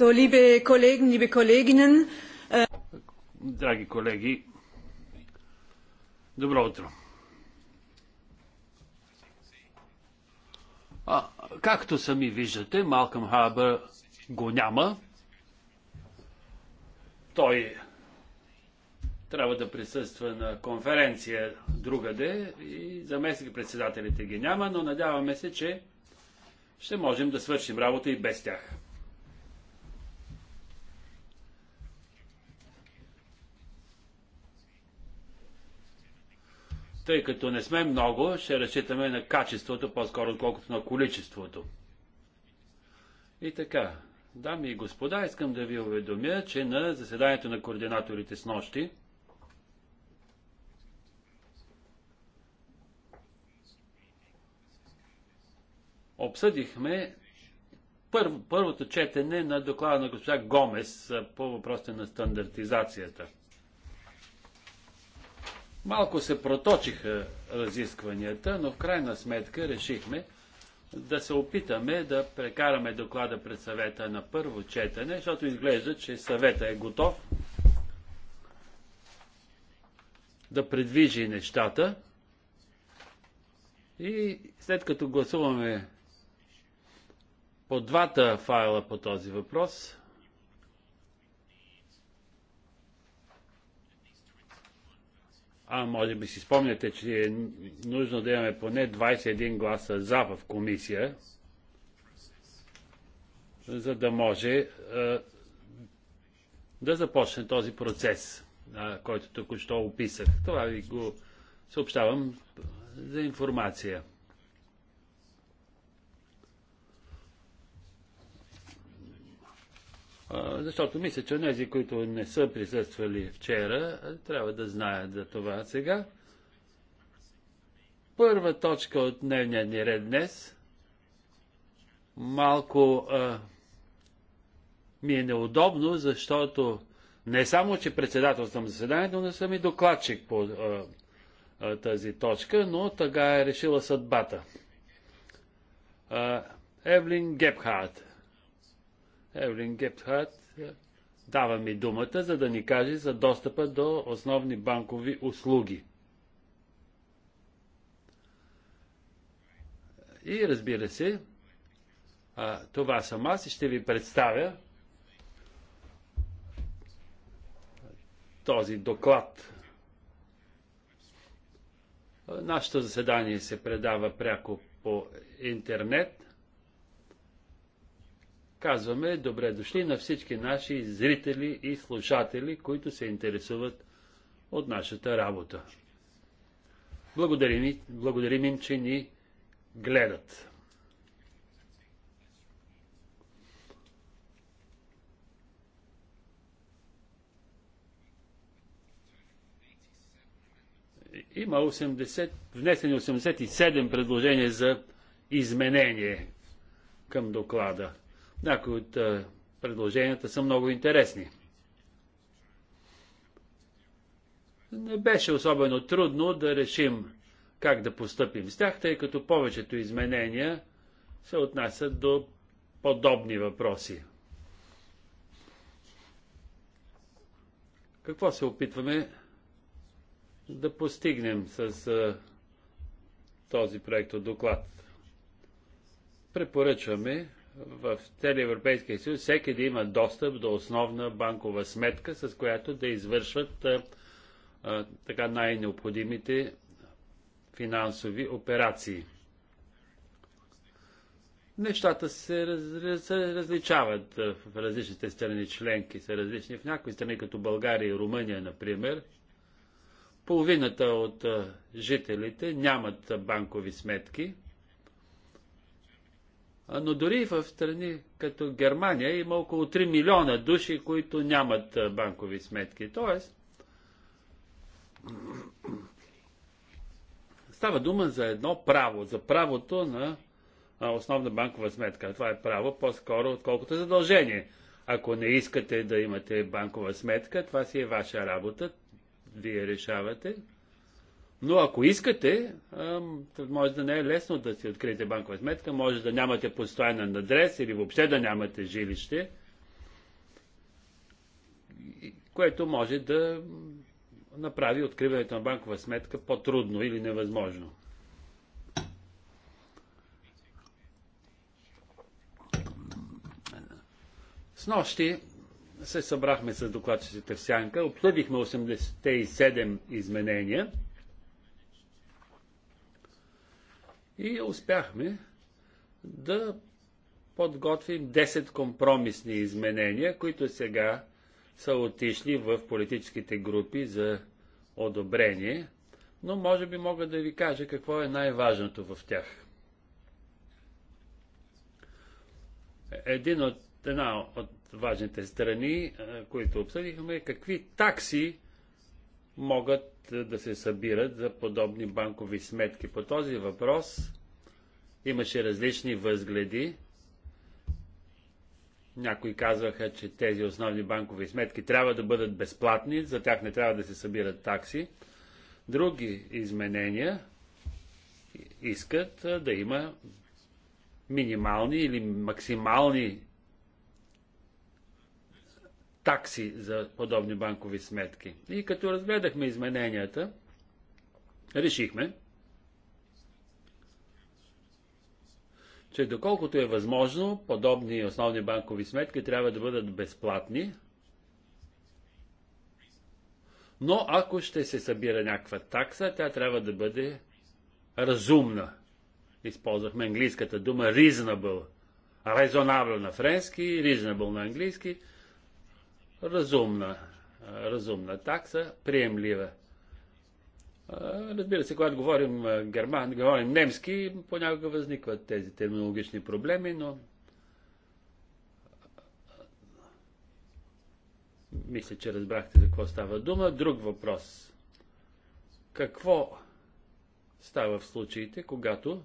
liebe Kollegen, liebe Kolleginnen. Äh, Драги колеги, добро утро. А, както сами виждате, Малкъм Хабър го няма. Той трябва да присъства на конференция другаде и заместник председателите ги няма, но надяваме се, че ще можем да свършим работа и без тях. Тъй като не сме много, ще разчитаме на качеството, по-скоро отколкото на количеството. И така, дами и господа, искам да ви уведомя, че на заседанието на координаторите с нощи, обсъдихме първо, първото четене на доклада на госпожа Гомес по въпросите на стандартизацията. Малко се проточиха разискванията, но в крайна сметка решихме да се опитаме да прекараме доклада пред съвета на първо четене, защото изглежда, че съвета е готов да предвижи нещата. И след като гласуваме по двата файла по този въпрос, а може би си спомняте, че е нужно да имаме поне 21 гласа за в комисия, за да може а, е, да започне този процес, а, е, който току-що описах. Това ви го съобщавам за информация. Защото мисля, че тези, които не са присъствали вчера, трябва да знаят за това сега. Първа точка от дневния ни ред днес. Малко а, ми е неудобно, защото не само, че председателствам заседанието, но съм и докладчик по а, а, тази точка, но така е решила съдбата. А, Евлин Гепхарт Евлин Гепхарт е, дава ми думата, за да ни каже за достъпа до основни банкови услуги. И разбира се, а, това съм аз и ще ви представя този доклад. Нашето заседание се предава пряко по интернет казваме добре дошли на всички наши зрители и слушатели, които се интересуват от нашата работа. Благодарим, благодарим им, че ни гледат. Има 80, внесени 87 предложения за изменение към доклада. Някои от предложенията са много интересни. Не беше особено трудно да решим как да постъпим с тях, тъй като повечето изменения се отнасят до подобни въпроси. Какво се опитваме да постигнем с а, този проект от доклад? Препоръчваме в целия Европейския съюз всеки да има достъп до основна банкова сметка, с която да извършват а, а, така най-необходимите финансови операции. Нещата се, раз, се различават в различните страни членки, са различни. В някои страни, като България и Румъния, например, половината от жителите нямат банкови сметки – но дори в страни като Германия има около 3 милиона души, които нямат банкови сметки. Тоест, става дума за едно право, за правото на основна банкова сметка. Това е право по-скоро, отколкото задължение. Ако не искате да имате банкова сметка, това си е ваша работа. Вие решавате но ако искате, може да не е лесно да си откриете банкова сметка, може да нямате постоянен адрес или въобще да нямате жилище, което може да направи откриването на банкова сметка по-трудно или невъзможно. С нощи се събрахме с докладчиците в Сянка, обсъдихме 87 изменения – и успяхме да подготвим 10 компромисни изменения, които сега са отишли в политическите групи за одобрение, но може би мога да ви кажа какво е най-важното в тях. Един от, една от важните страни, които обсъдихме, е какви такси могат да се събират за подобни банкови сметки. По този въпрос имаше различни възгледи. Някои казваха, че тези основни банкови сметки трябва да бъдат безплатни, за тях не трябва да се събират такси. Други изменения искат да има минимални или максимални такси за подобни банкови сметки. И като разгледахме измененията, решихме, че доколкото е възможно, подобни основни банкови сметки трябва да бъдат безплатни, но ако ще се събира някаква такса, тя трябва да бъде разумна. Използвахме английската дума reasonable, raisonable на френски, reasonable на английски – разумна, разумна такса, приемлива. Разбира се, когато говорим герман, говорим немски, понякога възникват тези терминологични проблеми, но мисля, че разбрахте за какво става дума. Друг въпрос. Какво става в случаите, когато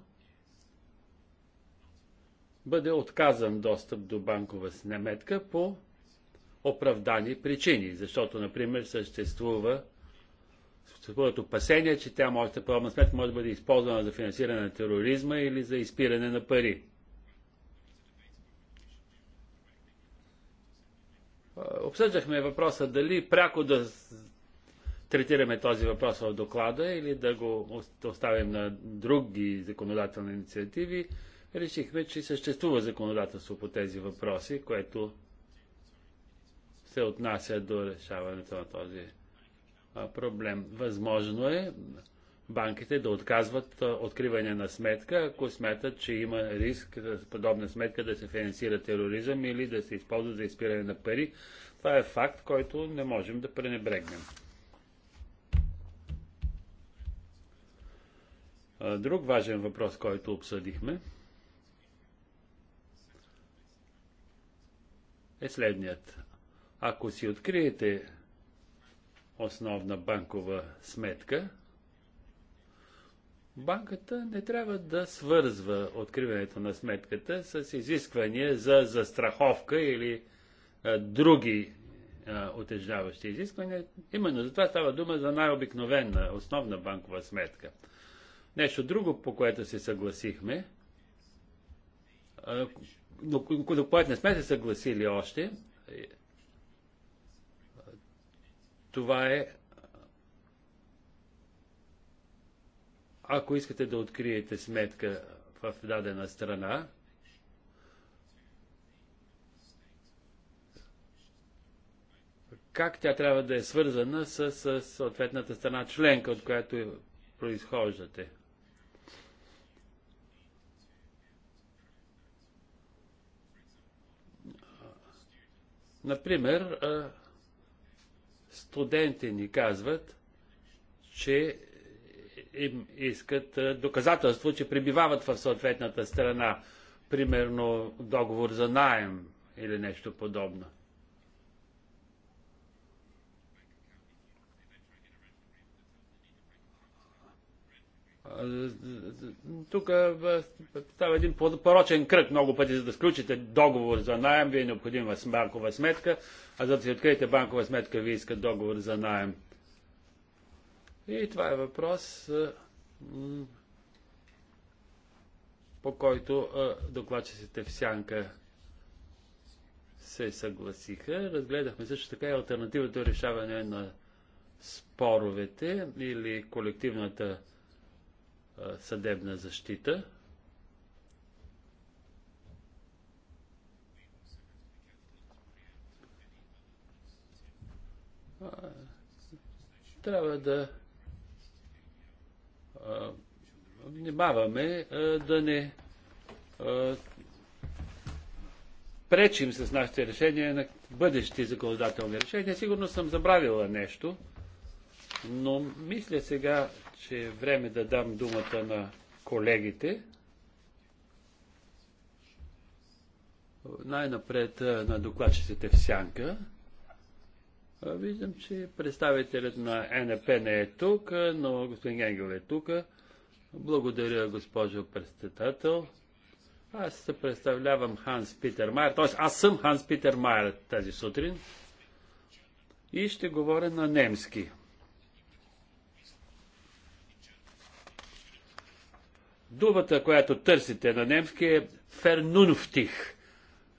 бъде отказан достъп до банкова сметка по оправдани причини, защото, например, съществува съществуват опасения, че тя може да пробна сметка може да бъде използвана за финансиране на тероризма или за изпиране на пари. Обсъждахме въпроса дали пряко да третираме този въпрос в доклада или да го оставим на други законодателни инициативи. Решихме, че съществува законодателство по тези въпроси, което се отнася до решаването на този проблем. Възможно е банките да отказват откриване на сметка, ако смятат, че има риск с подобна сметка да се финансира тероризъм или да се използва за изпиране на пари. Това е факт, който не можем да пренебрегнем. Друг важен въпрос, който обсъдихме, е следният. Ако си откриете основна банкова сметка, банката не трябва да свързва откриването на сметката с изисквания за застраховка или а, други отежаващи изисквания. Именно за това става дума за най-обикновена основна банкова сметка. Нещо друго, по което се съгласихме, а, но, до което не сме се съгласили още, това е ако искате да откриете сметка в дадена страна, как тя трябва да е свързана с, съответната страна членка, от която произхождате. Например, студенти ни казват, че им искат доказателство, че пребивават в съответната страна, примерно договор за найем или нещо подобно. Тук е, става един порочен кръг много пъти, за да сключите договор за найем, ви е необходима банкова сметка, а за да си откриете банкова сметка, ви искат договор за найем. И това е въпрос, е, по който е, докладчиците в Сянка се съгласиха. Разгледахме също така и альтернативното решаване на споровете или колективната съдебна защита. Трябва да внимаваме да не пречим с нашите решения на бъдещи законодателни решения. Сигурно съм забравила нещо, но мисля сега, че е време да дам думата на колегите. Най-напред на докладчиците в Сянка. Виждам, че представителят на НП не е тук, но господин Генгел е тук. Благодаря, госпожо председател. Аз се представлявам Ханс Питер Майер, т.е. аз съм Ханс Питер Майер тази сутрин и ще говоря на немски. Думата, която търсите на немски е фернунфтих.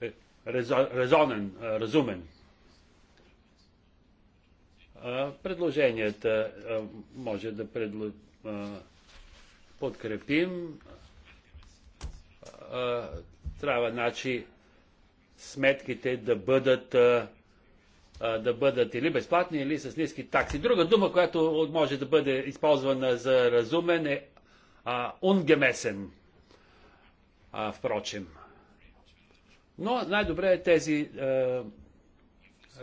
Е, резонен, е, разумен. Предложенията може да предло... подкрепим. Трябва, значи, сметките да бъдат да бъдат или безплатни, или с ниски такси. Друга дума, която може да бъде използвана за разумен е а, унgemесен, а, впрочем. Но най-добре е тези а, е,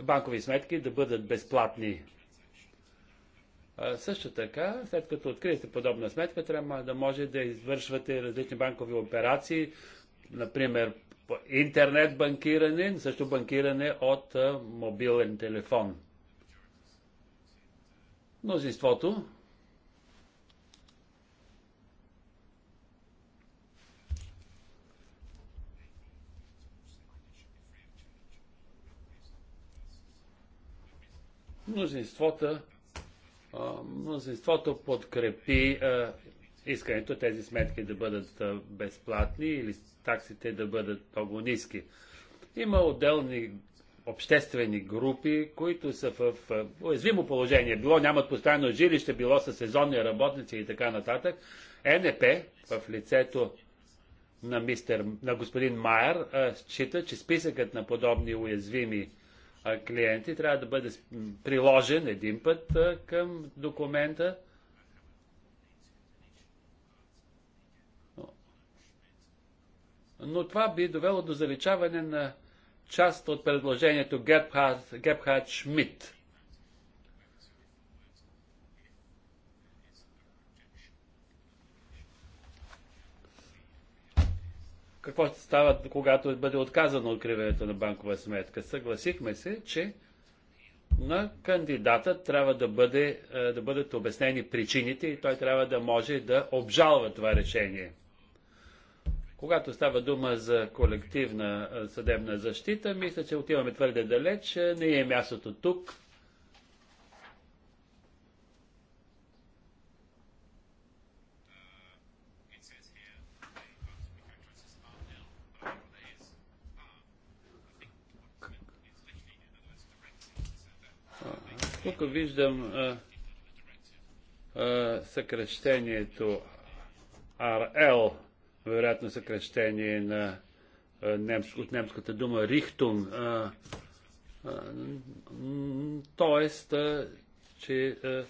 банкови сметки да бъдат безплатни. А, също така, след като откриете подобна сметка, трябва да може да извършвате различни банкови операции, например интернет банкиране, също банкиране от а, мобилен телефон. Мнозинството мнозинството, мнозинството подкрепи искането тези сметки да бъдат безплатни или таксите да бъдат много ниски. Има отделни обществени групи, които са в уязвимо положение. Било нямат постоянно жилище, било са сезонни работници и така нататък. Е НП в лицето на, мистер, на господин Майер счита, че списъкът на подобни уязвими клиенти трябва да бъде приложен един път към документа. Но това би довело до заличаване на част от предложението Гепхард Шмидт. какво става, когато бъде отказано откриването на банкова сметка. Съгласихме се, че на кандидата трябва да, бъде, е, да бъдат обяснени причините и той трябва да може да обжалва това решение. Когато става дума за колективна е, съдебна защита, мисля, че отиваме твърде далеч. Е, не е мястото тук. Тук виждам а, а, съкрещението RL, вероятно съкрещение на, а, немск, от немската дума Рихтун. А, а, тоест, а, че а,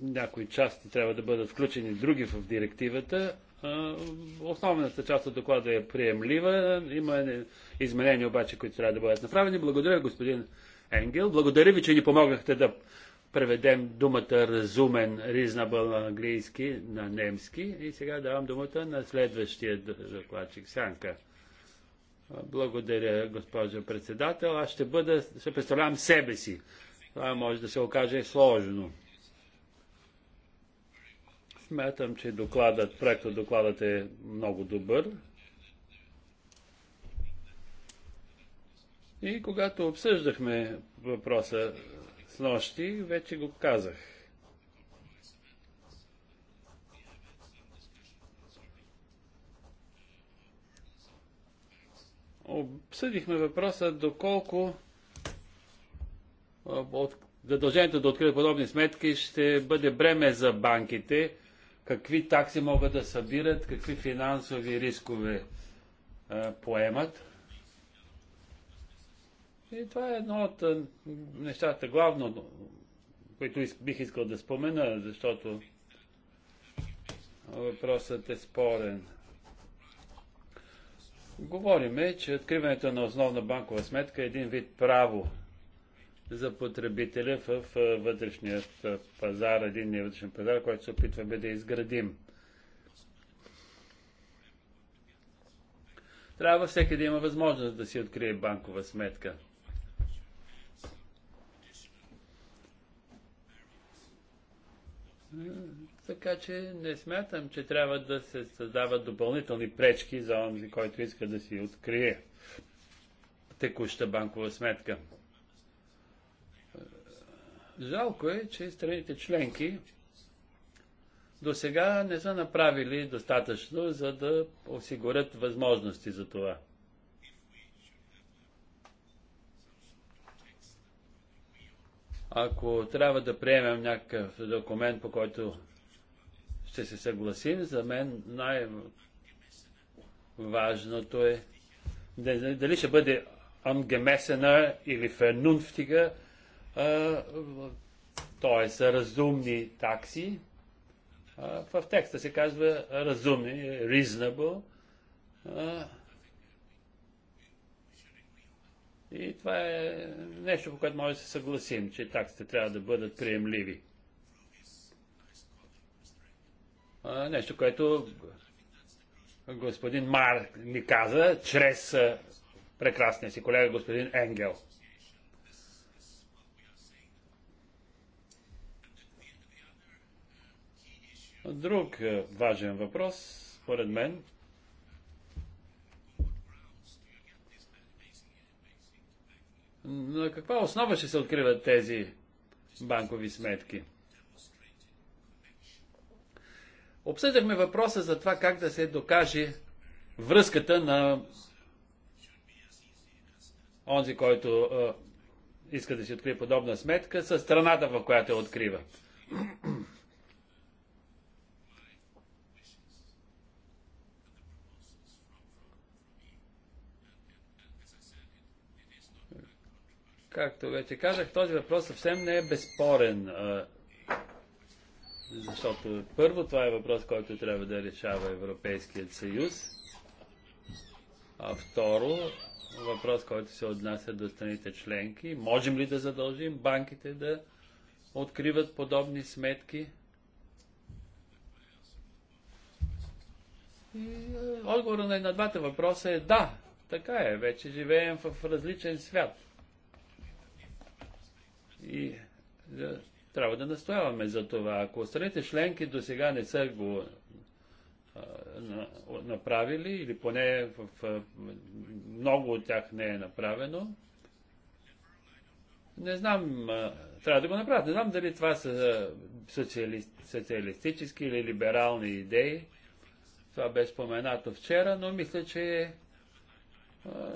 някои части трябва да бъдат включени други в директивата, Основната част от доклада е приемлива. Има изменения обаче, които трябва да бъдат направени. Благодаря, господин Енгел. Благодаря ви, че ни помогнахте да преведем думата разумен, reasonable на английски на немски. И сега давам думата на следващия докладчик, Сянка. Благодаря, госпожо председател. Аз ще бъда, ще представлявам себе си. Това може да се окаже сложно. Смятам, че докладът, проекто докладът е много добър. И когато обсъждахме въпроса с нощи, вече го казах. Обсъдихме въпроса доколко от задължението да открият подобни сметки ще бъде бреме за банките какви такси могат да събират, какви финансови рискове а, поемат. И това е едно от нещата, главно, които бих искал да спомена, защото въпросът е спорен. Говориме, че откриването на основна банкова сметка е един вид право за потребителя в вътрешния пазар, единния вътрешен пазар, който се опитваме да изградим. Трябва всеки да има възможност да си открие банкова сметка. Така че не смятам, че трябва да се създават допълнителни пречки за онзи, който иска да си открие текуща банкова сметка. Жалко е, че страните членки до сега не са направили достатъчно, за да осигурят възможности за това. Ако трябва да приемем някакъв документ, по който ще се съгласим, за мен най-важното е дали ще бъде ангемесена или фернунфтига, т.е. разумни такси. В текста се казва разумни, reasonable. И това е нещо, по което може да се съгласим, че таксите трябва да бъдат приемливи. Нещо, което господин Марк ни каза, чрез прекрасния си колега господин Енгел. Друг е, важен въпрос, според мен, на каква основа ще се откриват тези банкови сметки? Обсъдихме въпроса за това как да се докаже връзката на онзи, който е, иска да си открие подобна сметка, с страната, в която я открива. Както вече казах, този въпрос съвсем не е безспорен. Защото първо това е въпрос, който трябва да решава Европейският съюз. А второ, въпрос, който се отнася до страните членки. Можем ли да задължим банките да откриват подобни сметки? И отговорът на двата въпроса е да, така е, вече живеем в различен свят. И да, е, трябва да настояваме за това. Ако страните членки до сега не са го е, а, направили, или поне в, в, много от тях не е направено, не знам, а, е, трябва да го направят. Не знам дали това са социалист, социалистически или либерални идеи. Това бе споменато вчера, но мисля, че а,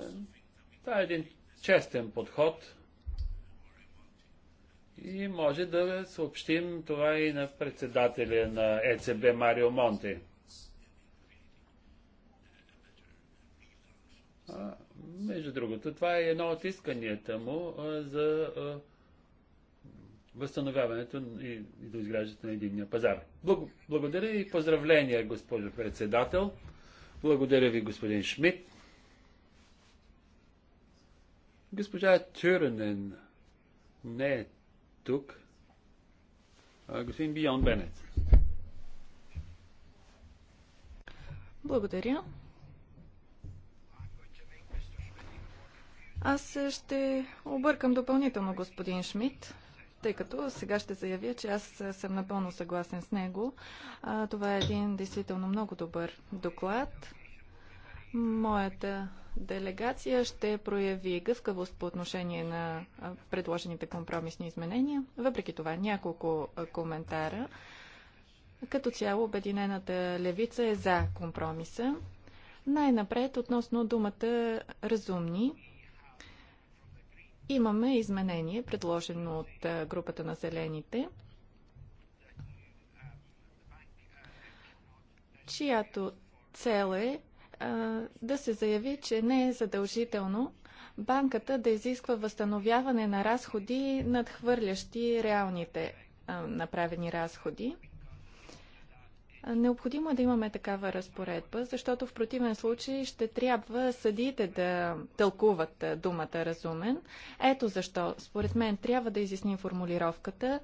това е един честен подход – и може да съобщим това и на председателя на ЕЦБ Марио Монте. А, между другото, това е едно от исканията му а, за а, възстановяването и, и до изграждането на единния пазар. Благ, благодаря и поздравления, госпожо председател. Благодаря ви, господин Шмидт. Госпожа Тюрнен не е тук. Господин Бион Бенец. Благодаря. Аз ще объркам допълнително господин Шмидт, тъй като сега ще заявя, че аз съм напълно съгласен с него. това е един действително много добър доклад. Моята делегация ще прояви гъвкавост по отношение на предложените компромисни изменения. Въпреки това, няколко коментара. Като цяло, Обединената левица е за компромиса. Най-напред, относно думата разумни, имаме изменение, предложено от групата на зелените, чиято цел е да се заяви, че не е задължително банката да изисква възстановяване на разходи, надхвърлящи реалните направени разходи. Необходимо е да имаме такава разпоредба, защото в противен случай ще трябва съдите да тълкуват думата разумен. Ето защо, според мен, трябва да изясним формулировката,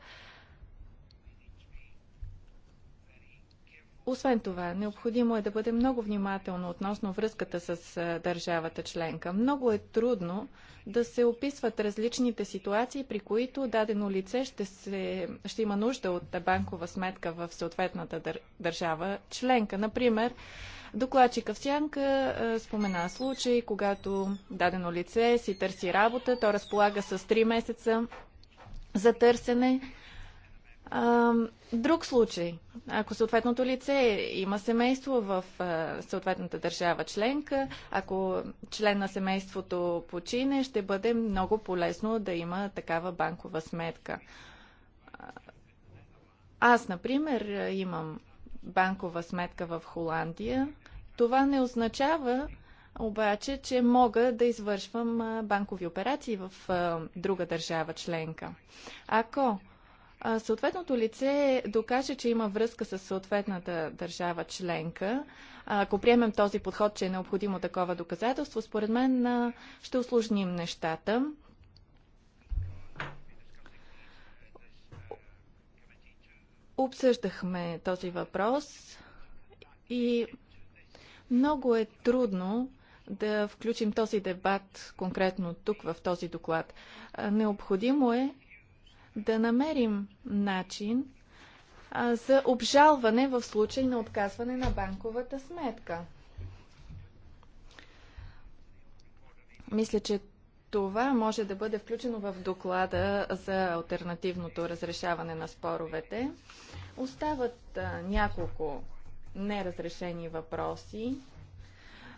Освен това, необходимо е да бъде много внимателно относно връзката с държавата членка. Много е трудно да се описват различните ситуации, при които дадено лице ще, се, ще има нужда от банкова сметка в съответната дър, държава членка. Например, докладчика в Сянка спомена случай, когато дадено лице си търси работа, то разполага с 3 месеца за търсене Друг случай. Ако съответното лице има семейство в съответната държава членка, ако член на семейството почине, ще бъде много полезно да има такава банкова сметка. Аз, например, имам банкова сметка в Холандия. Това не означава обаче, че мога да извършвам банкови операции в друга държава членка. Ако съответното лице докаже, че има връзка с съответната държава членка, ако приемем този подход, че е необходимо такова доказателство, според мен ще усложним нещата. Обсъждахме този въпрос и много е трудно да включим този дебат конкретно тук в този доклад. Необходимо е да намерим начин а, за обжалване в случай на отказване на банковата сметка. Мисля, че това може да бъде включено в доклада за альтернативното разрешаване на споровете. Остават а, няколко неразрешени въпроси,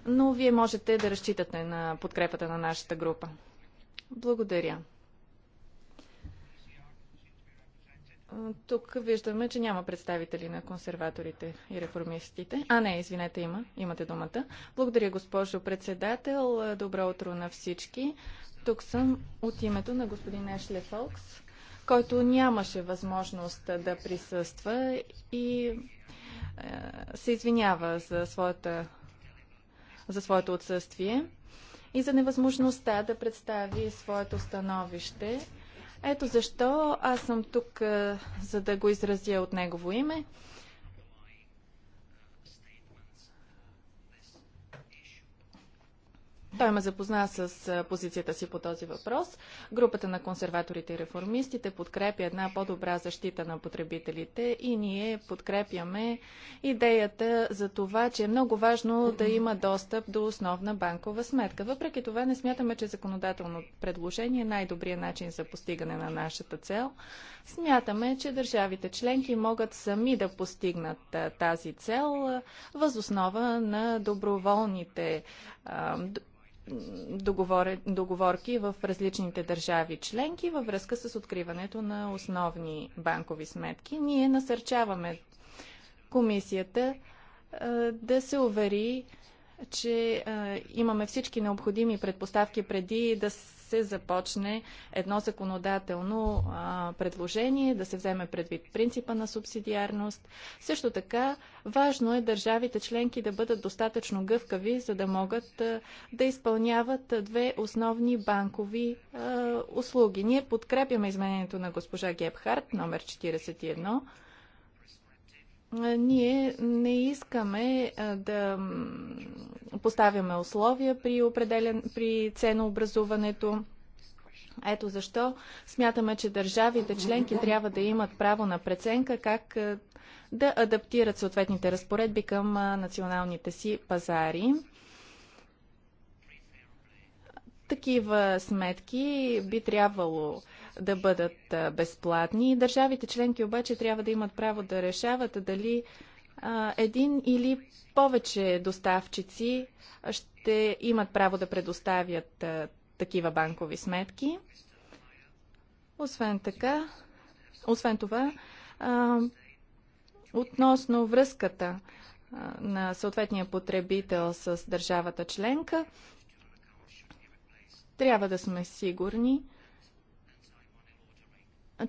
но вие можете да разчитате на подкрепата на нашата група. Благодаря. Тук виждаме, че няма представители на консерваторите и реформистите. А, не, извинете, има. Имате думата. Благодаря, госпожо председател. Добро утро на всички. Тук съм от името на господин Ешле Фолкс, който нямаше възможност да присъства и е, се извинява за, своята, за своето отсъствие и за невъзможността да представи своето становище ето защо аз съм тук, за да го изразя от негово име. Той ме запозна с позицията си по този въпрос. Групата на консерваторите и реформистите подкрепя една по-добра защита на потребителите и ние подкрепяме идеята за това, че е много важно да има достъп до основна банкова сметка. Въпреки това не смятаме, че законодателно предложение е най-добрият начин за постигане на нашата цел. Смятаме, че държавите членки могат сами да постигнат тази цел възоснова на доброволните договор... договорки в различните държави членки във връзка с откриването на основни банкови сметки. Ние насърчаваме комисията да се увери, че имаме всички необходими предпоставки преди да се започне едно законодателно а, предложение, да се вземе предвид принципа на субсидиарност. Също така, важно е държавите членки да бъдат достатъчно гъвкави, за да могат а, да изпълняват две основни банкови а, услуги. Ние подкрепяме изменението на госпожа Гебхарт, номер 41 ние не искаме да поставяме условия при, определен, при ценообразуването. Ето защо смятаме, че държавите членки трябва да имат право на преценка как да адаптират съответните разпоредби към националните си пазари. Такива сметки би трябвало да бъдат безплатни. Държавите членки обаче трябва да имат право да решават дали един или повече доставчици ще имат право да предоставят такива банкови сметки. Освен така, освен това, относно връзката на съответния потребител с държавата членка, трябва да сме сигурни,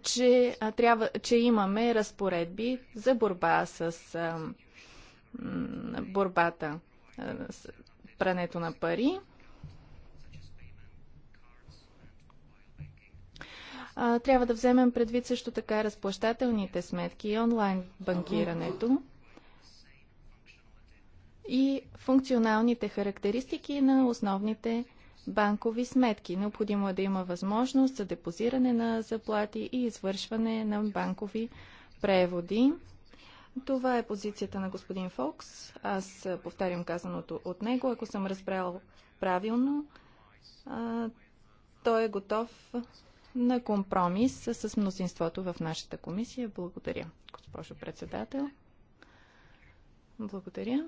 че, а, трябва, че имаме разпоредби за борба с а, м, борбата а, с прането на пари. А, трябва да вземем предвид също така разплащателните сметки и онлайн банкирането и функционалните характеристики на основните банкови сметки. Необходимо е да има възможност за депозиране на заплати и извършване на банкови преводи. Това е позицията на господин Фокс. Аз повтарям казаното от него. Ако съм разбрал правилно, той е готов на компромис с мнозинството в нашата комисия. Благодаря, госпожо председател. Благодаря.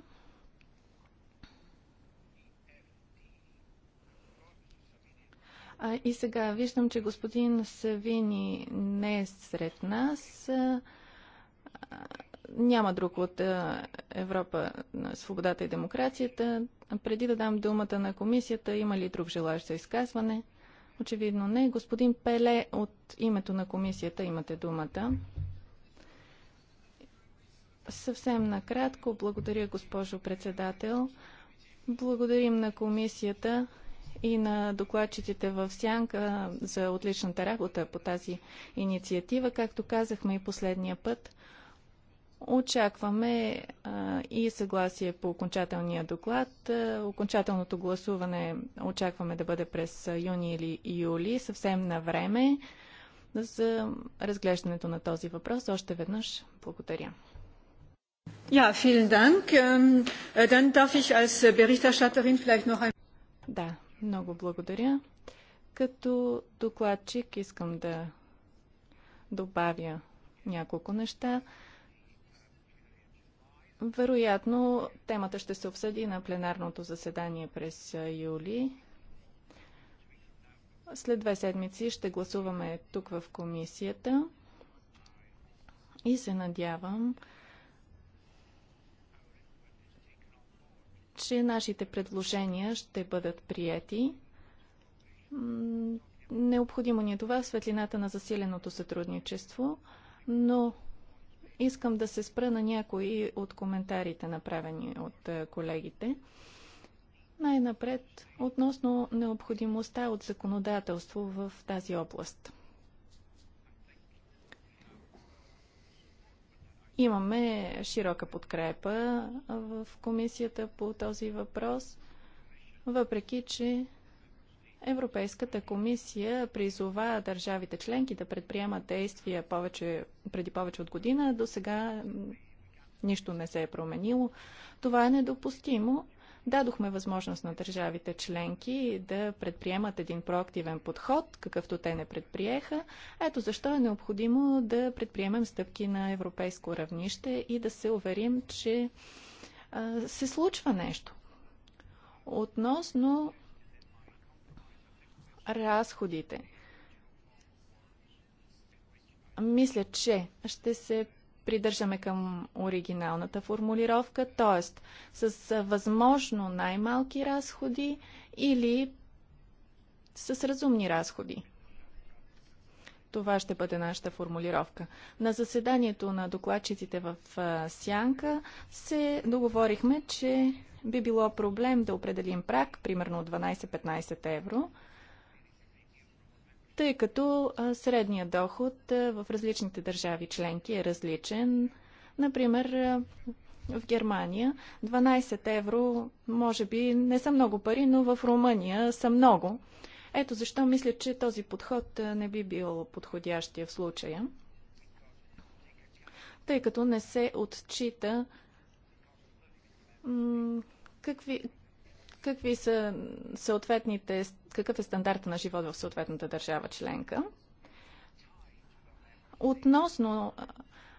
А, и сега виждам, че господин Савини не е сред нас. А, няма друг от Европа на свободата и демокрацията. Преди да дам думата на комисията, има ли друг желаящ за изказване? Очевидно не. Господин Пеле, от името на комисията имате думата. Съвсем накратко, благодаря госпожо председател. Благодарим на комисията и на докладчиците в Сянка за отличната работа по тази инициатива. Както казахме и последния път, очакваме и съгласие по окончателния доклад. Окончателното гласуване очакваме да бъде през юни или юли, съвсем на време за разглеждането на този въпрос. Още веднъж благодаря. Ja, vielen Dank. Ähm, dann darf ich als Berichterstatterin vielleicht noch ein... Da, много благодаря. Като докладчик искам да добавя няколко неща. Вероятно, темата ще се обсъди на пленарното заседание през юли. След две седмици ще гласуваме тук в комисията и се надявам, че нашите предложения ще бъдат приети. Необходимо ни е това в светлината на засиленото сътрудничество, но искам да се спра на някои от коментарите, направени от е, колегите. Най-напред, относно необходимостта от законодателство в тази област. Имаме широка подкрепа в комисията по този въпрос, въпреки че Европейската комисия призова държавите членки да предприемат действия повече, преди повече от година. До сега нищо не се е променило. Това е недопустимо Дадохме възможност на държавите членки да предприемат един проактивен подход, какъвто те не предприеха. Ето защо е необходимо да предприемем стъпки на европейско равнище и да се уверим, че а, се случва нещо. Относно разходите мисля, че ще се придържаме към оригиналната формулировка, т.е. с възможно най-малки разходи или с разумни разходи. Това ще бъде нашата формулировка. На заседанието на докладчиците в Сянка се договорихме, че би било проблем да определим прак, примерно 12-15 евро, тъй като средния доход в различните държави членки е различен. Например, в Германия 12 евро може би не са много пари, но в Румъния са много. Ето защо мисля, че този подход не би бил подходящия в случая, тъй като не се отчита какви, какви са съответните, какъв е стандарта на живот в съответната държава членка. Относно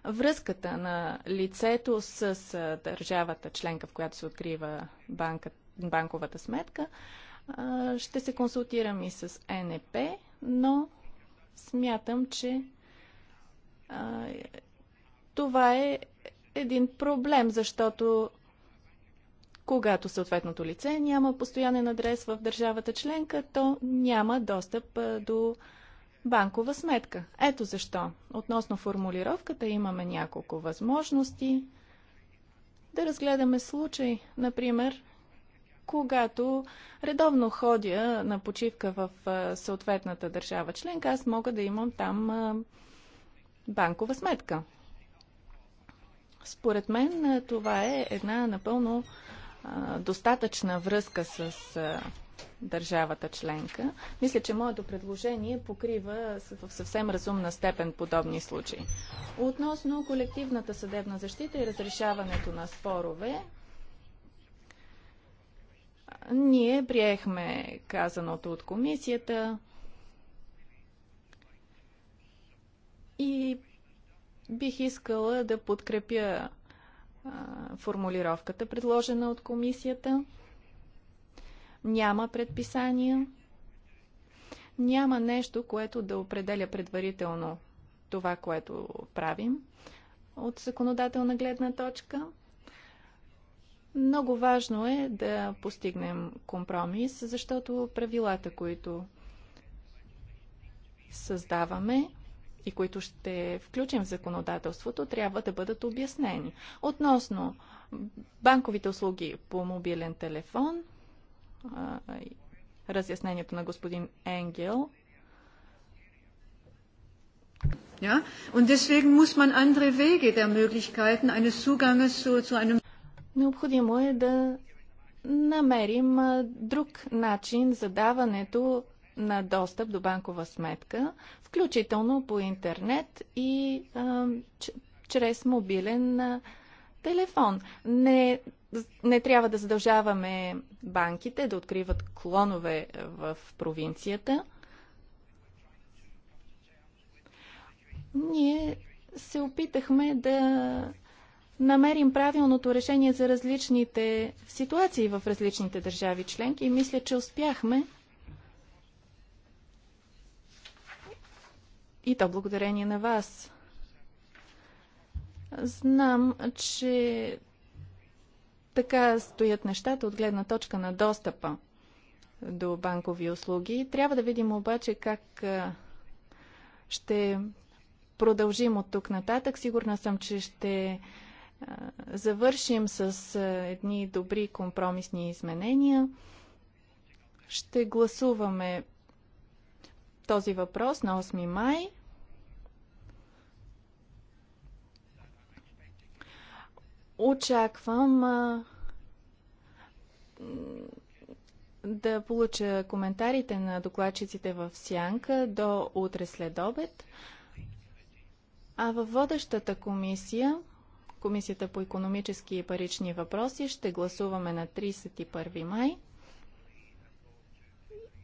връзката на лицето с държавата членка, в която се открива банка, банковата сметка, ще се консултирам и с НП, но смятам, че това е един проблем, защото когато съответното лице няма постоянен адрес в държавата членка, то няма достъп до банкова сметка. Ето защо. Относно формулировката имаме няколко възможности. Да разгледаме случай, например, когато редовно ходя на почивка в съответната държава членка, аз мога да имам там банкова сметка. Според мен това е една напълно достатъчна връзка с държавата членка. Мисля, че моето предложение покрива в съвсем разумна степен подобни случаи. Относно колективната съдебна защита и разрешаването на спорове, ние приехме казаното от комисията и бих искала да подкрепя формулировката, предложена от комисията. Няма предписания. Няма нещо, което да определя предварително това, което правим от законодателна гледна точка. Много важно е да постигнем компромис, защото правилата, които създаваме, и които ще включим в законодателството, трябва да бъдат обяснени. Относно банковите услуги по мобилен телефон, разяснението на господин Енгел. Ja, und deswegen muss man andere Wege der Möglichkeiten eines Zuganges zu, zu einem Необходимо е да намерим друг начин за даването на достъп до банкова сметка, включително по интернет и а, чрез мобилен а, телефон. Не, не трябва да задължаваме банките да откриват клонове в провинцията. Ние се опитахме да намерим правилното решение за различните ситуации в различните държави членки и мисля, че успяхме. И то благодарение на вас. Знам, че така стоят нещата от гледна точка на достъпа до банкови услуги. Трябва да видим обаче как ще продължим от тук нататък. Сигурна съм, че ще завършим с едни добри компромисни изменения. Ще гласуваме този въпрос на 8 май. Очаквам а, да получа коментарите на докладчиците в Сянка до утре след обед. А във водещата комисия, Комисията по економически и парични въпроси, ще гласуваме на 31 май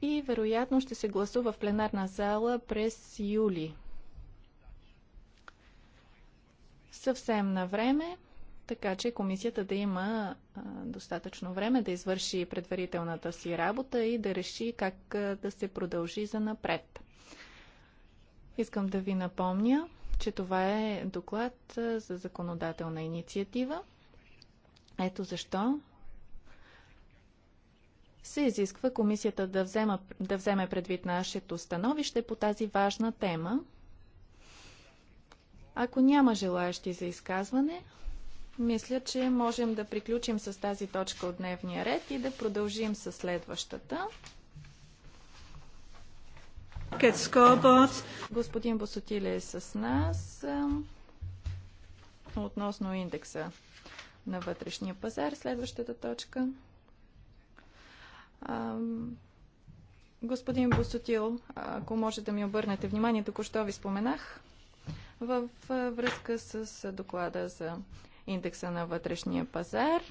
и вероятно ще се гласува в пленарна зала през юли. Съвсем на време, така че комисията да има достатъчно време да извърши предварителната си работа и да реши как да се продължи за напред. Искам да ви напомня, че това е доклад за законодателна инициатива. Ето защо се изисква комисията да, взема, да вземе предвид нашето становище по тази важна тема. Ако няма желаящи за изказване, мисля, че можем да приключим с тази точка от дневния ред и да продължим с следващата. Господин Босотиле е с нас относно индекса на вътрешния пазар. Следващата точка. Господин Босотил, ако може да ми обърнете внимание, току-що ви споменах В връзка с доклада за индекса на вътрешния пазар.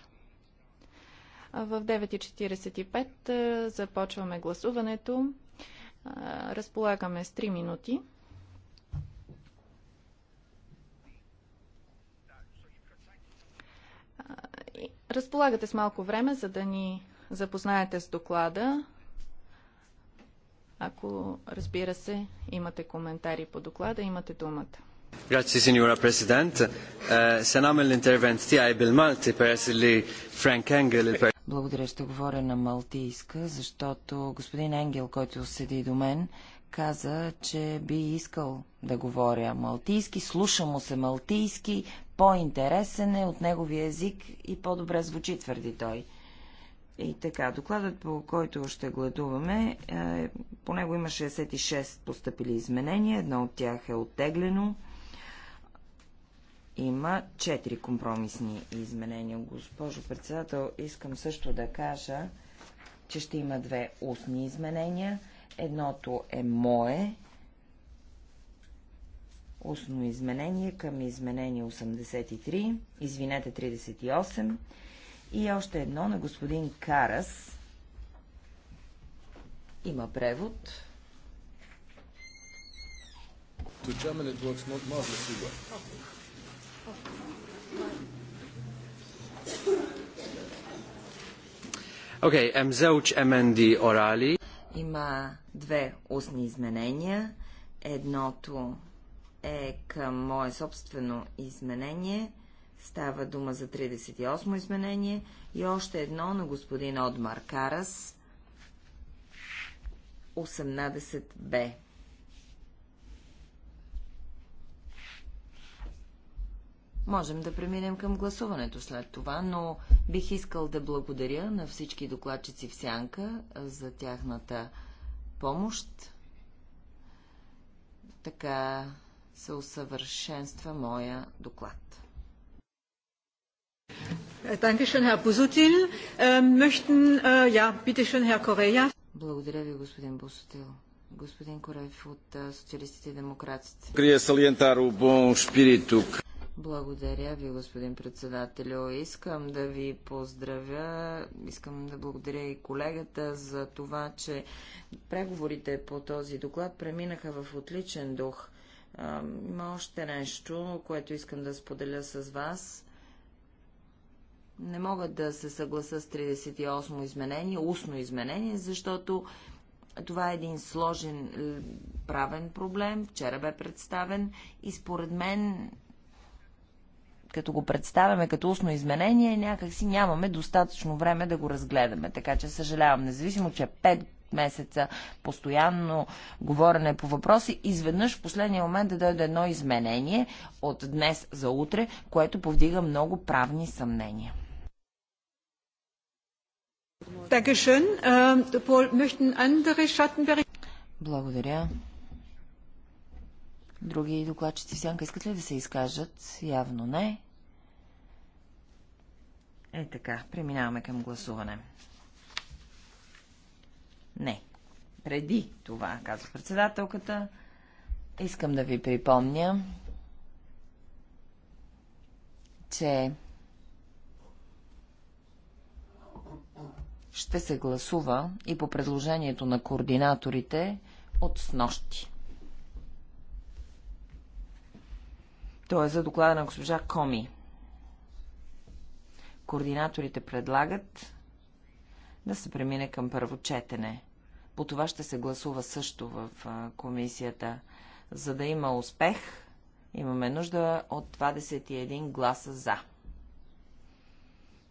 В 9.45 започваме гласуването. Разполагаме с 3 минути. Разполагате с малко време, за да ни запознаете с доклада. Ако, разбира се, имате коментари по доклада, имате думата. Grazie signora Presidente. Eh, se nam l'interventi ai bil Malti peress li Frank Engel Благодаря, ще говоря на малтийска, защото господин Енгел, който седи до мен, каза, че би искал да говоря малтийски, слуша му се малтийски, по-интересен е от неговия език и по-добре звучи, твърди той. И така, докладът, по който ще гладуваме, е, по него има 66 постъпили изменения, едно от тях е оттеглено. Има 4 компромисни изменения. Госпожо председател, искам също да кажа, че ще има две устни изменения. Едното е мое, устно изменение към изменение 83, извинете 38, и още едно на господин Карас. Има превод. Okay, orali. Има две устни изменения. Едното е към мое собствено изменение – Става дума за 38 изменение и още едно на господин Одмар Карас, 18б. Можем да преминем към гласуването след това, но бих искал да благодаря на всички докладчици в Сянка за тяхната помощ. Така се усъвършенства моя доклад. Äh, ähm, äh, благодаря ви, господин Босотил. Господин Кореев от Социалистите и Демократите. Благодаря ви, господин председателю. Искам да ви поздравя, искам да благодаря и колегата за това, че преговорите по този доклад преминаха в отличен дух. Има още нещо, което искам да споделя с вас не мога да се съгласа с 38 изменение, устно изменение, защото това е един сложен е, правен проблем. Вчера бе представен и според мен, като го представяме като устно изменение, някакси нямаме достатъчно време да го разгледаме. Така че съжалявам, независимо, че 5 месеца постоянно говорене по въпроси, изведнъж в последния момент да дойде едно изменение от днес за утре, което повдига много правни съмнения. Ähm, Благодаря. Други докладчици в сянка искат ли да се изкажат? Явно не. Е така, преминаваме към гласуване. Не. Преди това, казва председателката, искам да ви припомня, че ще се гласува и по предложението на координаторите от снощи. То е за доклада на госпожа Коми. Координаторите предлагат да се премине към първо четене. По това ще се гласува също в комисията. За да има успех, имаме нужда от 21 гласа за.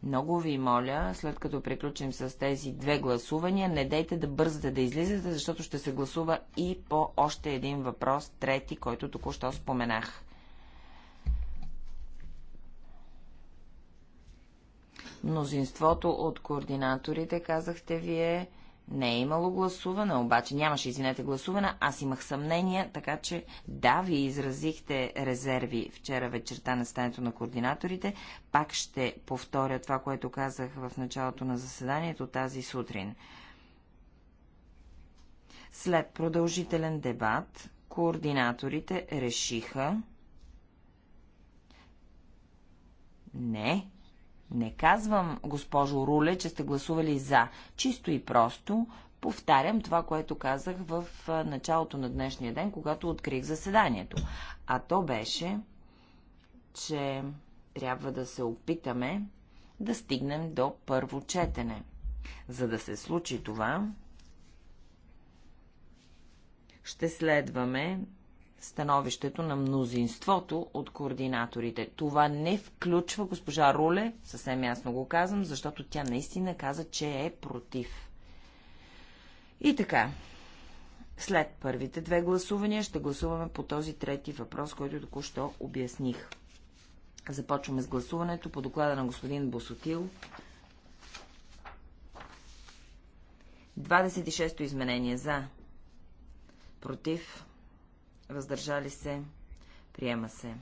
Много ви моля, след като приключим с тези две гласувания, не дейте да бързате да излизате, защото ще се гласува и по още един въпрос, трети, който току-що споменах. Мнозинството от координаторите, казахте вие, не е имало гласуване, обаче нямаше, извинете, гласуване. Аз имах съмнения, така че да, ви изразихте резерви вчера вечерта на стането на координаторите. Пак ще повторя това, което казах в началото на заседанието тази сутрин. След продължителен дебат, координаторите решиха не не казвам, госпожо Руле, че сте гласували за. Чисто и просто повтарям това, което казах в началото на днешния ден, когато открих заседанието. А то беше, че трябва да се опитаме да стигнем до първо четене. За да се случи това, ще следваме становището на мнозинството от координаторите. Това не включва госпожа Руле, съвсем ясно го казвам, защото тя наистина каза, че е против. И така, след първите две гласувания ще гласуваме по този трети въпрос, който току-що обясних. Започваме с гласуването по доклада на господин Босотил. 26-то изменение за, против, въздържали се, приема се.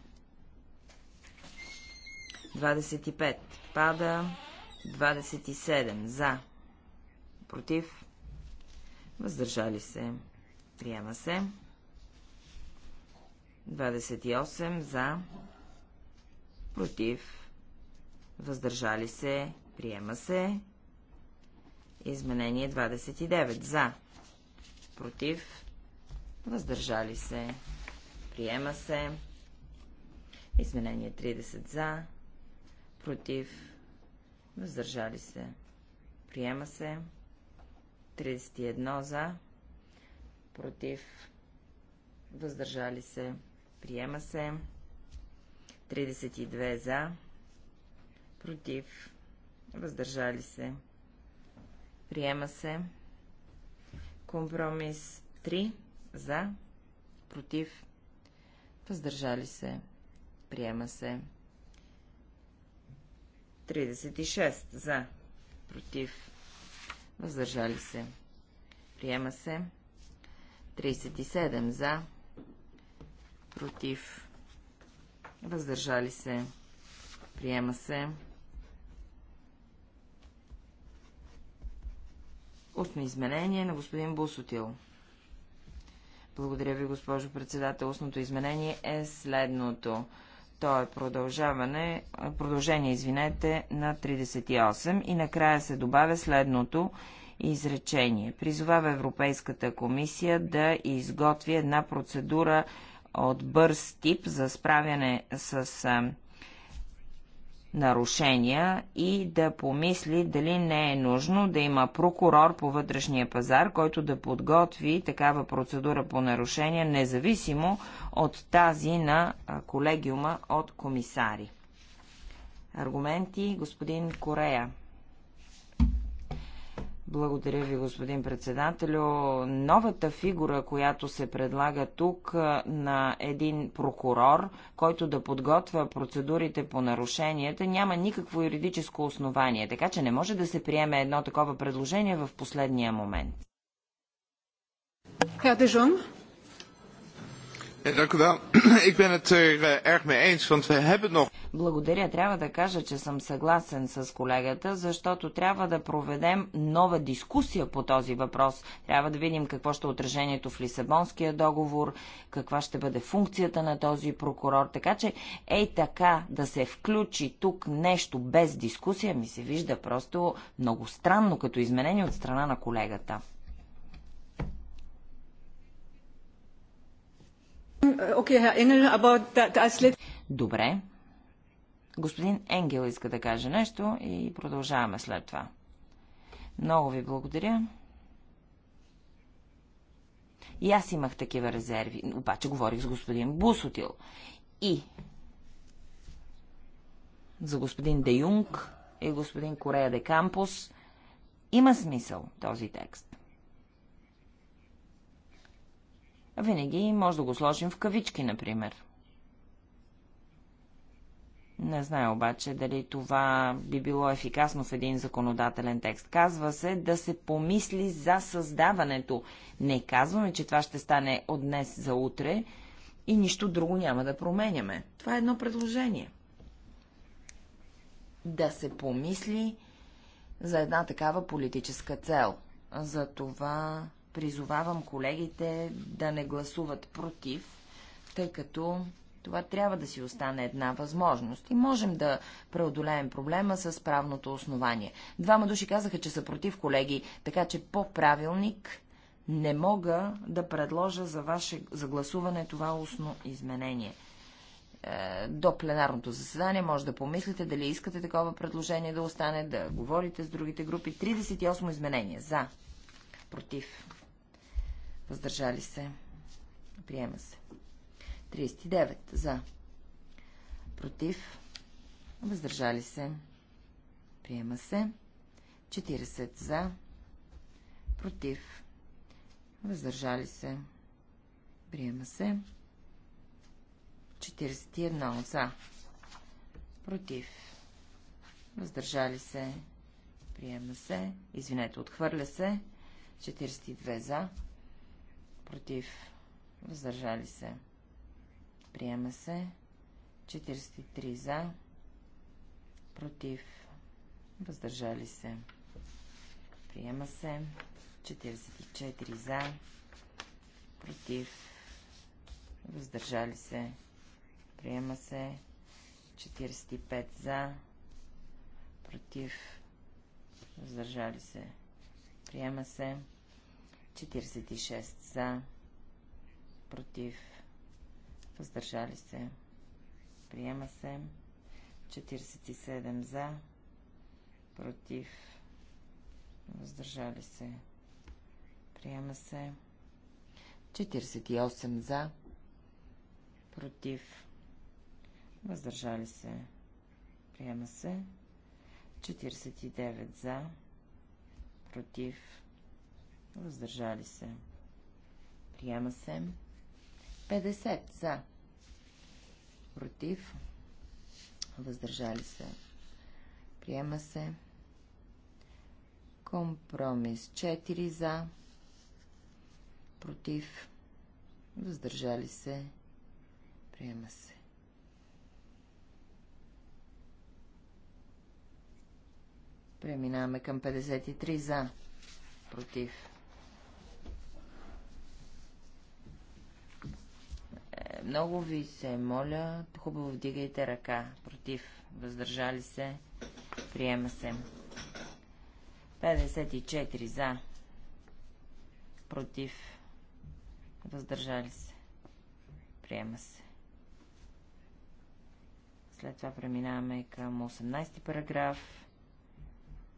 25. Пада. 27. За. Против. Въздържали се. Приема се. 28. За. Против. Въздържали се. Приема се. Изменение 29. За. Против въздържали се, приема се. Изменение 30 за, против, въздържали се, приема се. 31 за, против, въздържали се, приема се. 32 за, против, въздържали се, приема се. Компромис 3 за. Против. Въздържали се. Приема се. 36. За. Против. Въздържали се. Приема се. 37. За. Против. Въздържали се. Приема се. Устно изменение на господин Бусотил. Благодаря ви, госпожо председател. Устното изменение е следното. То е продължаване, продължение, извинете, на 38 и накрая се добавя следното изречение. Призовава Европейската комисия да изготви една процедура от бърз тип за справяне с нарушения и да помисли дали не е нужно да има прокурор по вътрешния пазар, който да подготви такава процедура по нарушения, независимо от тази на колегиума от комисари. Аргументи господин Корея. Благодаря ви, господин председателю. Новата фигура, която се предлага тук на един прокурор, който да подготвя процедурите по нарушенията, няма никакво юридическо основание, така че не може да се приеме едно такова предложение в последния момент. Хадежон. Er, eh, Благодаря. Трябва да кажа, че съм съгласен с колегата, защото трябва да проведем нова дискусия по този въпрос. Трябва да видим какво ще е отражението в Лисабонския договор, каква ще бъде функцията на този прокурор. Така че, ей така, да се включи тук нещо без дискусия, ми се вижда просто много странно като изменение от страна на колегата. Добре. Господин Енгел иска да каже нещо и продължаваме след това. Много ви благодаря. И аз имах такива резерви, обаче говорих с господин Бусотил. И за господин Де Юнг и господин Корея де Кампус има смисъл този текст. Винаги може да го сложим в кавички, например. Не знае обаче дали това би било ефикасно в един законодателен текст. Казва се да се помисли за създаването. Не казваме, че това ще стане от днес за утре и нищо друго няма да променяме. Това е едно предложение. Да се помисли за една такава политическа цел. За това призовавам колегите да не гласуват против, тъй като това трябва да си остане една възможност и можем да преодолеем проблема с правното основание. Двама души казаха, че са против колеги, така че по правилник не мога да предложа за ваше загласуване това устно изменение. Е, до пленарното заседание може да помислите дали искате такова предложение да остане, да говорите с другите групи. 38 изменения За. Против. Въздържали се. Приема се. 39. За. Против. Въздържали се. Приема се. 40. За. Против. Въздържали се. Приема се. 41. За. Против. Въздържали се. Приема се. Извинете, отхвърля се. 42 за против, въздържали се. Приема се. 43 за, против, въздържали се. Приема се. 44 за, против, въздържали се. Приема се. 45 за, против, въздържали се. Приема се. 46 за, против, въздържали се, приема се, 47 за, против, въздържали се, приема се, 48 за, против, въздържали се, приема се, 49 за, против, Въздържали се. Приема се. 50 за. Против. Въздържали се. Приема се. Компромис 4 за. Против. Въздържали се. Приема се. Преминаваме към 53 за. Против. Много ви се моля, хубаво вдигайте ръка. Против, въздържали се, приема се. 54 за, против, въздържали се, приема се. След това преминаваме към 18 параграф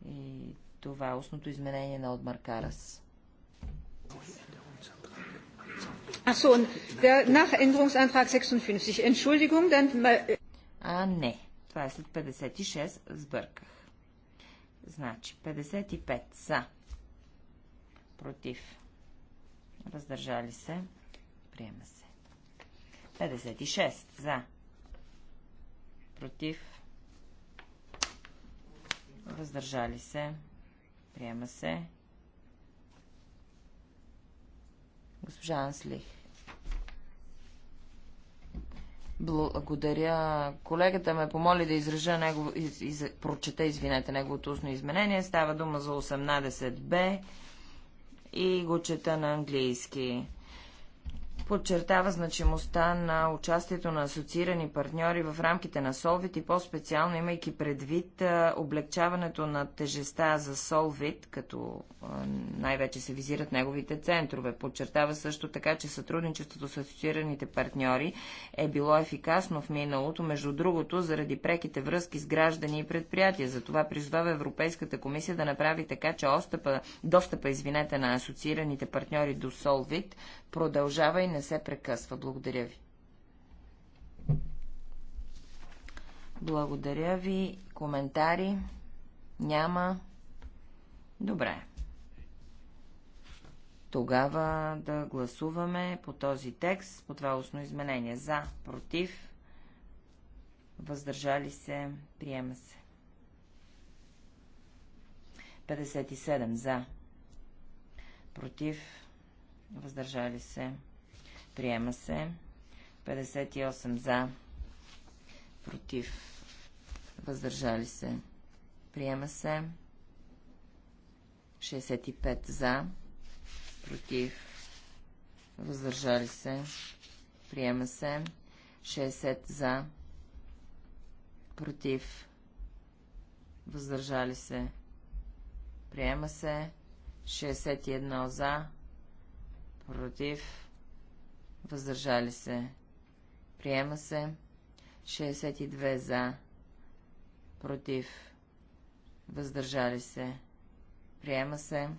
и това е устното изменение на Отмар Карас. Ach so, und der, Nachänderungsantrag 56. Entschuldigung, dann... А, не. Това е след 56. Сбърках. Значи, 55 са. Против. Раздържали се. Приема се. 56 за. Против. Въздържали се. Приема се. Госпожа Анслих. Благодаря. Колегата ме помоли да изража негово, из, из, прочета, извинете, неговото устно изменение. Става дума за 18б и го чета на английски подчертава значимостта на участието на асоциирани партньори в рамките на Солвит и по-специално имайки предвид облегчаването на тежеста за Солвит, като най-вече се визират неговите центрове. Подчертава също така, че сътрудничеството с асоциираните партньори е било ефикасно в миналото, между другото, заради преките връзки с граждани и предприятия. Затова призвава Европейската комисия да направи така, че остъпа, достъпа извинете, на асоциираните партньори до Солвит продължава и не се прекъсва. Благодаря ви. Благодаря ви. Коментари? Няма. Добре. Тогава да гласуваме по този текст, по това устно изменение. За, против, въздържали се, приема се. 57 за, против, въздържали се, Приема се. 58 за. Против. Въздържали се. Приема се. 65 за. Против. Въздържали се. Приема се. 60 за. Против. Въздържали се. Приема се. 61 за. Против въздържали се, приема се, 62 за, против, въздържали се, приема се, 63,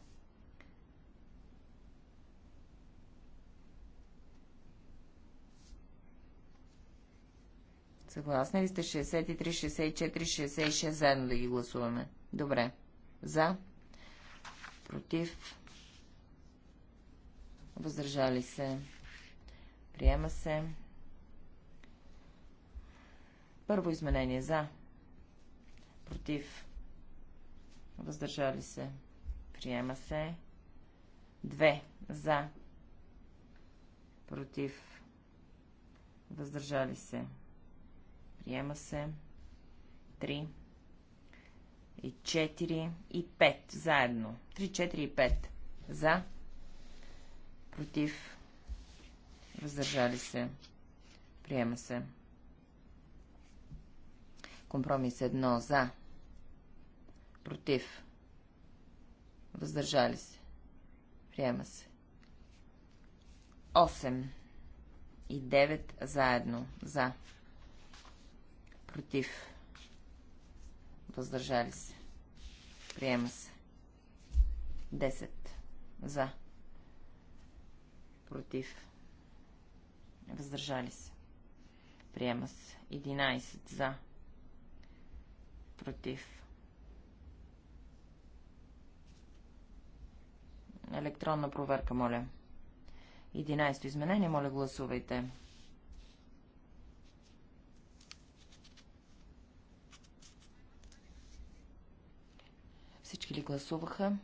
Съгласни ли сте 63, 64, 66 заедно да ги гласуваме? Добре. За. Против. Въздържали се. Приема се. Първо изменение за. Против. Въздържали се. Приема се. Две. За. Против. Въздържали се. Приема се. Три. И четири и пет заедно. Три, 4 и 5 за. Против въздържали се, приема се. Компромис 1 за, против, въздържали се, приема се. 8 и 9 заедно, за, против, въздържали се, приема се. 10 за, против, Въздържали се. Приема се. 11 за. Против. Електронна проверка, моля. 11 изменение, моля гласувайте. Всички ли гласуваха?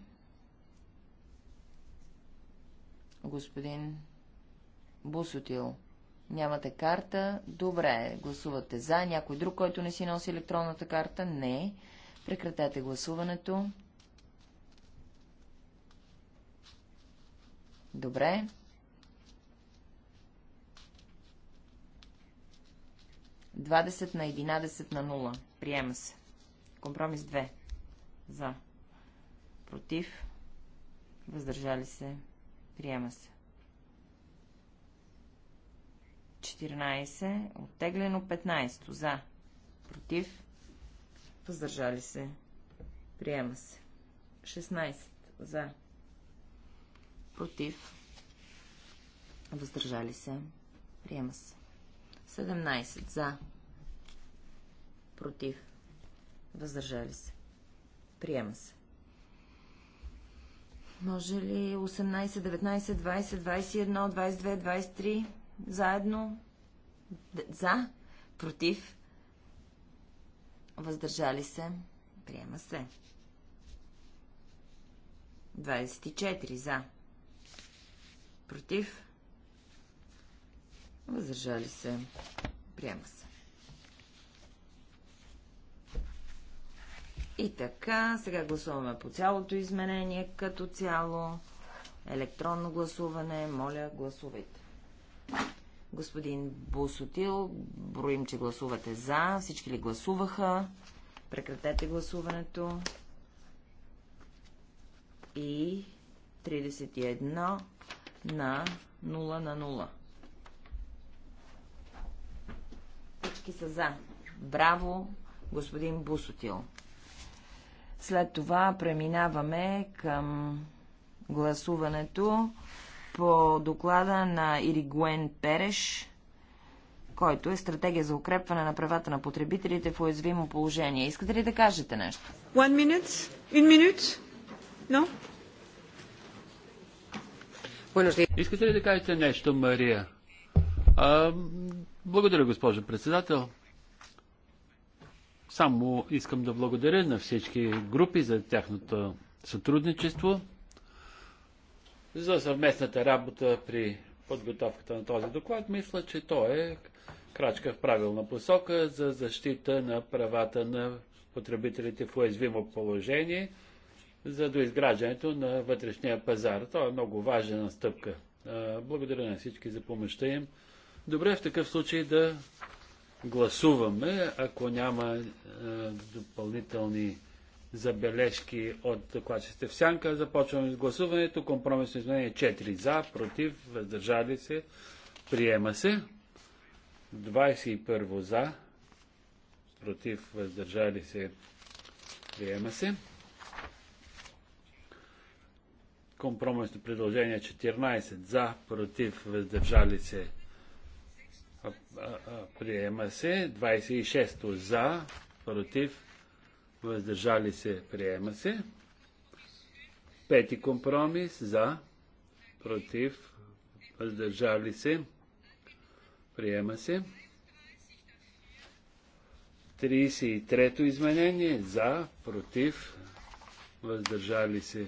Господин Бусотил. Нямате карта? Добре, гласувате за. Някой друг, който не си носи електронната карта? Не. Прекратете гласуването. Добре. Двадесет на единадесет на нула. Приема се. Компромис 2. За. Против. Въздържали се. Приема се. 14, оттеглено 15, за, против, въздържали се, приема се. 16, за, против, въздържали се, приема се. 17, за, против, въздържали се, приема се. Може ли 18, 19, 20, 21, 22, 23 заедно? За, против, въздържали се, приема се. 24 за, против, въздържали се, приема се. И така, сега гласуваме по цялото изменение като цяло. Електронно гласуване, моля, гласувайте. Господин Босотил, броим, че гласувате за. Всички ли гласуваха? Прекратете гласуването. И 31 на 0 на 0. Всички са за. Браво, господин Бусотил. След това преминаваме към гласуването по доклада на Иригуен Переш, който е стратегия за укрепване на правата на потребителите в уязвимо положение. Искате ли да кажете нещо? One minute? In minute? No? Искате ли да кажете нещо, Мария? А, благодаря, госпожо председател. Само искам да благодаря на всички групи за тяхното сътрудничество за съвместната работа при подготовката на този доклад. Мисля, че то е крачка в правилна посока за защита на правата на потребителите в уязвимо положение за доизграждането на вътрешния пазар. Това е много важна стъпка. Благодаря на всички за помощта им. Добре в такъв случай да гласуваме, ако няма допълнителни забележки от докладчите в сянка. Започваме с гласуването. Компромисно изменение 4 за, против, въздържали се, приема се. 21 за, против, въздържали се, приема се. Компромисно предложение 14 за, против, въздържали се, приема се. 26 за, против, въздържали се, приема се. Пети компромис за, против, въздържали се, приема се. 33-то изменение за, против, въздържали се,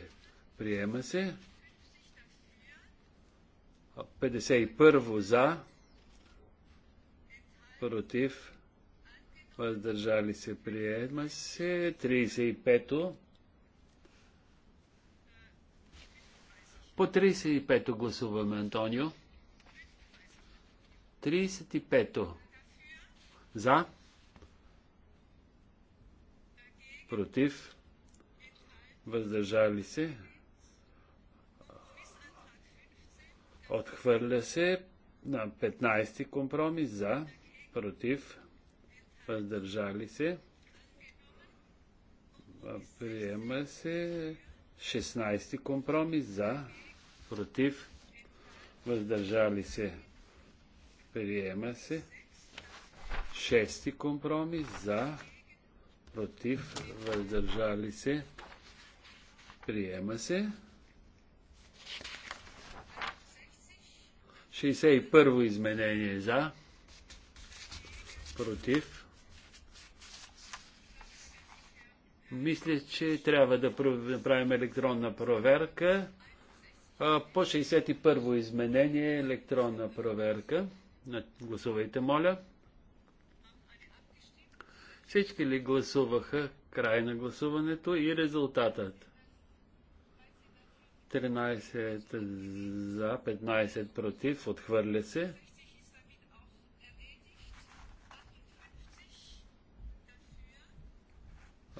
приема се. 51 за, против, въздържали се, приема се. 35-то. По 35-то гласуваме, Антонио. 35-то. За. Против. Въздържали се. Отхвърля се на 15-ти компромис за, против, въздържали се. Приема се 16-ти компромис за, против, въздържали се. Приема се 6-ти компромис за, против, въздържали се. Приема се. 61-во изменение за, против, Мисля, че трябва да направим електронна проверка. По 61-во изменение е електронна проверка. Гласувайте, моля. Всички ли гласуваха край на гласуването и резултатът? 13 за, 15 против, отхвърля се.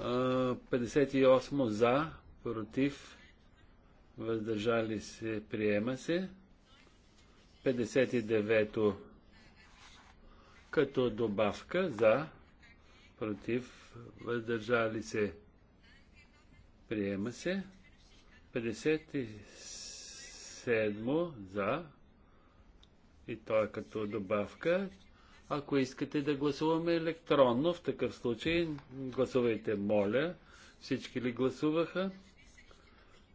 58 за, против, въздържали се, приема се. 59 като добавка за, против, въздържали се, приема се. 57 за, и то е като добавка, ако искате да гласуваме електронно, в такъв случай гласувайте, моля. Всички ли гласуваха?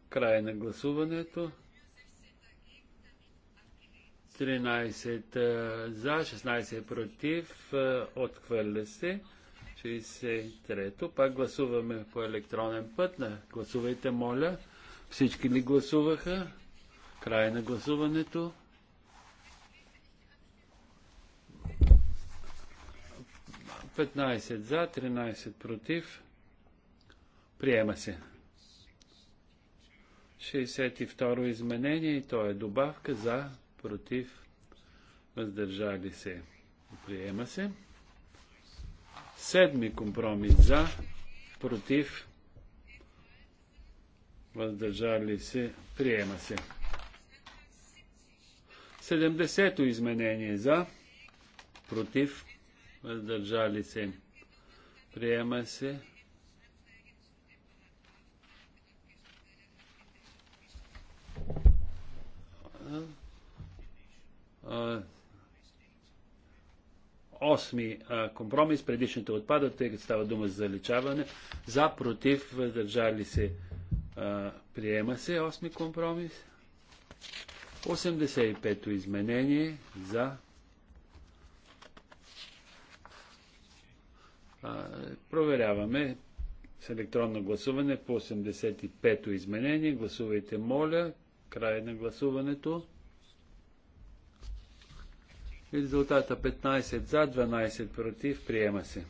Край на гласуването. 13 за, 16 против, отхвърля се. 63-то. Пак гласуваме по електронен път. На гласувайте, моля. Всички ли гласуваха? Край на гласуването. 15 за, 13 против. Приема се. 62 изменение и то е добавка за, против, въздържали се. Приема се. Седми компромис за, против, въздържали се. Приема се. 70-то изменение за, против, въздържали се, приема се. Осми компромис, предишните отпадат, тъй като става дума за заличаване. За, против, въздържали се, приема се. Осми компромис. 85-то изменение за Проверяваме с електронно гласуване по 85-то изменение. Гласувайте, моля. Край на гласуването. Резултата 15 за, 12 против. Приема се.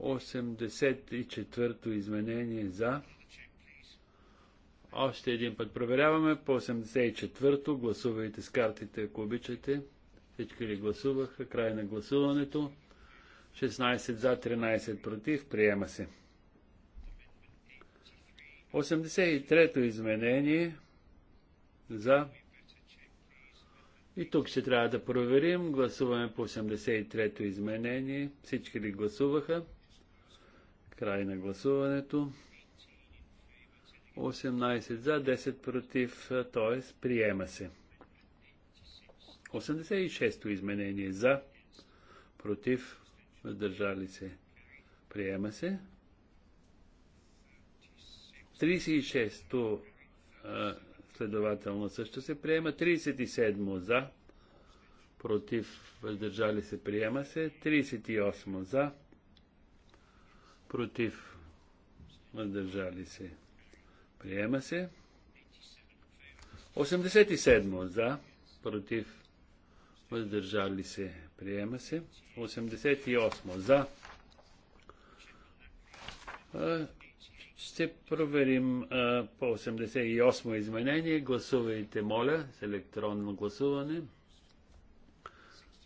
84-то изменение за. Още един път проверяваме. По 84-то гласувайте с картите, ако обичате. Всички ли гласуваха? Край на гласуването. 16 за, 13 против. Приема се. 83-то изменение за. И тук ще трябва да проверим. Гласуваме по 83-то изменение. Всички ли гласуваха? Край на гласуването. 18 за, 10 против, т.е. приема се. 86-то изменение за, против, въздържали се, приема се. 36-то следователно също се приема. 37 за, против, въздържали се, приема се. 38 за, против, въздържали се, приема се. 87 за, против, въздържали се, приема се. 88 за. Ще проверим по 88 изменение. Гласувайте, моля, с електронно гласуване.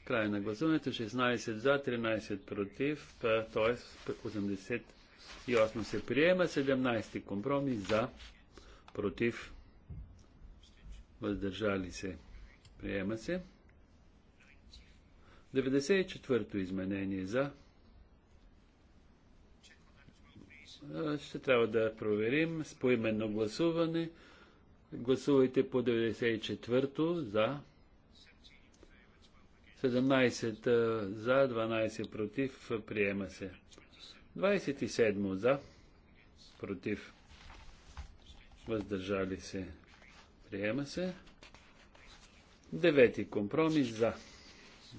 Край на гласуването 16 за, 13 против, т.е. 88 се приема, 17 компромис за, против, въздържали се, приема се. 94-то изменение за. Ще трябва да проверим с поименно гласуване. Гласувайте по 94-то за. 17 за, 12 против, приема се. 27 за, против, въздържали се, приема се. Девети компромис за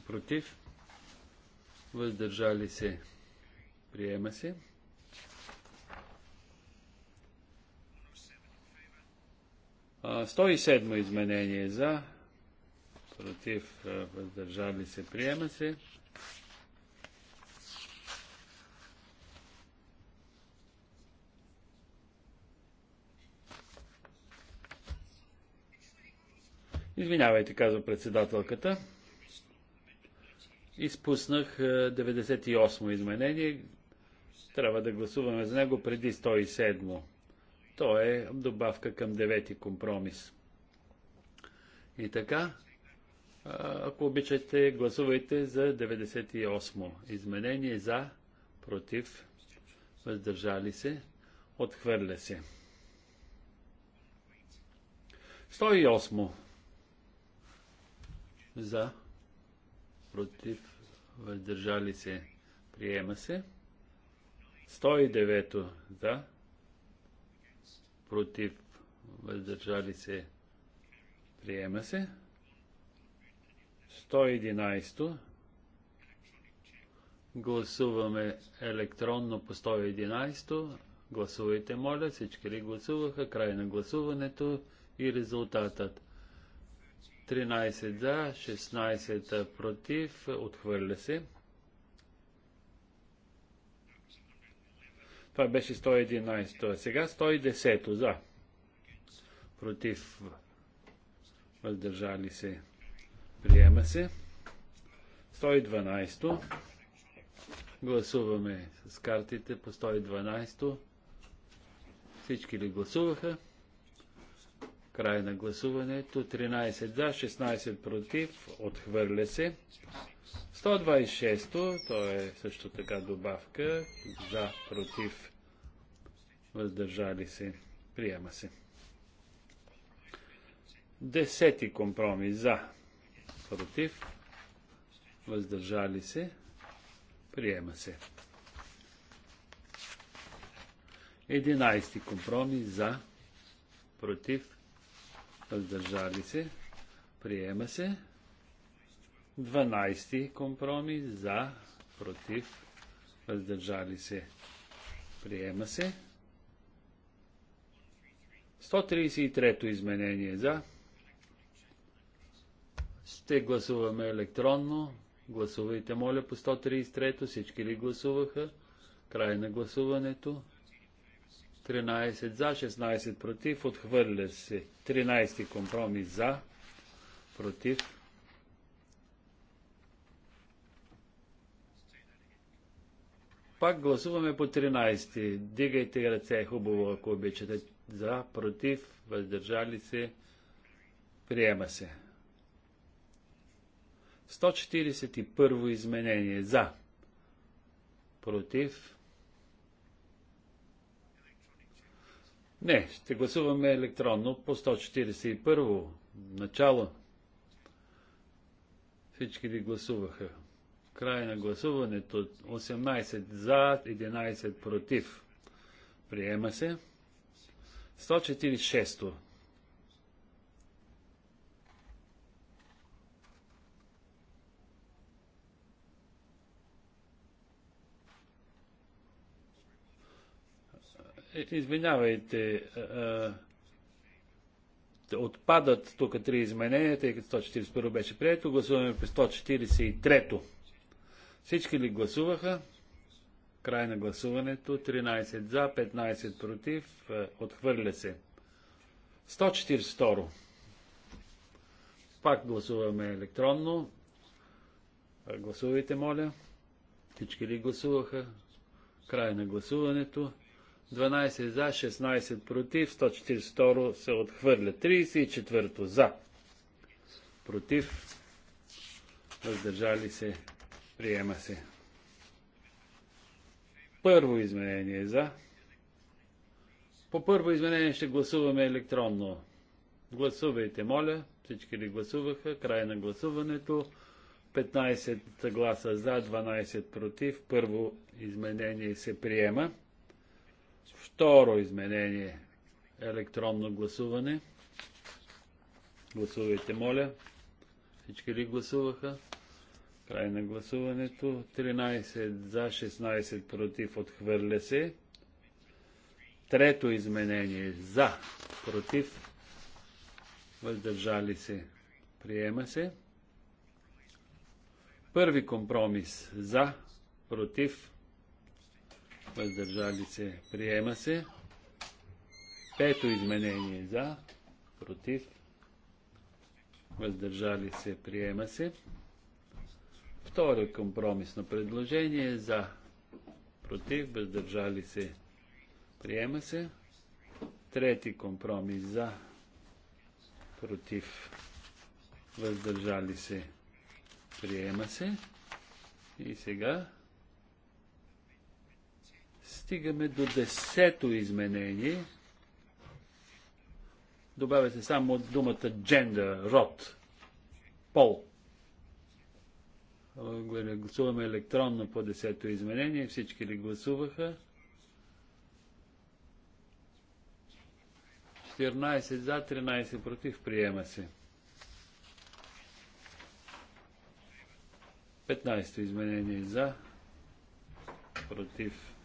против, въздържали се, приема се. А, 107 изменение за, против, въздържали се, приема се. Извинявайте, казва председателката. Изпуснах 98 е, изменение. Трябва да гласуваме за него преди 107. То е добавка към 9 компромис. И така, ако обичате, гласувайте за 98 изменение за, против, въздържали се, отхвърля се. 108 за, против, въздържали се, приема се. 109 за, против, въздържали се, приема се. 111 гласуваме електронно по 111 гласувайте моля, всички ли гласуваха, край на гласуването и резултатът. 13 за, 16 против, отхвърля се. Това беше 111. Е сега 110 за. Против. Въздържали се. Приема се. 112. Гласуваме с картите по 112. Всички ли гласуваха? Край на гласуването. 13 за, 16 против. Отхвърля се. 126-то, то е също така добавка. За, против. Въздържали се. Приема се. Десети компромис за, против, въздържали се, приема се. Единайсти компромис за, против, въздържали се, приема се. 12 компромис за, против, въздържали се, приема се. 133-то изменение за. Ще гласуваме електронно. Гласувайте, моля, по 133-то. Всички ли гласуваха? Край на гласуването. 13 за, 16 против, отхвърля се. 13 компромис за, против. Пак гласуваме по 13. Дигайте ръце хубаво, ако обичате. За, против, въздържали се, приема се. 141 изменение. За, против, Не, ще гласуваме електронно по 141 начало. Всички ли гласуваха? Край на гласуването 18 за, 11 против. Приема се. 146 Е, извинявайте, отпадат тук три изменения, тъй като 141 беше прието. Гласуваме при 143. Всички ли гласуваха? Край на гласуването. 13 за, 15 против. Отхвърля се. 142. Пак гласуваме електронно. Гласувайте, моля. Всички ли гласуваха? Край на гласуването. 12 за, 16 против, 142 се отхвърля, 34 за, против, въздържали се, приема се. Първо изменение за. По първо изменение ще гласуваме електронно. Гласувайте, моля. Всички ли гласуваха? Край на гласуването. 15 гласа за, 12 против. Първо изменение се приема. Второ изменение. Електронно гласуване. Гласувайте, моля. Всички ли гласуваха? Край на гласуването. 13 за, 16 против, отхвърля се. Трето изменение. За, против, въздържали се. Приема се. Първи компромис. За, против, въздържали се, приема се. Пето изменение за, против, въздържали се, приема се. Второ компромисно предложение за, против, въздържали се, приема се. Трети компромис за, против, въздържали се, приема се. И сега Стигаме до десето изменение. Добавя се само думата джендър, род, пол. Гласуваме електронно по десето изменение. Всички ли гласуваха? 14 за, 13 против. Приема се. 15 изменение за, против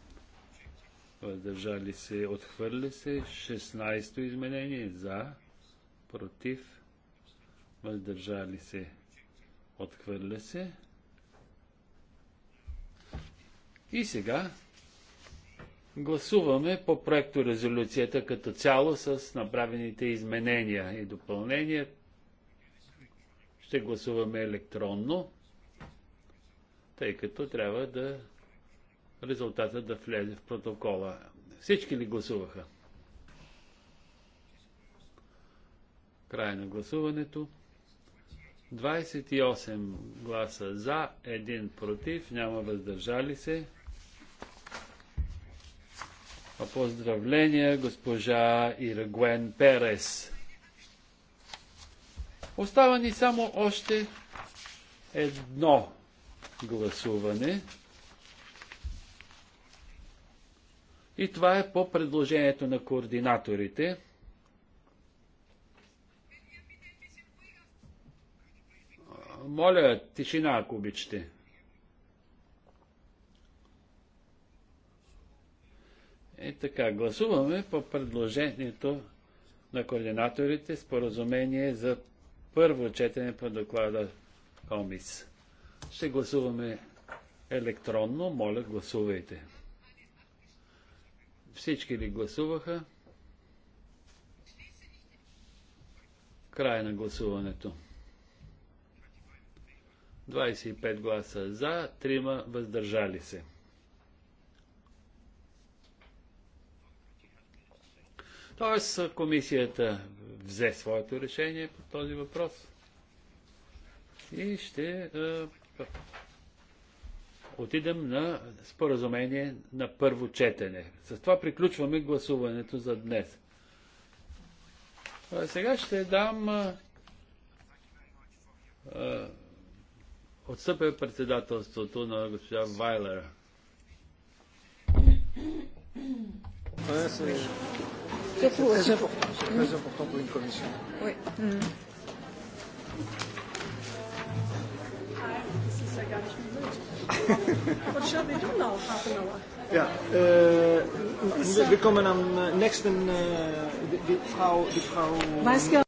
въздържали се, отхвърли се. 16-то изменение за, против, въздържали се, отхвърля се. И сега гласуваме по проекто резолюцията като цяло с направените изменения и допълнения. Ще гласуваме електронно, тъй като трябва да резултата да влезе в протокола. Всички ли гласуваха? Край на гласуването. 28 гласа за, 1 против, няма въздържали се. А поздравления госпожа Ирагуен Перес. Остава ни само още едно гласуване. И това е по предложението на координаторите. Моля, тишина, ако обичате. Е така, гласуваме по предложението на координаторите споразумение за първо четене по доклада Комис. Ще гласуваме електронно. Моля, гласувайте. Всички ли гласуваха? Край на гласуването. 25 гласа за, 3 въздържали се. Тоест комисията взе своето решение по този въпрос и ще е, отидем на споразумение на първо четене. С това приключваме гласуването за днес. сега ще дам а, а, отстъпя председателството на госпожа Вайлер. C'est très important what shall we Ja, uh, we komen aan uh, next een uh, die, die vrouw, die vrouw.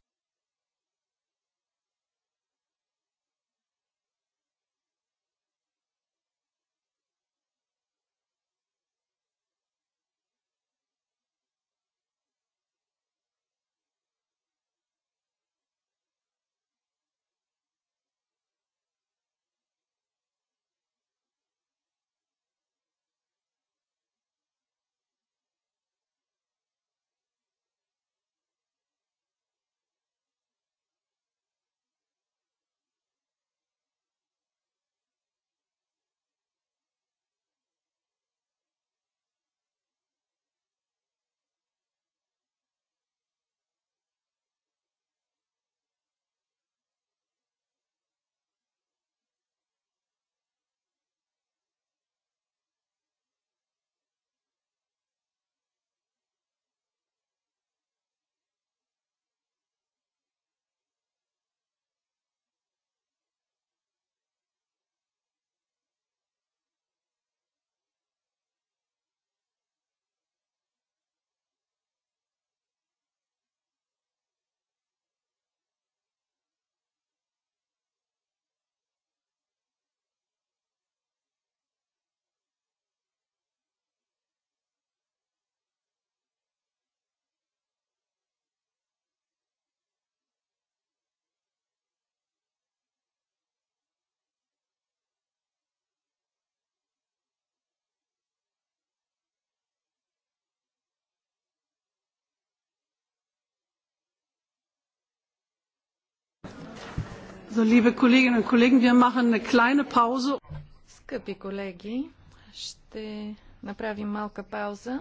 So, liebe Kolleginnen und Kollegen, wir machen eine kleine Pause. Скъпи колеги, ще направим малка пауза.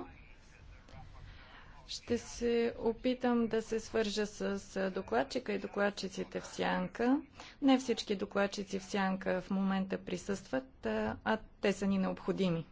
Ще се опитам да се свържа с докладчика и докладчиците в сянка. Не всички докладчици в сянка в момента присъстват, а те са ни необходими.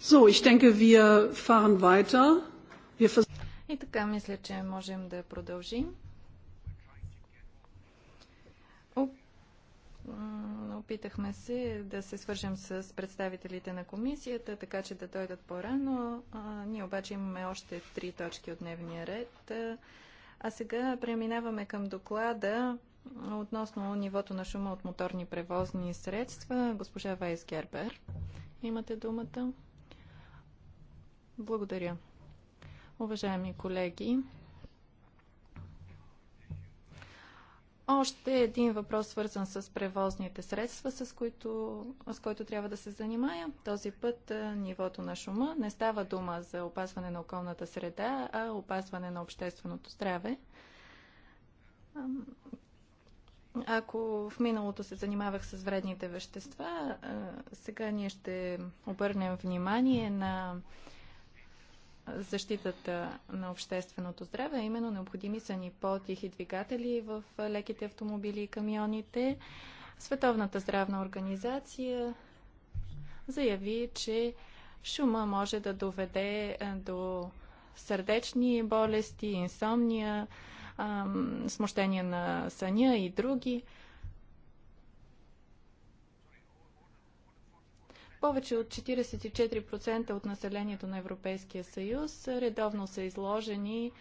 So, ich denke, wir fahren weiter. Wir И така, мисля, че можем да продължим. Опитахме се да се свържем с представителите на комисията, така че да дойдат по-рано. Ние обаче имаме още три точки от дневния ред. А сега преминаваме към доклада относно нивото на шума от моторни превозни средства. Госпожа Вайс Гербер, имате думата. Благодаря. Уважаеми колеги, още един въпрос, свързан с превозните средства, с, които, с който трябва да се занимая. Този път нивото на шума не става дума за опазване на околната среда, а опазване на общественото здраве. Ако в миналото се занимавах с вредните вещества, сега ние ще обърнем внимание на защитата на общественото здраве, а именно необходими са ни по-тихи двигатели в леките автомобили и камионите. Световната здравна организация заяви, че шума може да доведе е, до сърдечни болести, инсомния, смущение на съня и други. Повече от 44% от населението на Европейския съюз редовно са изложени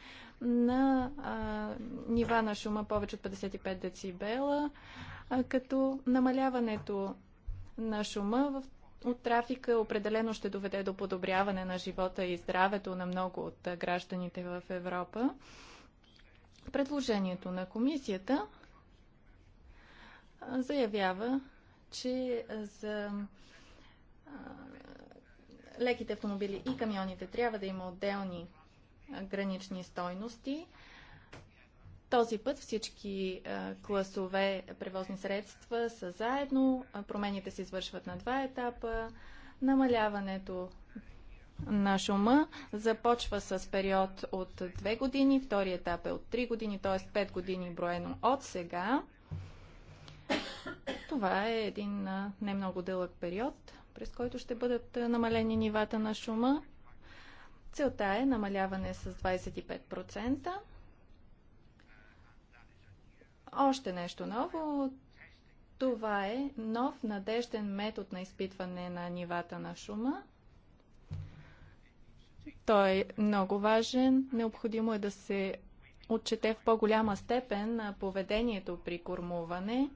на а, нива на шума повече от 55 децибела, а, като намаляването на шума в от трафика определено ще доведе до подобряване на живота и здравето на много от гражданите в Европа. Предложението на комисията заявява, че за леките автомобили и камионите трябва да има отделни гранични стойности. Този път всички класове превозни средства са заедно, промените се извършват на два етапа, намаляването на шума започва с период от 2 години, втори етап е от 3 години, т.е. 5 години броено от сега. Това е един не много дълъг период – през който ще бъдат е, намалени нивата на шума. Целта е намаляване с 25%. Още нещо ново. Това е нов надежден метод на изпитване на нивата на шума. Той е много важен. Необходимо е да се отчете в по-голяма степен поведението при кормуване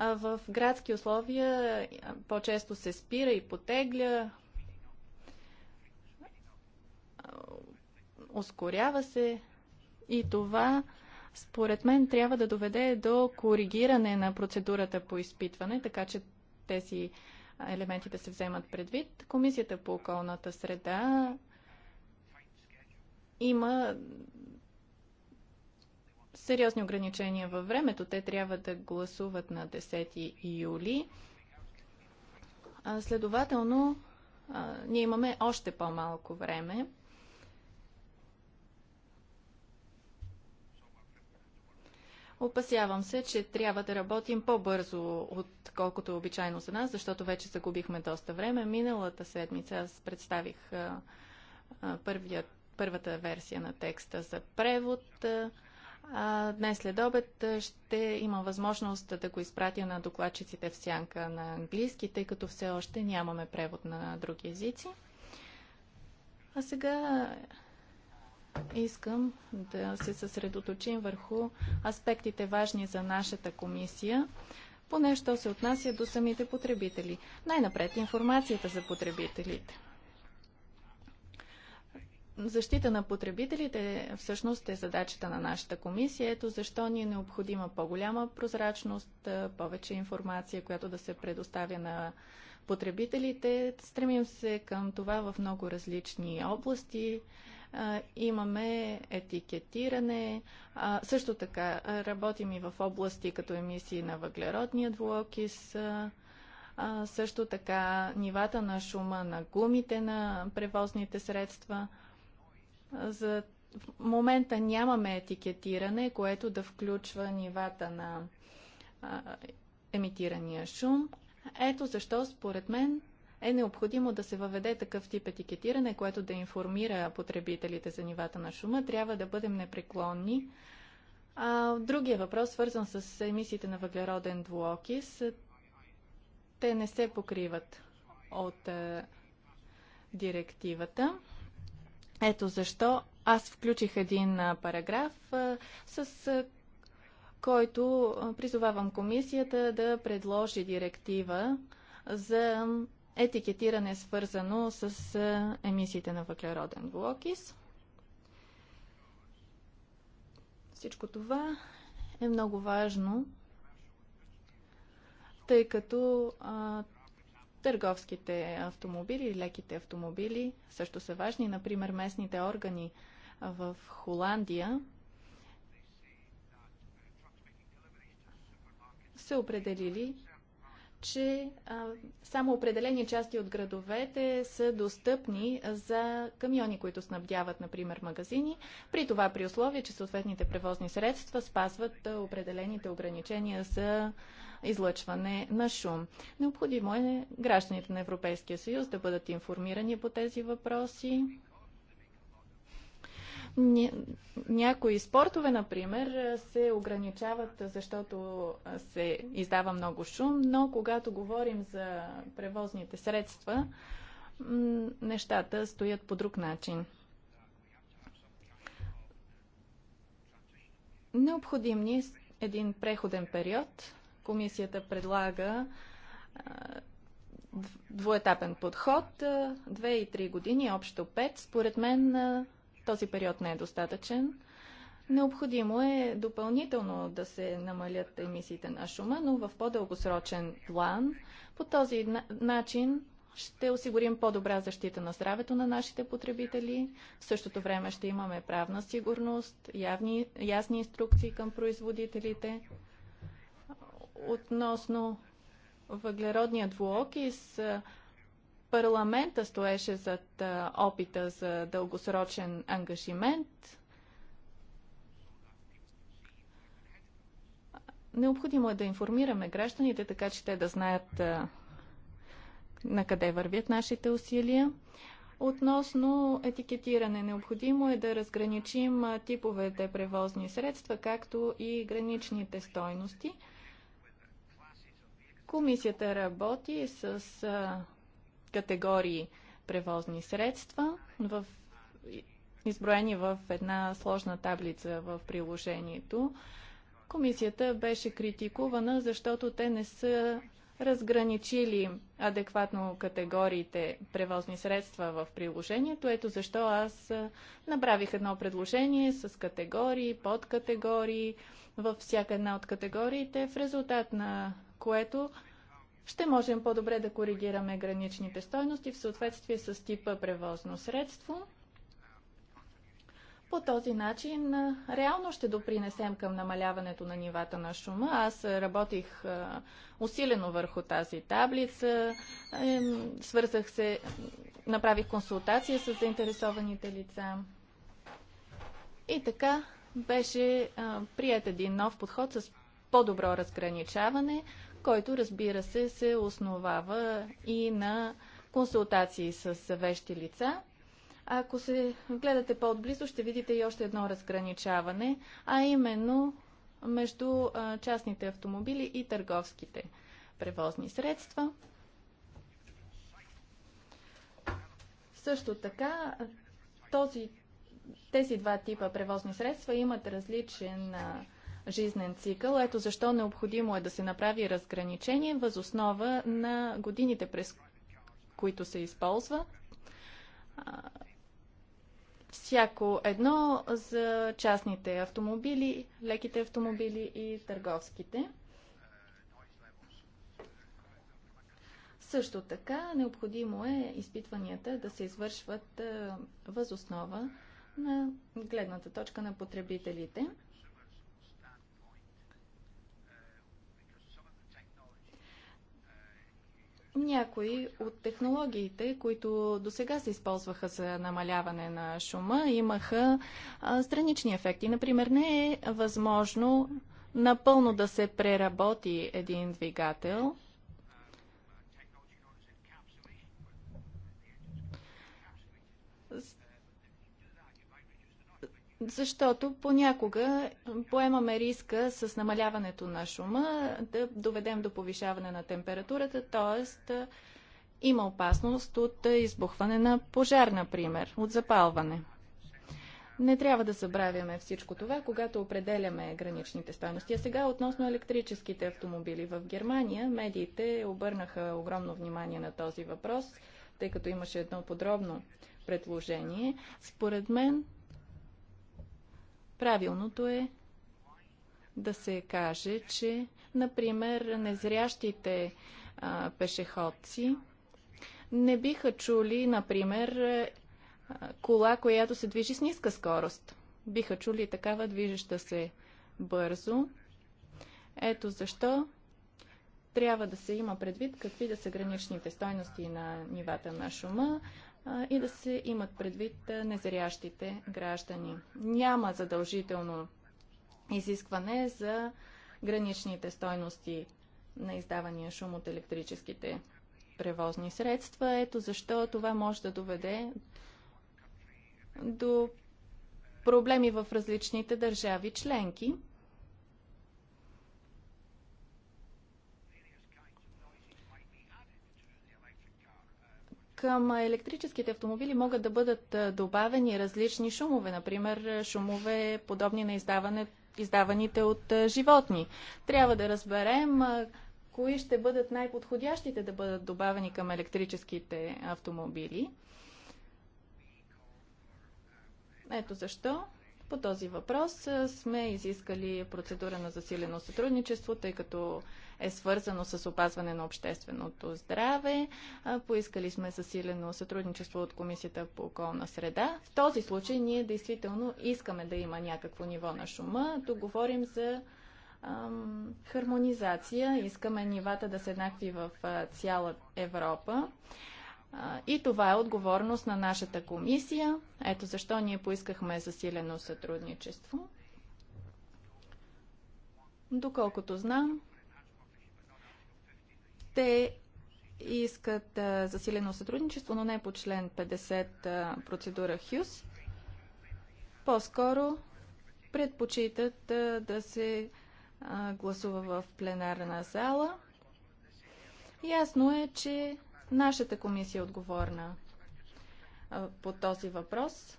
в градски условия по-често се спира и потегля, ускорява се и това според мен трябва да доведе до коригиране на процедурата по изпитване, така че тези елементи да се вземат предвид. Комисията по околната среда има сериозни ограничения във времето. Те трябва да гласуват на 10 юли. Следователно, ние имаме още по-малко време. Опасявам се, че трябва да работим по-бързо, отколкото е обичайно за нас, защото вече загубихме доста време. Миналата седмица аз представих първия, първата версия на текста за превод. А, Днес след обед ще има възможност да го изпратя на докладчиците в сянка на английски, тъй като все още нямаме превод на други езици. А сега искам да се съсредоточим върху аспектите важни за нашата комисия, поне що се отнася до самите потребители. Най-напред информацията за потребителите – Защита на потребителите всъщност е задачата на нашата комисия. Ето защо ни е необходима по-голяма прозрачност, повече информация, която да се предоставя на потребителите. Стремим се към това в много различни области. Имаме етикетиране, също така работим и в области като емисии на въглеродния двуокис, също така нивата на шума на гумите на превозните средства – за в момента нямаме етикетиране, което да включва нивата на а, емитирания шум. Ето защо, според мен, е необходимо да се въведе такъв тип етикетиране, което да информира потребителите за нивата на шума. Трябва да бъдем непреклонни. А, другия въпрос, свързан с емисиите на въглероден двуокис, те не се покриват от а, директивата. Ето защо аз включих един параграф, с който призовавам комисията да предложи директива за етикетиране, свързано с емисиите на въглероден двуокис. Всичко това е много важно, тъй като а, Търговските автомобили леките автомобили също са важни. Например, местните органи в Холандия са определили, че само определени части от градовете са достъпни за камиони, които снабдяват, например, магазини, при това при условие, че съответните превозни средства спазват определените ограничения за излъчване на шум. Необходимо е гражданите на Европейския съюз да бъдат информирани по тези въпроси. Някои спортове, например, се ограничават, защото се издава много шум, но когато говорим за превозните средства, нещата стоят по друг начин. Необходим ни е един преходен период, Комисията предлага двоетапен подход, 2 и 3 години, общо 5. Според мен този период не е достатъчен. Необходимо е допълнително да се намалят емисиите на шума, но в по-дългосрочен план. По този начин ще осигурим по-добра защита на здравето на нашите потребители. В същото време ще имаме правна сигурност, явни, ясни инструкции към производителите относно въглеродния с парламента стоеше зад опита за дългосрочен ангажимент. Необходимо е да информираме гражданите, така че те да знаят на къде вървят нашите усилия. Относно етикетиране, необходимо е да разграничим типовете превозни средства, както и граничните стойности – Комисията работи с категории превозни средства в изброени в една сложна таблица в приложението. Комисията беше критикувана, защото те не са разграничили адекватно категориите превозни средства в приложението. Ето защо аз направих едно предложение с категории, подкатегории, във всяка една от категориите, в резултат на което ще можем по-добре да коригираме граничните стойности в съответствие с типа превозно средство. По този начин реално ще допринесем към намаляването на нивата на шума. Аз работих усилено върху тази таблица, свързах се, направих консултация с заинтересованите лица. И така беше прият един нов подход с по-добро разграничаване, който разбира се се основава и на консултации с вещи лица. Ако се гледате по-отблизо, ще видите и още едно разграничаване, а именно между частните автомобили и търговските превозни средства. Също така, този, тези два типа превозни средства имат различен а, жизнен цикъл. Ето защо необходимо е да се направи разграничение въз основа на годините, през които се използва. Всяко едно за частните автомобили, леките автомобили и търговските. Също така, необходимо е изпитванията да се извършват възоснова на гледната точка на потребителите. Някои от технологиите, които до сега се използваха за намаляване на шума, имаха а, странични ефекти. Например, не е възможно напълно да се преработи един двигател – защото понякога поемаме риска с намаляването на шума да доведем до повишаване на температурата, т.е. има опасност от избухване на пожар, например, от запалване. Не трябва да забравяме всичко това, когато определяме граничните стойности. А сега относно електрическите автомобили в Германия, медиите обърнаха огромно внимание на този въпрос, тъй като имаше едно подробно предложение. Според мен Правилното е да се каже, че, например, незрящите а, пешеходци не биха чули, например, кола, която се движи с ниска скорост. Биха чули такава движеща се бързо. Ето защо трябва да се има предвид какви да са граничните стойности на нивата на шума и да се имат предвид незрящите граждани. Няма задължително изискване за граничните стойности на издавания шум от електрическите превозни средства. Ето защо това може да доведе до проблеми в различните държави членки. към електрическите автомобили могат да бъдат добавени различни шумове, например шумове подобни на издаване, издаваните от животни. Трябва да разберем кои ще бъдат най-подходящите да бъдат добавени към електрическите автомобили. Ето защо по този въпрос сме изискали процедура на засилено сътрудничество, тъй като е свързано с опазване на общественото здраве. Поискали сме засилено сътрудничество от Комисията по околна среда. В този случай ние действително искаме да има някакво ниво на шума. Тук говорим за ам, хармонизация. Искаме нивата да са еднакви в цяла Европа. И това е отговорност на нашата комисия. Ето защо ние поискахме засилено сътрудничество. Доколкото знам, те искат засилено сътрудничество, но не по член 50 процедура ХЮС. По-скоро предпочитат да се гласува в пленарна зала. Ясно е, че Нашата комисия е отговорна по този въпрос,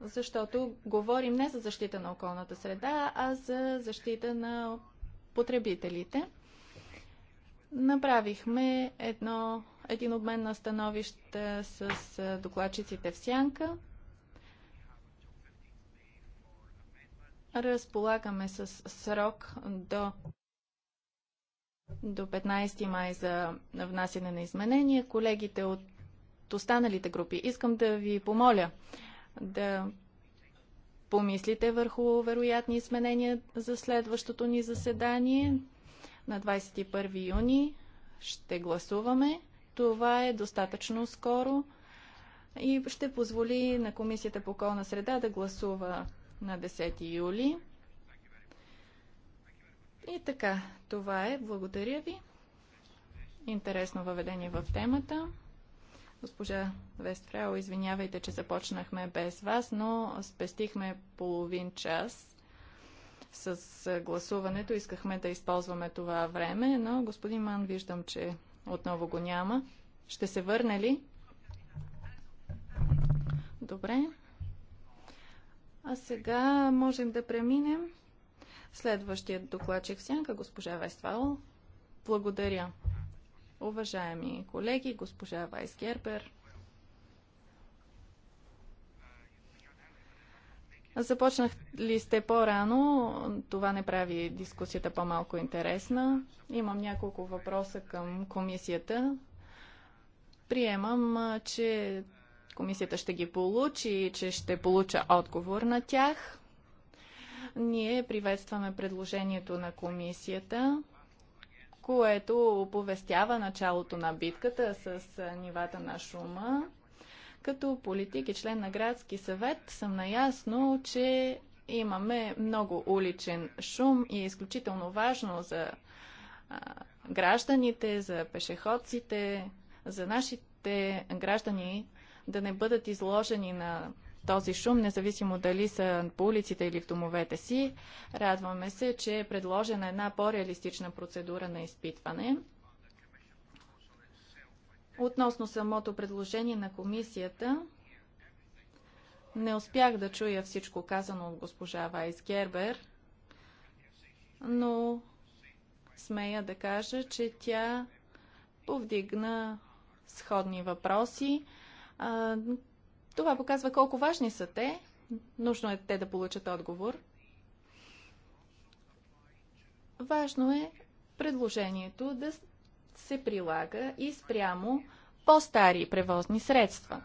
защото говорим не за защита на околната среда, а за защита на потребителите. Направихме едно, един обмен на становища с докладчиците в Сянка. Разполагаме с срок до до 15 май за внасяне на изменения. Колегите от останалите групи, искам да ви помоля да помислите върху вероятни изменения за следващото ни заседание на 21 юни. Ще гласуваме. Това е достатъчно скоро и ще позволи на Комисията по околна среда да гласува на 10 юли. И така, това е. Благодаря ви. Интересно въведение в темата. Госпожа Вестфрео, извинявайте, че започнахме без вас, но спестихме половин час с гласуването. Искахме да използваме това време, но господин Ман виждам, че отново го няма. Ще се върне ли? Добре. А сега можем да преминем Следващият докладчик сянка, госпожа Вайствал. Благодаря. Уважаеми колеги, госпожа Вайс Гербер. Започнах ли сте по-рано, това не прави дискусията по-малко интересна. Имам няколко въпроса към комисията. Приемам, че комисията ще ги получи и че ще получа отговор на тях. Ние приветстваме предложението на комисията, което оповестява началото на битката с нивата на шума. Като политик и член на градски съвет съм наясно, че имаме много уличен шум и е изключително важно за гражданите, за пешеходците, за нашите граждани да не бъдат изложени на този шум, независимо дали са по улиците или в домовете си. Радваме се, че е предложена една по-реалистична процедура на изпитване. Относно самото предложение на комисията, не успях да чуя всичко казано от госпожа Вайс Гербер, но смея да кажа, че тя повдигна сходни въпроси, това показва колко важни са те. Нужно е те да получат отговор. Важно е предложението да се прилага и спрямо по-стари превозни средства.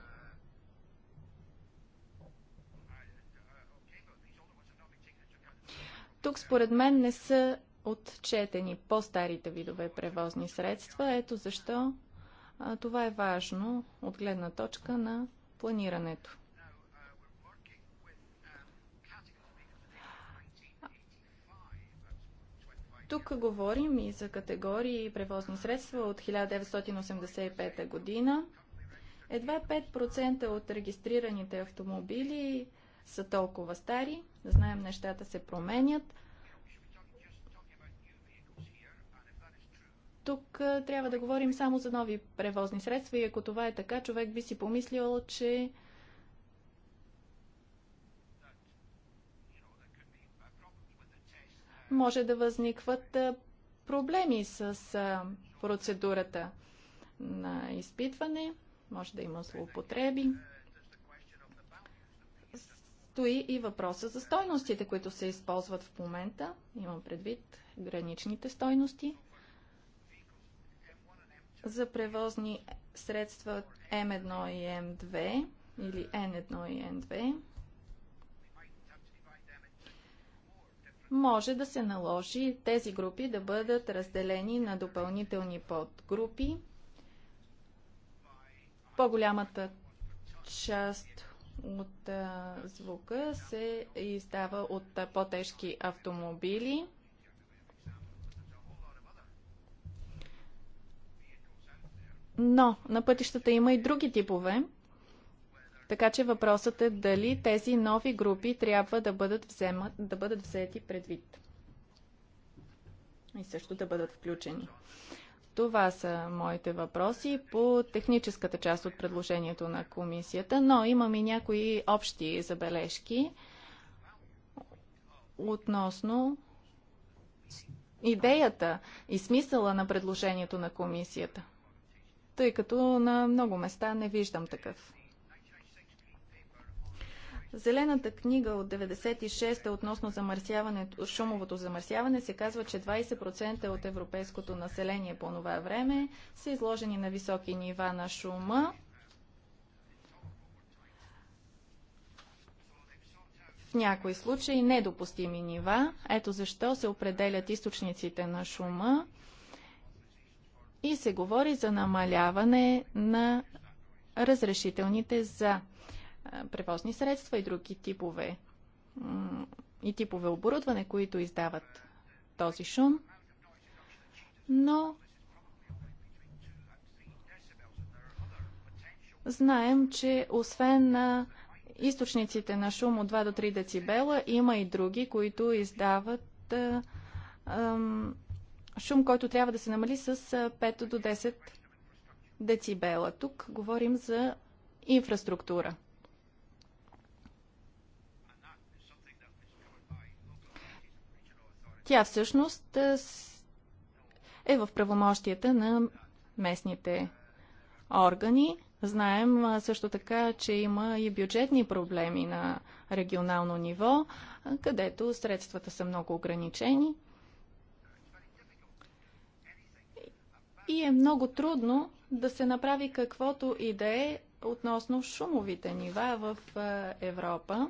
Тук според мен не са отчетени по-старите видове превозни средства. Ето защо а, това е важно от гледна точка на планирането. Тук говорим и за категории превозни средства от 1985 година. Едва 5% от регистрираните автомобили са толкова стари. Знаем, нещата се променят. Тук трябва да говорим само за нови превозни средства и ако това е така, човек би си помислил, че може да възникват проблеми с процедурата на изпитване, може да има злоупотреби. Стои и въпроса за стойностите, които се използват в момента. Имам предвид граничните стойности за превозни средства М1 и М2 или N1 и N2 може да се наложи тези групи да бъдат разделени на допълнителни подгрупи. По-голямата част от звука се издава от по-тежки автомобили. Но на пътищата има и други типове. Така че въпросът е дали тези нови групи трябва да бъдат, взема, да бъдат взети предвид. И също да бъдат включени. Това са моите въпроси по техническата част от предложението на комисията, но имам и някои общи забележки относно идеята и смисъла на предложението на комисията тъй като на много места не виждам такъв. Зелената книга от 96-та относно замърсяването, шумовото замърсяване се казва, че 20% от европейското население по това време са изложени на високи нива на шума. В някои случаи недопустими нива. Ето защо се определят източниците на шума и се говори за намаляване на разрешителните за превозни средства и други типове и типове оборудване, които издават този шум. Но знаем, че освен на източниците на шум от 2 до 3 децибела, има и други, които издават а, шум, който трябва да се намали с 5 до 10 децибела. Тук говорим за инфраструктура. Тя всъщност е в правомощията на местните органи. Знаем също така, че има и бюджетни проблеми на регионално ниво, където средствата са много ограничени – и е много трудно да се направи каквото и да е относно шумовите нива в е, Европа.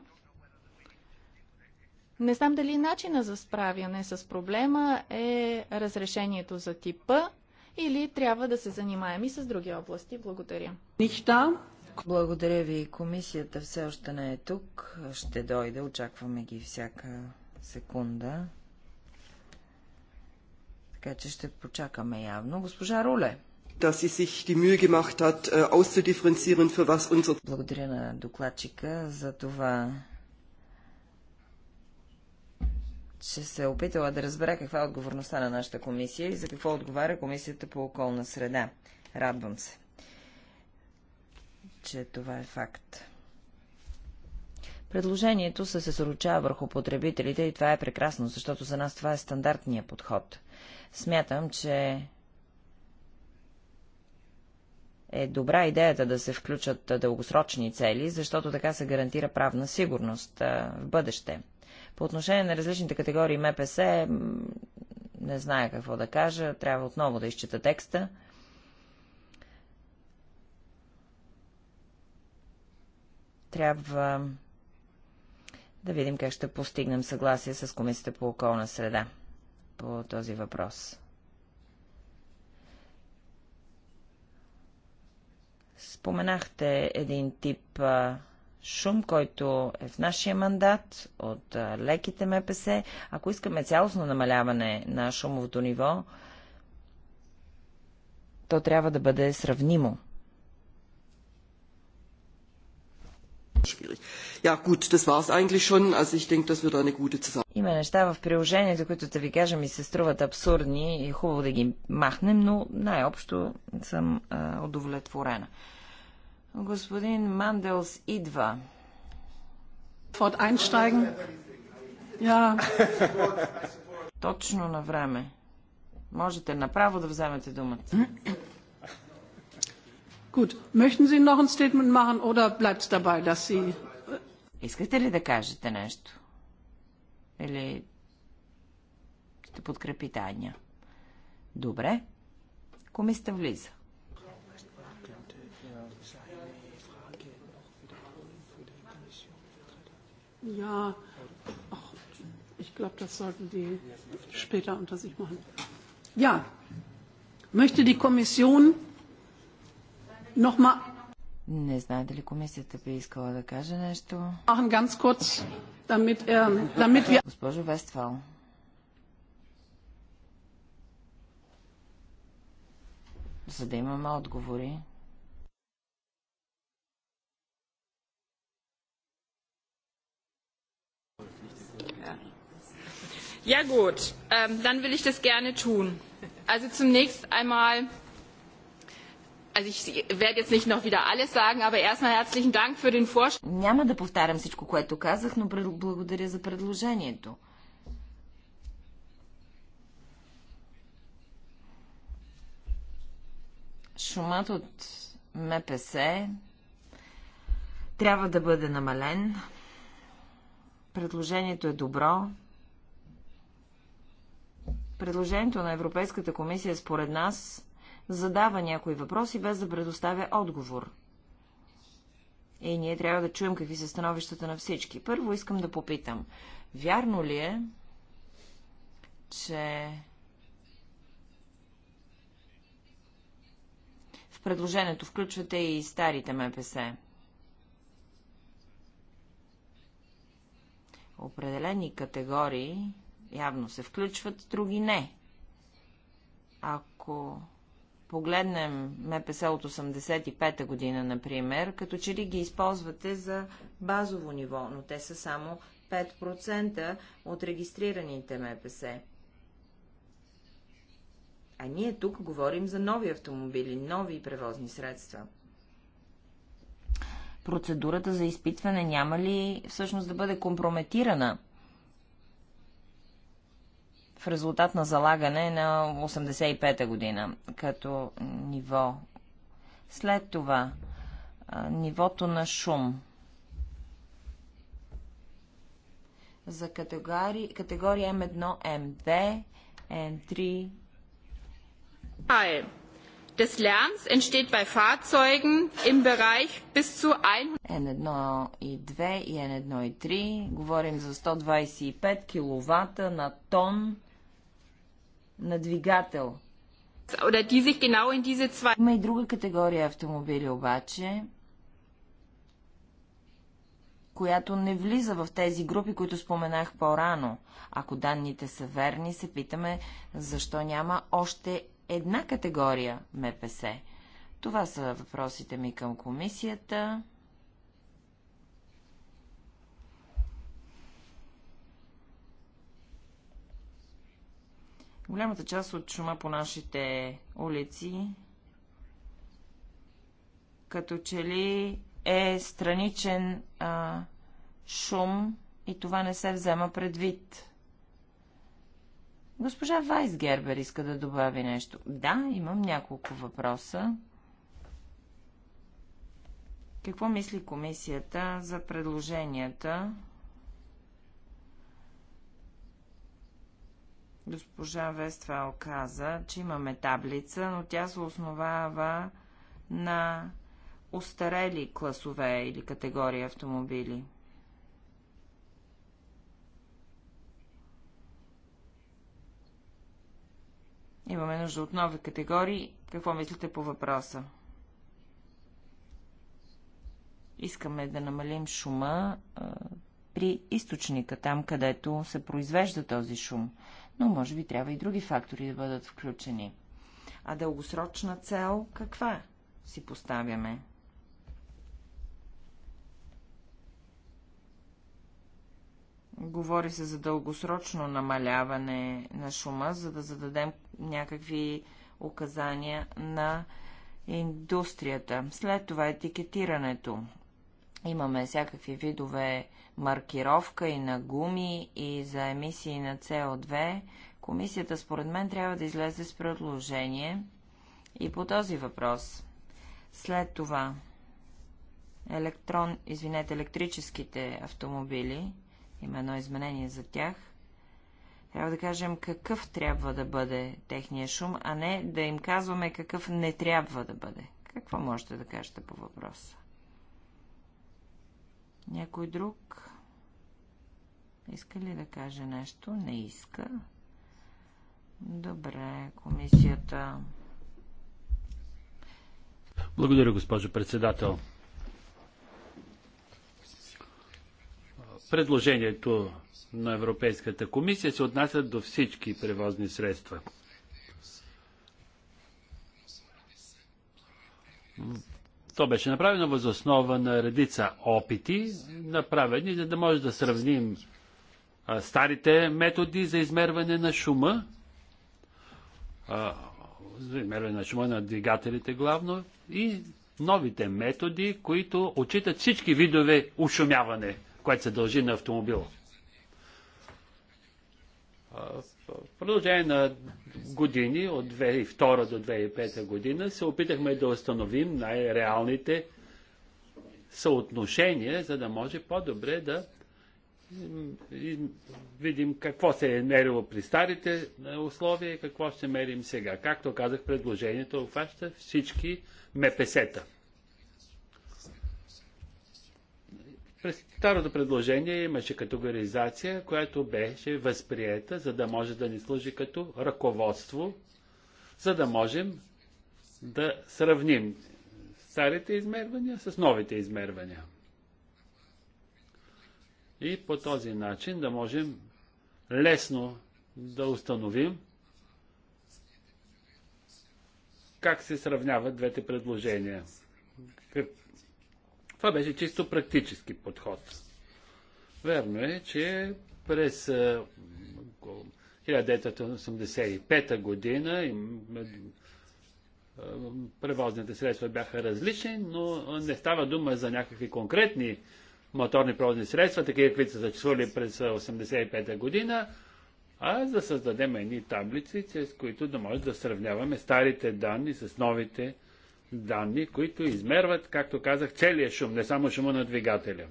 Не знам дали начина за справяне с проблема е разрешението за типа или трябва да се занимаем и с други области. Благодаря. Нища. Благодаря ви. Комисията все още не е тук. Ще дойде. Очакваме ги всяка секунда така че ще почакаме явно. Госпожа Руле. Äh, Благодаря на докладчика за това, че се е опитала да разбере каква е отговорността на нашата комисия и за какво отговаря Комисията по околна среда. Радвам се, че това е факт. Предложението се съсоручава върху потребителите и това е прекрасно, защото за нас това е стандартният подход. Смятам, че е добра идеята да се включат дългосрочни цели, защото така се гарантира правна сигурност в бъдеще. По отношение на различните категории МПС, не зная какво да кажа, трябва отново да изчета текста. Трябва да видим как ще постигнем съгласие с Комисията по околна среда по този въпрос. Споменахте един тип а, шум, който е в нашия мандат от а, леките МПС. Ако искаме цялостно намаляване на шумовото ниво, то трябва да бъде сравнимо. Има неща в приложението, които да ви кажа ми се струват абсурдни и хубаво да ги махнем, но най-общо съм а, удовлетворена. Господин Манделс идва. Точно на време. Можете направо да вземете думата. Hm? Gut, möchten Sie noch ein Statement machen oder bleibt es dabei, dass Sie... Искате ли да кажете нещо? Или ще подкрепите Аня? Добре. Комисията влиза. Ja, ach, ich glaube, das sollten die später unter sich machen. Ja, möchte die Kommission Nochmal. Не знае дали комисията би искала да каже нещо. Er, Госпожо Вествал. За да имаме отговори. Ja gut, ähm, dann will ich das gerne tun. Also zunächst einmal Also ich werde jetzt nicht noch wieder alles sagen, aber erstmal herzlichen Dank für den Vorschlag. Няма да повтарям всичко, което казах, но благодаря за предложението. Шумът от МПС трябва да бъде намален. Предложението е добро. Предложението на Европейската комисия според нас задава някои въпроси, без да предоставя отговор. И ние трябва да чуем какви са становищата на всички. Първо искам да попитам, вярно ли е, че в предложението включвате и старите МПС? Определени категории явно се включват, други не. Ако погледнем МПС от 85-та година, например, като че ли ги използвате за базово ниво, но те са само 5% от регистрираните МПС. А ние тук говорим за нови автомобили, нови превозни средства. Процедурата за изпитване няма ли всъщност да бъде компрометирана? в резултат на залагане на 85-та година като ниво. След това нивото на шум. За категори... категория М1, М2, М3. Des Lärms entsteht bei Fahrzeugen im Bereich bis zu 100 N1 и 2 и N1 и 3. Говорим за 125 киловата на тон на двигател. Има и друга категория автомобили обаче, която не влиза в тези групи, които споменах по-рано. Ако данните са верни, се питаме, защо няма още една категория МПС. Това са въпросите ми към комисията. Голямата част от шума по нашите улици като че ли е страничен а, шум и това не се взема предвид. Госпожа Вайсгербер иска да добави нещо. Да, имам няколко въпроса. Какво мисли комисията за предложенията Госпожа Вествал каза, че имаме таблица, но тя се основава на устарели класове или категории автомобили. Имаме нужда от нови категории. Какво мислите по въпроса? Искаме да намалим шума а, при източника, там където се произвежда този шум но може би трябва и други фактори да бъдат включени. А дългосрочна цел каква си поставяме? Говори се за дългосрочно намаляване на шума, за да зададем някакви указания на индустрията. След това етикетирането. Имаме всякакви видове маркировка и на гуми, и за емисии на СО2. Комисията, според мен, трябва да излезе с предложение и по този въпрос. След това, електрон, извинете, електрическите автомобили, има едно изменение за тях, трябва да кажем какъв трябва да бъде техния шум, а не да им казваме какъв не трябва да бъде. Какво можете да кажете по въпроса? Някой друг иска ли да каже нещо? Не иска. Добре, комисията. Благодаря, госпожо председател. Предложението на Европейската комисия се отнася до всички превозни средства. То беше направено въз основа на редица опити, направени, за да може да сравним старите методи за измерване на шума, за измерване на шума на двигателите главно, и новите методи, които отчитат всички видове ушумяване, което се дължи на автомобила. В продължение на години, от 2002 до 2005 година, се опитахме да установим най-реалните съотношения, за да може по-добре да видим какво се е мерило при старите е, условия и какво ще мерим сега. Както казах, предложението обхваща всички МПС-та. През старото предложение имаше категоризация, която беше възприета, за да може да ни служи като ръководство, за да можем да сравним старите измервания с новите измервания. И по този начин да можем лесно да установим как се сравняват двете предложения. Това беше чисто практически подход. Верно е, че през 1985 година превозните средства бяха различни, но не става дума за някакви конкретни моторни превозни средства, такива, които са зачували през 1985 година, а да създадем едни таблици, с които да може да сравняваме старите данни с новите данни данни, които измерват, както казах, целият шум, не само шума на двигателя.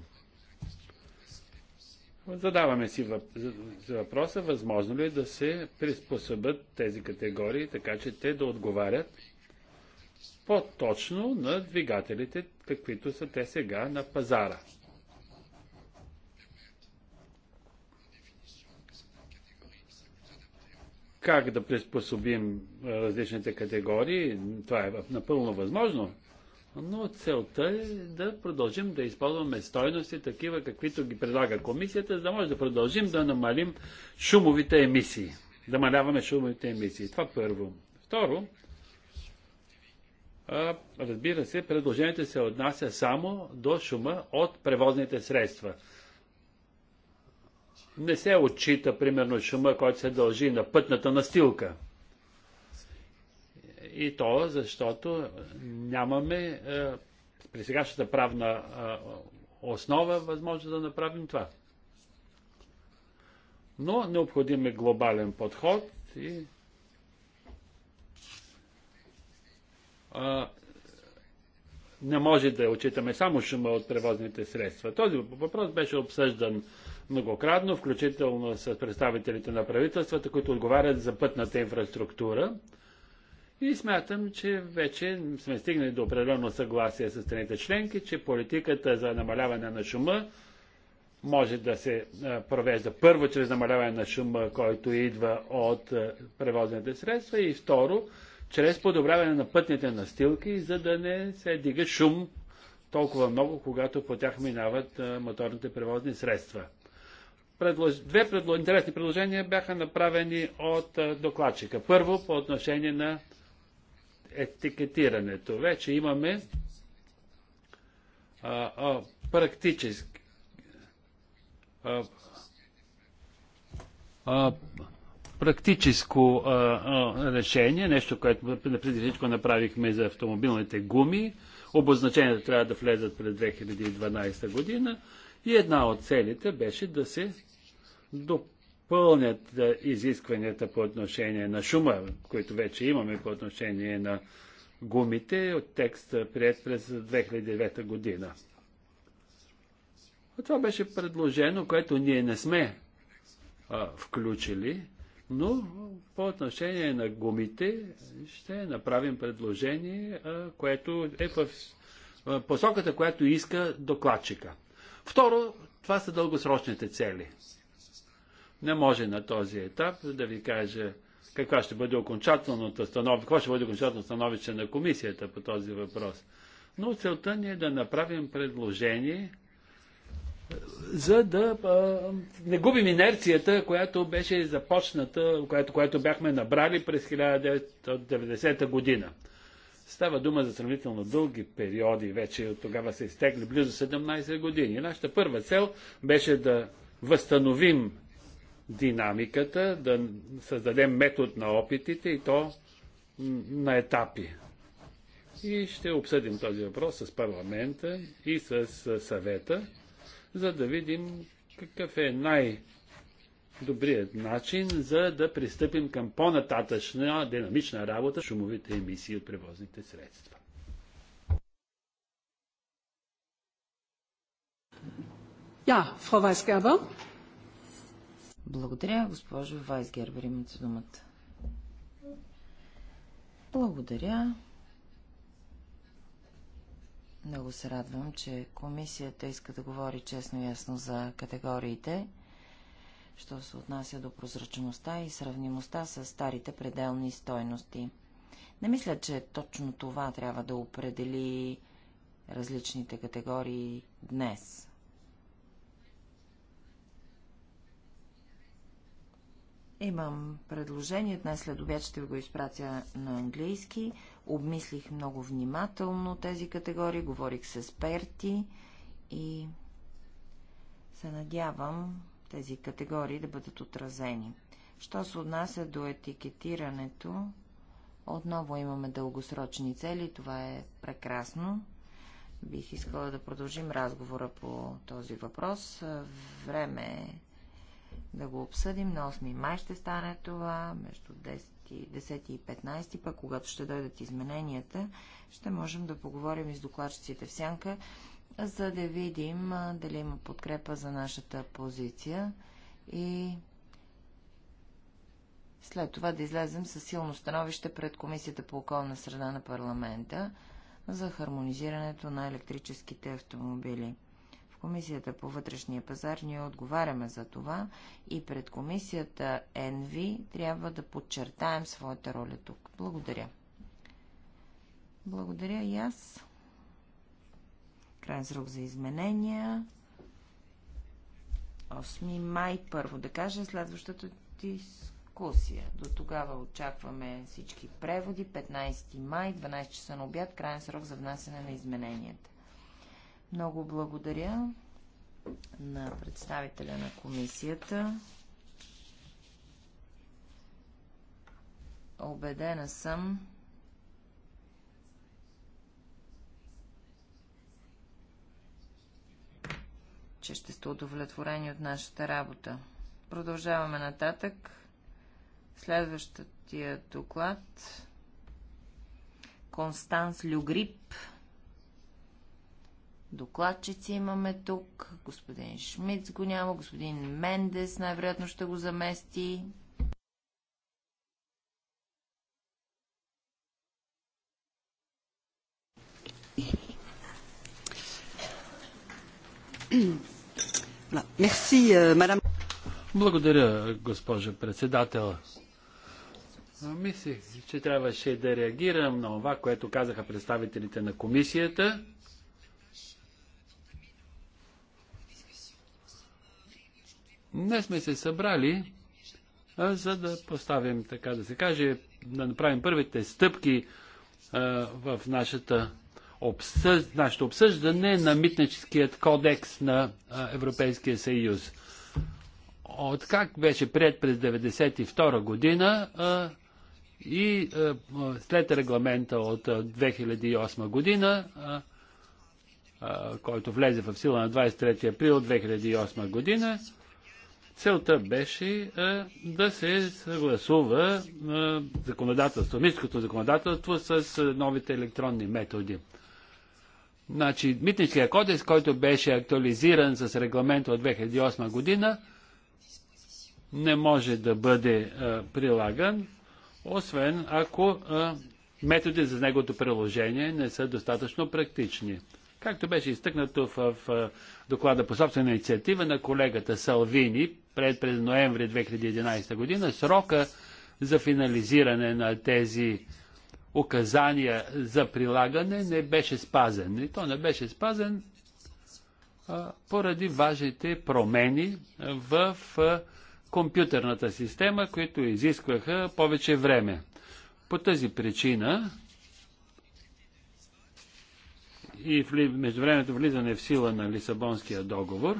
Задаваме си въпроса, възможно ли е да се приспособят тези категории, така че те да отговарят по-точно на двигателите, каквито са те сега на пазара. как да приспособим различните категории. Това е напълно възможно. Но целта е да продължим да използваме стойности такива, каквито ги предлага комисията, за да може да продължим да намалим шумовите емисии. Да маляваме шумовите емисии. Това първо. Второ, разбира се, предложението се отнася само до шума от превозните средства не се отчита, примерно, шума, който се дължи на пътната настилка. И то, защото нямаме е, при сегашната правна е, основа възможност да направим това. Но необходим е глобален подход и е, не може да отчитаме само шума от превозните средства. Този въпрос беше обсъждан многократно, включително с представителите на правителствата, които отговарят за пътната инфраструктура. И смятам, че вече сме стигнали до определено съгласие с страните членки, че политиката за намаляване на шума може да се провежда първо чрез намаляване на шума, който идва от превозните средства и второ, чрез подобряване на пътните настилки, за да не се дига шум толкова много, когато по тях минават моторните превозни средства. Предлож... Две интересни предложения бяха направени от докладчика. Първо, по отношение на етикетирането. Вече имаме а, а, практически а, а, практическо а, а, решение, нещо, което преди всичко направихме за автомобилните гуми. Обозначенията трябва да влезат през 2012 година и една от целите беше да се допълнят изискванията по отношение на шума, които вече имаме по отношение на гумите от текста, прият през 2009 година. А това беше предложено, което ние не сме а, включили, но по отношение на гумите ще направим предложение, а, което е в посоката, която иска докладчика. Второ, това са дългосрочните цели – не може на този етап да ви кажа каква ще бъде окончателната становище, какво ще бъде окончателно становище на комисията по този въпрос. Но целта ни е да направим предложение, за да а, не губим инерцията, която беше започната, която, която бяхме набрали през 1990 година. Става дума за сравнително дълги периоди, вече от тогава се изтегли близо 17 години. Нашата първа цел беше да възстановим динамиката, да създадем метод на опитите и то на етапи. И ще обсъдим този въпрос с парламента и с съвета, за да видим какъв е най- добрият начин, за да пристъпим към по-нататъчна динамична работа шумовите емисии от превозните средства. Ja, Frau Weisgerber. Благодаря, госпожо Вайсгербер, имате думата. Благодаря. Много се радвам, че комисията иска да говори честно и ясно за категориите, що се отнася до прозрачността и сравнимостта с старите пределни стойности. Не мисля, че точно това трябва да определи различните категории днес. Имам предложение, днес след обяд ще ви го изпратя на английски. Обмислих много внимателно тези категории, говорих с експерти и се надявам тези категории да бъдат отразени. Що се отнася до етикетирането, отново имаме дългосрочни цели, това е прекрасно. Бих искала да продължим разговора по този въпрос. Време е да го обсъдим. На 8 май ще стане това, между 10 и, 15, пък когато ще дойдат измененията, ще можем да поговорим и с докладчиците в сянка, за да видим дали има подкрепа за нашата позиция и след това да излезем със силно становище пред Комисията по околна среда на парламента за хармонизирането на електрическите автомобили. Комисията по вътрешния пазар ние отговаряме за това и пред Комисията НВ трябва да подчертаем своята роля тук. Благодаря. Благодаря и аз. Крайен срок за изменения. 8 май първо да кажа следващата дискусия. До тогава очакваме всички преводи. 15 май, 12 часа на обяд, крайен срок за внасяне на измененията. Много благодаря на представителя на комисията. Обедена съм, че ще сте удовлетворени от нашата работа. Продължаваме нататък. Следващия доклад. Констанс Люгрип докладчици имаме тук. Господин Шмидц го няма, господин Мендес най-вероятно ще го замести. Euh, Благодаря, госпожо председател. Мислих, че трябваше да реагирам на това, което казаха представителите на комисията. Днес сме се събрали, а, за да поставим, така да се каже, да направим първите стъпки а, в нашата обсъ... нашето обсъждане на митническият кодекс на а, Европейския съюз. как беше прият през 1992 година а, и а, след регламента от 2008 година, който влезе в сила на 23 април 2008 година, Целта беше а, да се съгласува а, законодателство, митническото законодателство с а, новите електронни методи. Значи, митническия кодекс, който беше актуализиран с регламент от 2008 година, не може да бъде а, прилаган, освен ако а, методи за неговото приложение не са достатъчно практични. Както беше изтъкнато в, в доклада по собствена инициатива на колегата Салвини пред през ноември 2011 година, срока за финализиране на тези указания за прилагане не беше спазен. И то не беше спазен а, поради важните промени в а, компютърната система, които изискваха повече време. По тази причина и времето влизане в сила на Лисабонския договор,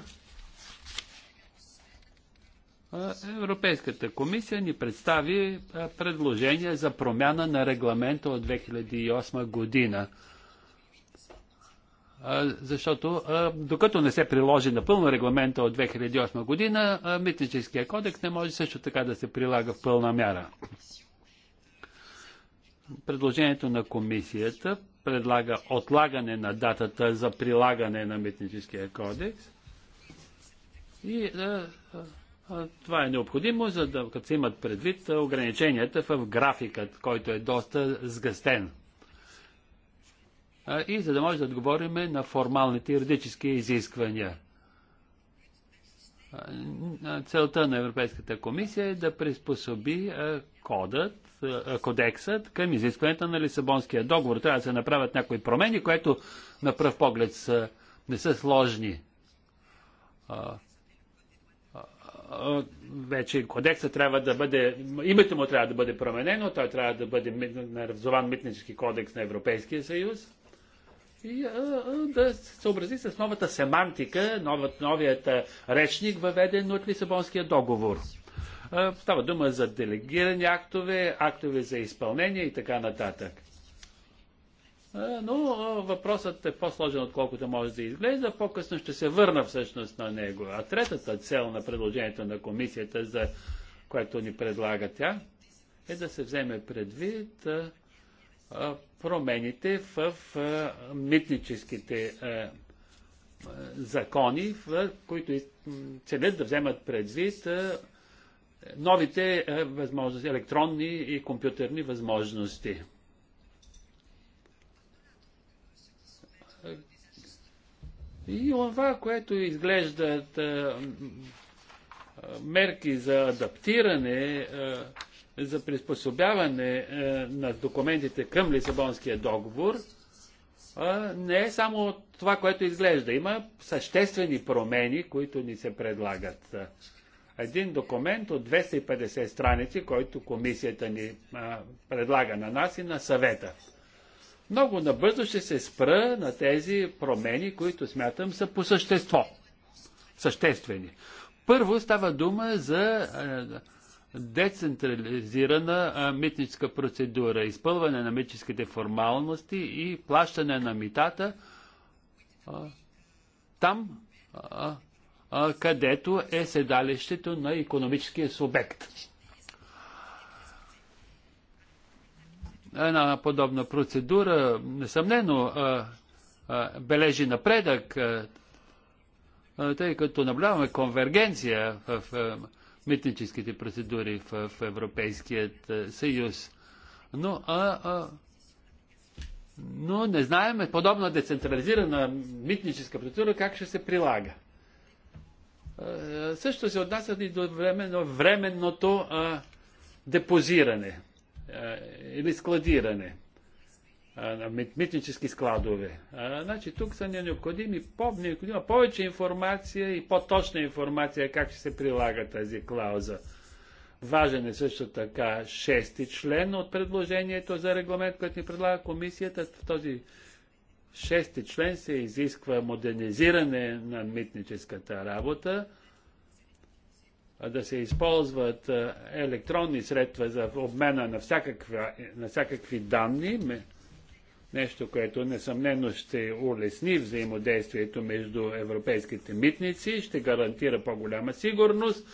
Европейската комисия ни представи предложение за промяна на регламента от 2008 година. Защото докато не се приложи напълно регламента от 2008 година, митническия кодекс не може също така да се прилага в пълна мяра. Предложението на комисията предлага отлагане на датата за прилагане на митническия кодекс. И а, е, а, е, е, това е необходимо, за да като се имат предвид ограниченията в графикът, който е доста сгъстен. А, и за да може да отговорим на формалните юридически изисквания. Целта на Европейската комисия е да приспособи кодът е, кодексът към изискването на Лисабонския договор. Трябва да се направят някои промени, които на пръв поглед са, не са сложни. А, вече кодекса трябва да бъде, името му трябва да бъде променено, той трябва да бъде наразован митнически кодекс на Европейския съюз и а, да се съобрази с новата семантика, новият, новият речник, въведен от Лисабонския договор. Става дума за делегирани актове, актове за изпълнение и така нататък. Но въпросът е по-сложен, отколкото може да изглежда. По-късно ще се върна всъщност на него. А третата цел на предложението на комисията, за което ни предлага тя, е да се вземе предвид промените в митническите закони, които целят да вземат предвид новите е, възможности, електронни и компютърни възможности. И това, което изглеждат е, мерки за адаптиране, е, за приспособяване на документите към Лисабонския договор, не е само това, което изглежда. Има съществени промени, които ни се предлагат един документ от 250 страници, който комисията ни а, предлага на нас и на съвета. Много набързо ще се спра на тези промени, които смятам са по същество. Съществени. Първо става дума за децентрализирана митническа процедура, изпълване на митническите формалности и плащане на митата там, където е седалището на економическия субект. Една подобна процедура, несъмнено, бележи напредък, тъй като наблюдаваме конвергенция в митническите процедури в Европейският съюз. Но, а, а, но не знаем подобна децентрализирана митническа процедура как ще се прилага. Е, също се отнасят и до временно, временното а, депозиране а, или складиране на митнически складове. А, значи тук са ни необходими по, необходима повече информация и по-точна информация как ще се прилага тази клауза. Важен е също така шести член от предложението за регламент, който ни предлага комисията. В този шести член се изисква модернизиране на митническата работа, да се използват електронни средства за обмена на, всякаква, на всякакви данни, нещо, което несъмнено ще улесни взаимодействието между европейските митници, ще гарантира по-голяма сигурност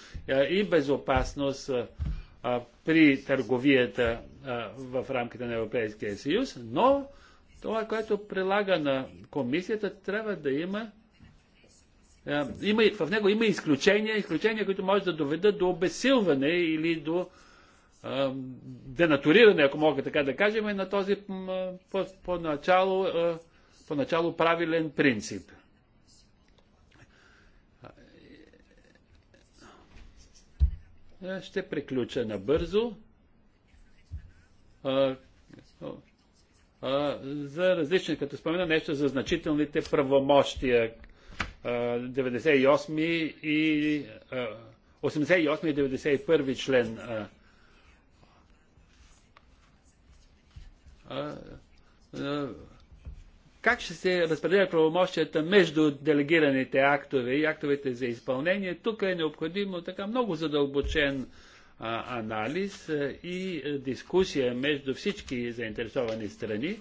и безопасност при търговията в рамките на Европейския съюз, но това, което прилага на комисията, трябва да има, е, има в него има изключения, изключения, които може да доведат до обесилване или до е, денатуриране, ако мога така да кажем, на този е, поначало, поначало правилен принцип. Ще приключа набързо за различни, като спомена нещо за значителните правомощия 98 и 88 и 91 член. Как ще се разпределя правомощията между делегираните актове и актовете за изпълнение? Тук е необходимо така много задълбочен анализ и дискусия между всички заинтересовани страни,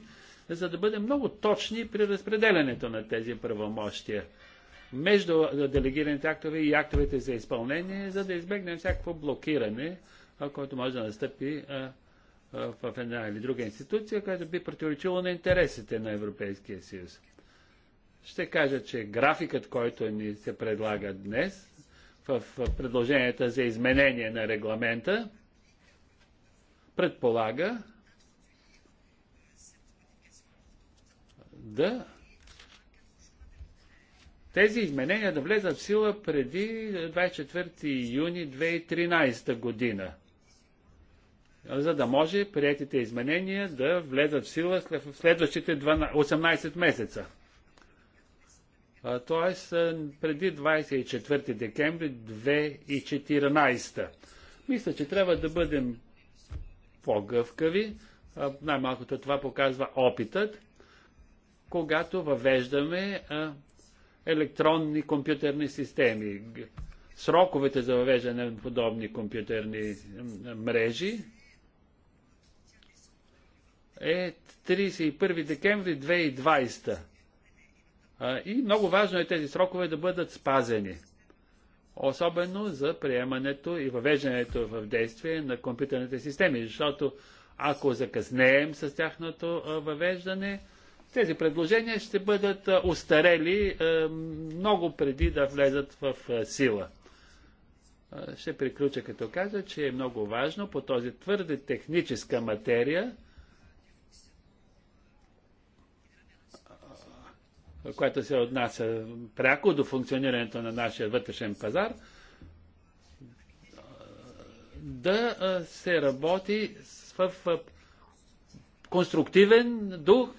за да бъдем много точни при разпределянето на тези правомощия между делегираните актове и актовете за изпълнение, за да избегнем всякакво блокиране, което може да настъпи в една или друга институция, която би противоречило на интересите на Европейския съюз. Ще кажа, че графикът, който ни се предлага днес, в предложенията за изменение на регламента предполага да тези изменения да влезат в сила преди 24 юни 2013 година, за да може приятите изменения да влезат в сила в следващите 18 месеца. Тоест, е, преди 24 декември 2014. Мисля, че трябва да бъдем по-гъвкави. Най-малкото това показва опитът, когато въвеждаме електронни компютърни системи. Сроковете за въвеждане на подобни компютърни мрежи е 31 декември 2020. И много важно е тези срокове да бъдат спазени. Особено за приемането и въвеждането в действие на компютърните системи, защото ако закъснеем с тяхното въвеждане, тези предложения ще бъдат устарели много преди да влезат в сила. Ще приключа като кажа, че е много важно по този твърде техническа материя която се отнася пряко до функционирането на нашия вътрешен пазар, да се работи в конструктивен дух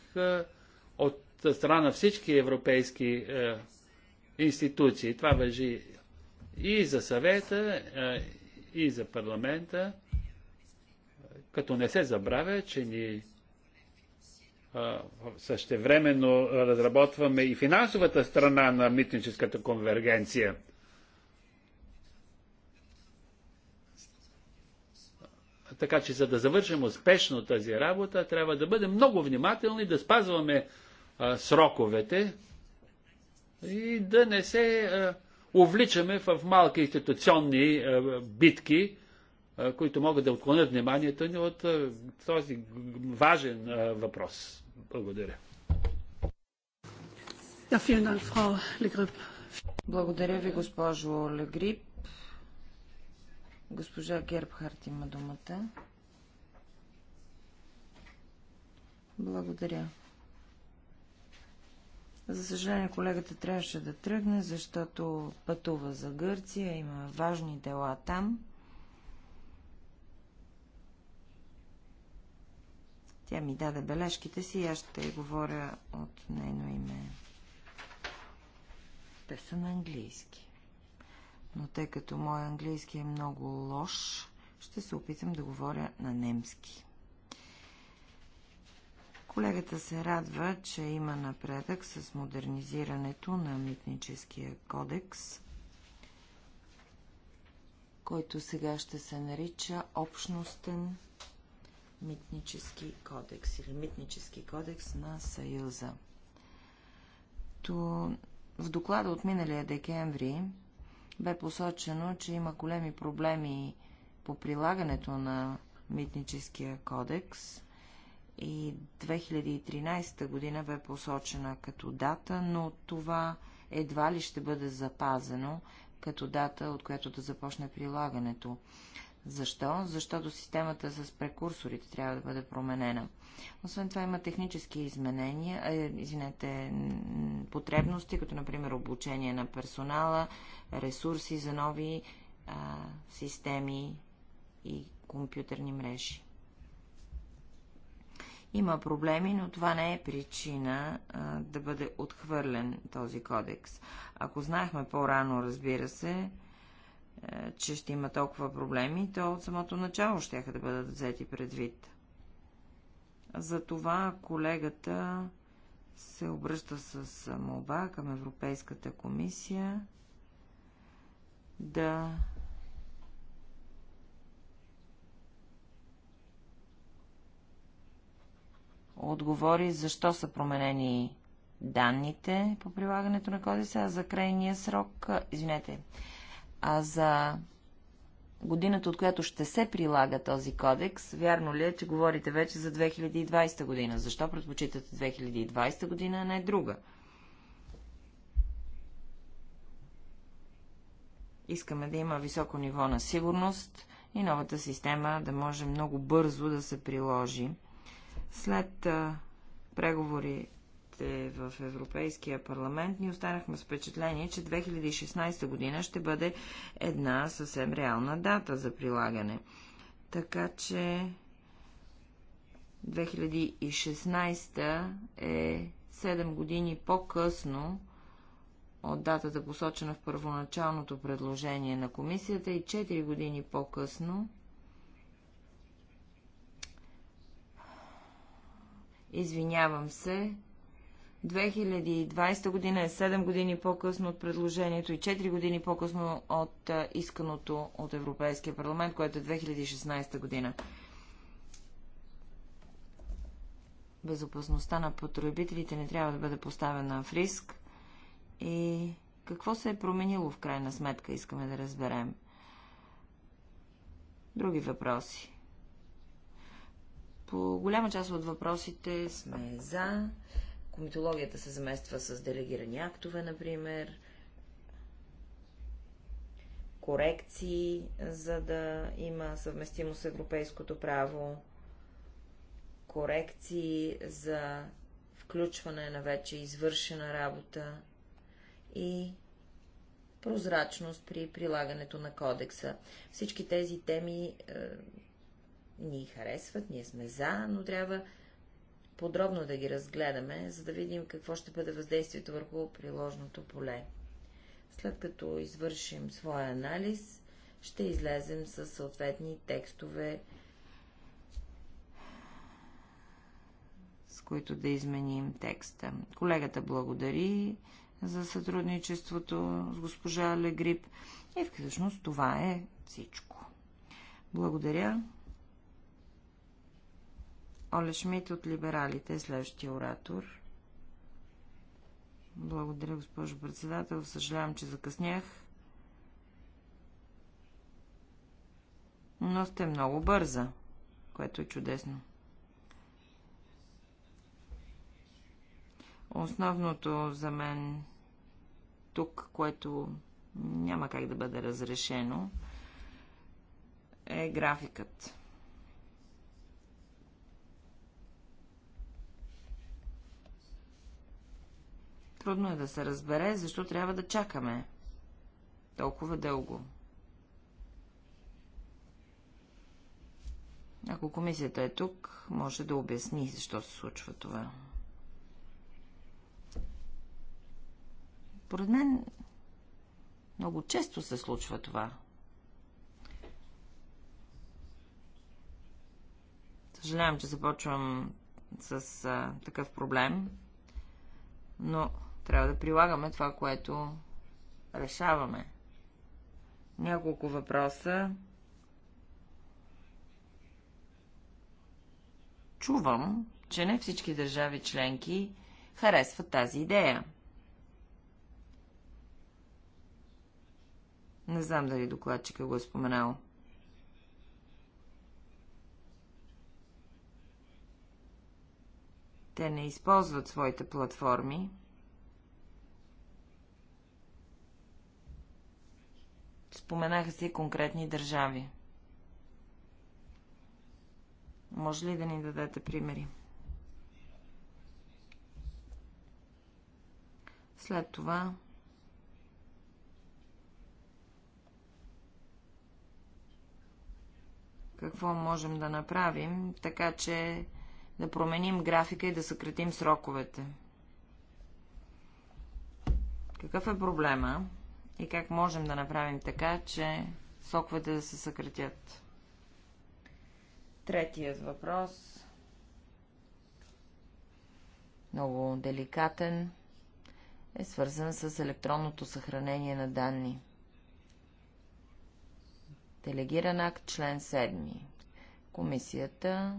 от страна на всички европейски институции. Това въжи и за съвета, и за парламента, като не се забравя, че ни Същевременно разработваме и финансовата страна на митническата конвергенция. Така че за да завършим успешно тази работа, трябва да бъдем много внимателни, да спазваме а, сроковете и да не се а, увличаме в малки институционни а, битки, а, които могат да отклонят вниманието ни от а, този важен а, въпрос. Благодаря. Благодаря ви, госпожо Легрип. Госпожа Гербхарт има думата. Благодаря. За съжаление, колегата трябваше да тръгне, защото пътува за Гърция, има важни дела там. Тя ми даде бележките си и аз ще говоря от нейно име. Те са на английски. Но тъй като мой английски е много лош, ще се опитам да говоря на немски. Колегата се радва, че има напредък с модернизирането на митническия кодекс, който сега ще се нарича Общностен митнически кодекс или митнически кодекс на Съюза. То в доклада от миналия декември бе посочено, че има големи проблеми по прилагането на митническия кодекс и 2013 година бе посочена като дата, но това едва ли ще бъде запазено като дата, от която да започне прилагането. Защо? Защото системата с прекурсорите трябва да бъде променена. Освен това има технически изменения, е, извинете, потребности, като например обучение на персонала, ресурси за нови а, системи и компютърни мрежи. Има проблеми, но това не е причина а, да бъде отхвърлен този кодекс. Ако знаехме по-рано, разбира се, е, че ще има толкова проблеми, то от самото начало ще да бъдат взети предвид. Затова колегата се обръща с молба към Европейската комисия да отговори защо са променени данните по прилагането на кодекса, а за крайния срок, извинете, а за годината, от която ще се прилага този кодекс, вярно ли е, че говорите вече за 2020 година? Защо предпочитате 2020 година, а не друга? Искаме да има високо ниво на сигурност и новата система да може много бързо да се приложи. След преговори изборите в Европейския парламент, ни останахме с впечатление, че 2016 година ще бъде една съвсем реална дата за прилагане. Така че 2016 е 7 години по-късно от датата посочена в първоначалното предложение на комисията и 4 години по-късно Извинявам се, 2020 година е 7 години по-късно от предложението и 4 години по-късно от исканото от Европейския парламент, което е 2016 година. Безопасността на потребителите не трябва да бъде поставена в риск. И какво се е променило в крайна сметка, искаме да разберем. Други въпроси. По голяма част от въпросите сме за. Митологията се замества с делегирани актове, например, корекции, за да има съвместимост с европейското право, корекции за включване на вече извършена работа и прозрачност при прилагането на кодекса. Всички тези теми е, ни харесват, ние сме за, но трябва подробно да ги разгледаме, за да видим какво ще бъде въздействието върху приложното поле. След като извършим своя анализ, ще излезем с съответни текстове, с които да изменим текста. Колегата благодари за сътрудничеството с госпожа Легрип и всъщност това е всичко. Благодаря. Оле Шмидт от Либералите е следващия оратор. Благодаря, госпожо председател. Съжалявам, че закъснях. Но сте много бърза, което е чудесно. Основното за мен тук, което няма как да бъде разрешено, е графикът. Трудно е да се разбере, защо трябва да чакаме толкова дълго. Ако комисията е тук, може да обясни, защо се случва това. Поред мен, много често се случва това. Съжалявам, че започвам с а, такъв проблем, но трябва да прилагаме това, което решаваме. Няколко въпроса. Чувам, че не всички държави членки харесват тази идея. Не знам дали докладчика го е споменал. Те не използват своите платформи, Споменаха се конкретни държави. Може ли да ни дадете примери? След това какво можем да направим, така че да променим графика и да съкратим сроковете. Какъв е проблема? и как можем да направим така, че соковете да се съкратят. Третият въпрос. Много деликатен е свързан с електронното съхранение на данни. Делегиран акт, член 7. Комисията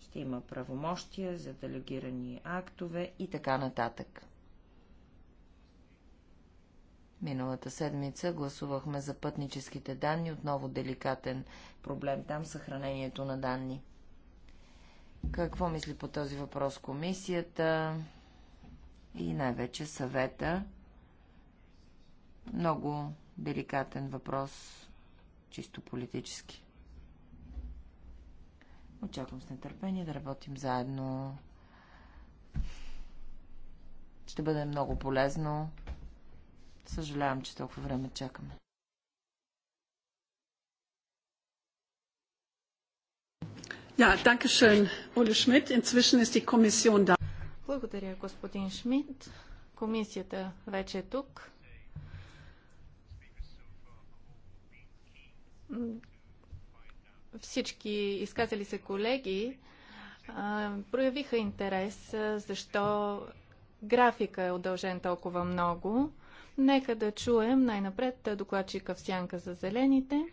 ще има правомощия за делегирани актове и така нататък. Миналата седмица гласувахме за пътническите данни, отново деликатен проблем там, съхранението на данни. Какво мисли по този въпрос комисията и най-вече съвета? Много деликатен въпрос, чисто политически. Очаквам с нетърпение да работим заедно. Ще бъде много полезно Съжалявам, че толкова време чакаме. Ja, danke schön, Ole Schmidt. Inzwischen ist die Kommission da. Благодаря, господин Шмидт. Комисията вече е тук. Всички изказали се колеги проявиха интерес защо графика е удължен толкова много. Нека да чуем най-напред докладчика в сянка за зелените.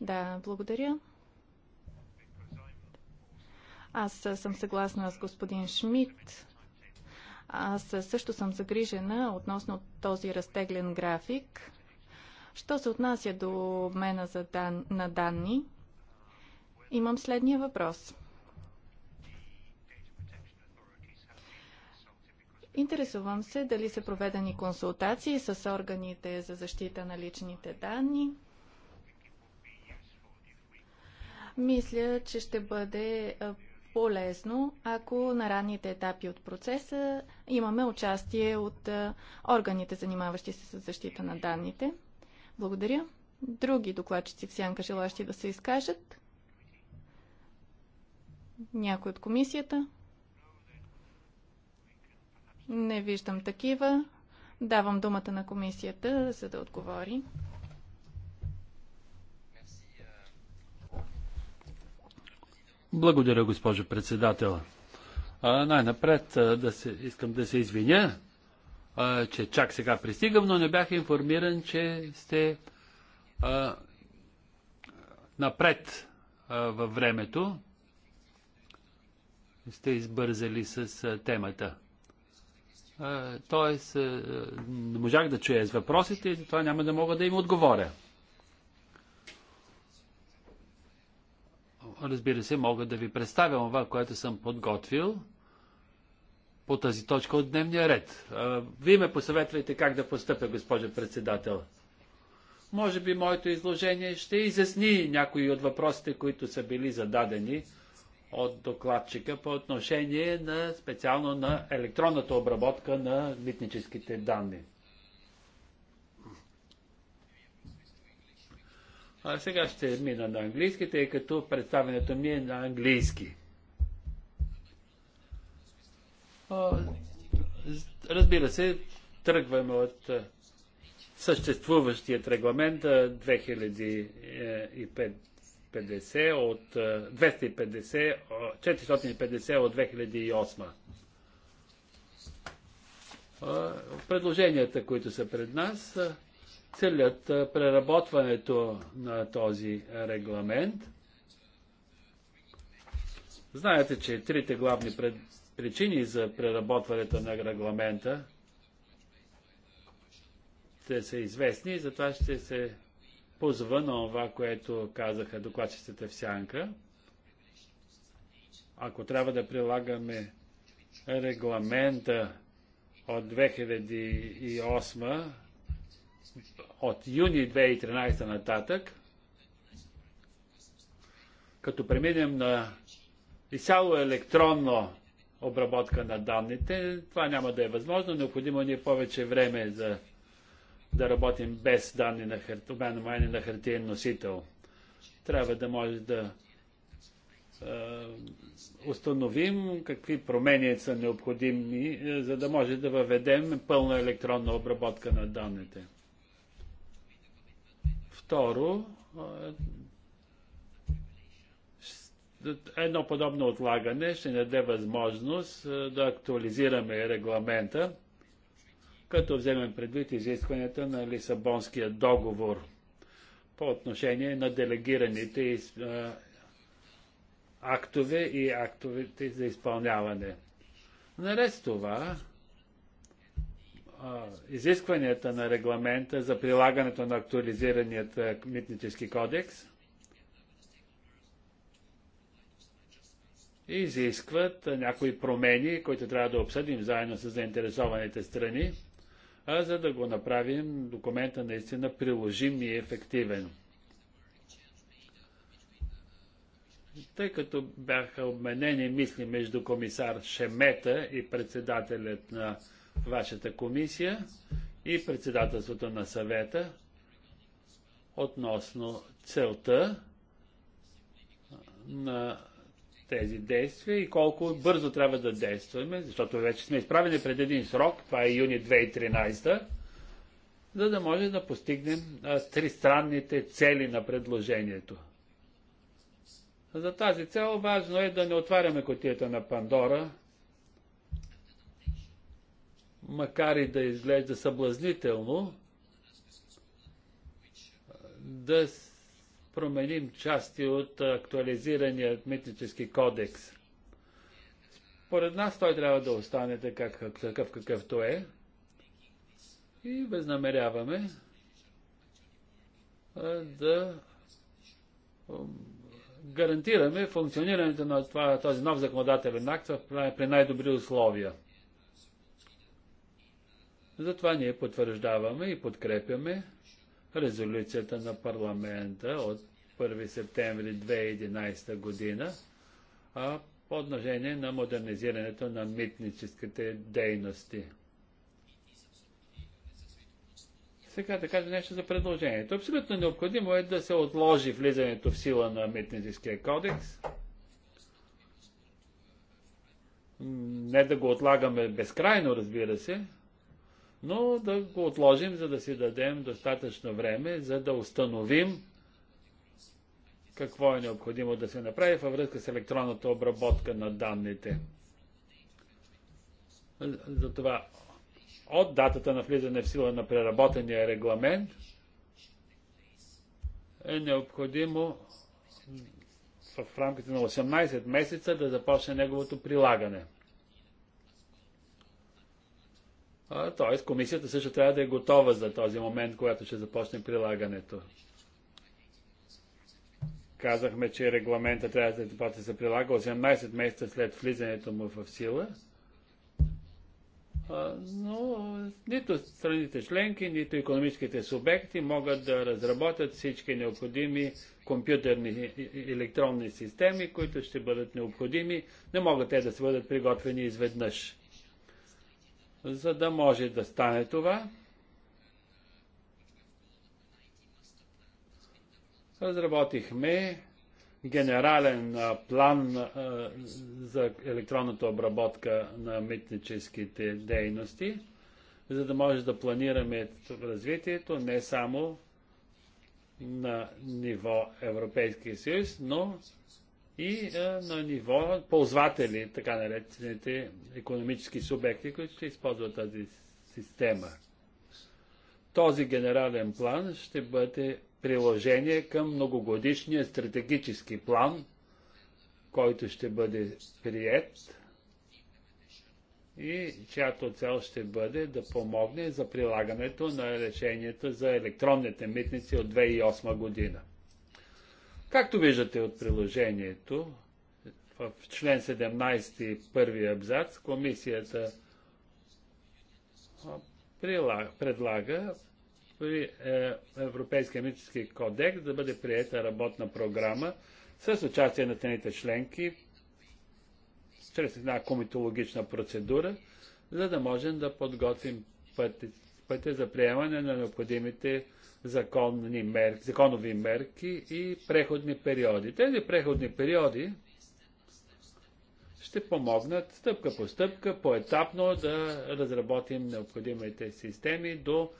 Да, благодаря. Аз съм съгласна с господин Шмидт. Аз също съм загрижена относно този разтеглен график. Що се отнася до обмена за дан... на данни, имам следния въпрос. Интересувам се дали са проведени консултации с органите за защита на личните данни. Мисля, че ще бъде по-лесно, ако на ранните етапи от процеса имаме участие от органите, занимаващи се с защита на данните. Благодаря. Други докладчици в сянка, желащи да се изкажат? Някой от комисията? Не виждам такива. Давам думата на комисията, за да отговори. Благодаря, госпожо председател. най-напред да се, искам да се извиня, а, че чак сега пристигам, но не бях информиран, че сте а, напред а, във времето. Сте избързали с темата. Е, Тоест, е, не можах да чуя с въпросите и затова няма да мога да им отговоря. Разбира се, мога да ви представя това, което съм подготвил по тази точка от дневния ред. Е, вие ме посъветвайте как да постъпя, госпожа председател. Може би моето изложение ще изясни някои от въпросите, които са били зададени от докладчика по отношение на специално на електронната обработка на митническите данни. А сега ще мина на английски, тъй като представенето ми е на английски. Разбира се, тръгваме от съществуващият регламент 2005 250 от 250, е, 450 от 2008. Предложенията, които са пред нас, е, целят е, преработването на този регламент. Знаете, че трите главни пред... причини за преработването на регламента те са известни, затова ще се Позва на това, което казаха докладчиците в Сянка. Ако трябва да прилагаме регламента от 2008, от юни 2013 нататък, като преминем на изцяло електронно обработка на данните, това няма да е възможно, необходимо ни е повече време за да работим без данни на хар... на хартиен носител. Трябва да може да установим какви промени са необходими, за да може да въведем пълна електронна обработка на данните. Второ, едно подобно отлагане ще ни даде възможност да актуализираме регламента като вземем предвид изискванията на Лисабонския договор по отношение на делегираните из, актове и актовете за изпълняване. Наред с това, изискванията на регламента за прилагането на актуализираният митнически кодекс изискват някои промени, които трябва да обсъдим заедно с заинтересованите страни – а за да го направим документа наистина приложим и е ефективен. Тъй като бяха обменени мисли между комисар Шемета и председателят на вашата комисия и председателството на съвета относно целта на тези действия и колко бързо трябва да действаме, защото вече сме изправени пред един срок, това е юни 2013, за да може да постигнем тристранните цели на предложението. За тази цел важно е да не отваряме котията на Пандора, макар и да изглежда съблазнително, да се променим части от актуализираният митнически кодекс. Поред нас той трябва да остане така, такъв какъвто е. И възнамеряваме да гарантираме функционирането на това, този нов законодателен акт при най-добри условия. Затова ние потвърждаваме и подкрепяме резолюцията на парламента от 1 септември 2011 година а, по отношение на модернизирането на митническите дейности. Сега да кажа нещо за предложението. Абсолютно необходимо е да се отложи влизането в сила на митническия кодекс. Не да го отлагаме безкрайно, разбира се, но да го отложим, за да си дадем достатъчно време, за да установим какво е необходимо да се направи във връзка с електронната обработка на данните. Затова от датата на влизане в сила на преработения регламент е необходимо в рамките на 18 месеца да започне неговото прилагане. Тоест, комисията също трябва да е готова за този момент, когато ще започне прилагането казахме, че регламента трябва да се прилага 18 месеца след влизането му в сила. Но нито страните членки, нито економическите субекти могат да разработят всички необходими компютърни и електронни системи, които ще бъдат необходими. Не могат те да се бъдат приготвени изведнъж. За да може да стане това, разработихме генерален план за електронната обработка на митническите дейности, за да може да планираме развитието не само на ниво Европейския съюз, но и на ниво ползватели, така наречените економически субекти, които ще използват тази система. Този генерален план ще бъде приложение към многогодишния стратегически план, който ще бъде прият и чиято цел ще бъде да помогне за прилагането на решението за електронните митници от 2008 година. Както виждате от приложението, в член 17, първи абзац, комисията предлага при е, Европейския митнически кодекс да бъде приета работна програма с участие на тените членки чрез една комитологична процедура, за да можем да подготвим пъти, пътя за приемане на необходимите законни мерки, законови мерки и преходни периоди. Тези преходни периоди ще помогнат стъпка по стъпка, поетапно да разработим необходимите системи до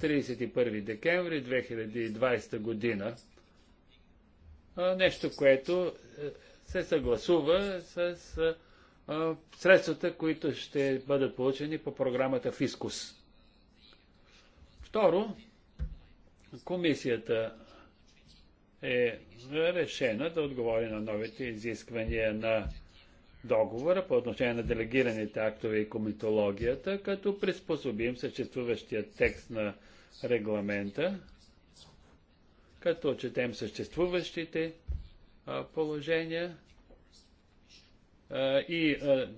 31 декември 2020 година. Нещо, което е, се съгласува с средствата, които ще бъдат получени по програмата Фискус. Второ, комисията е решена да отговори на новите изисквания на договора по отношение на делегираните актове и комитологията, като приспособим съществуващия текст на регламента, като четем съществуващите а, положения а, и а,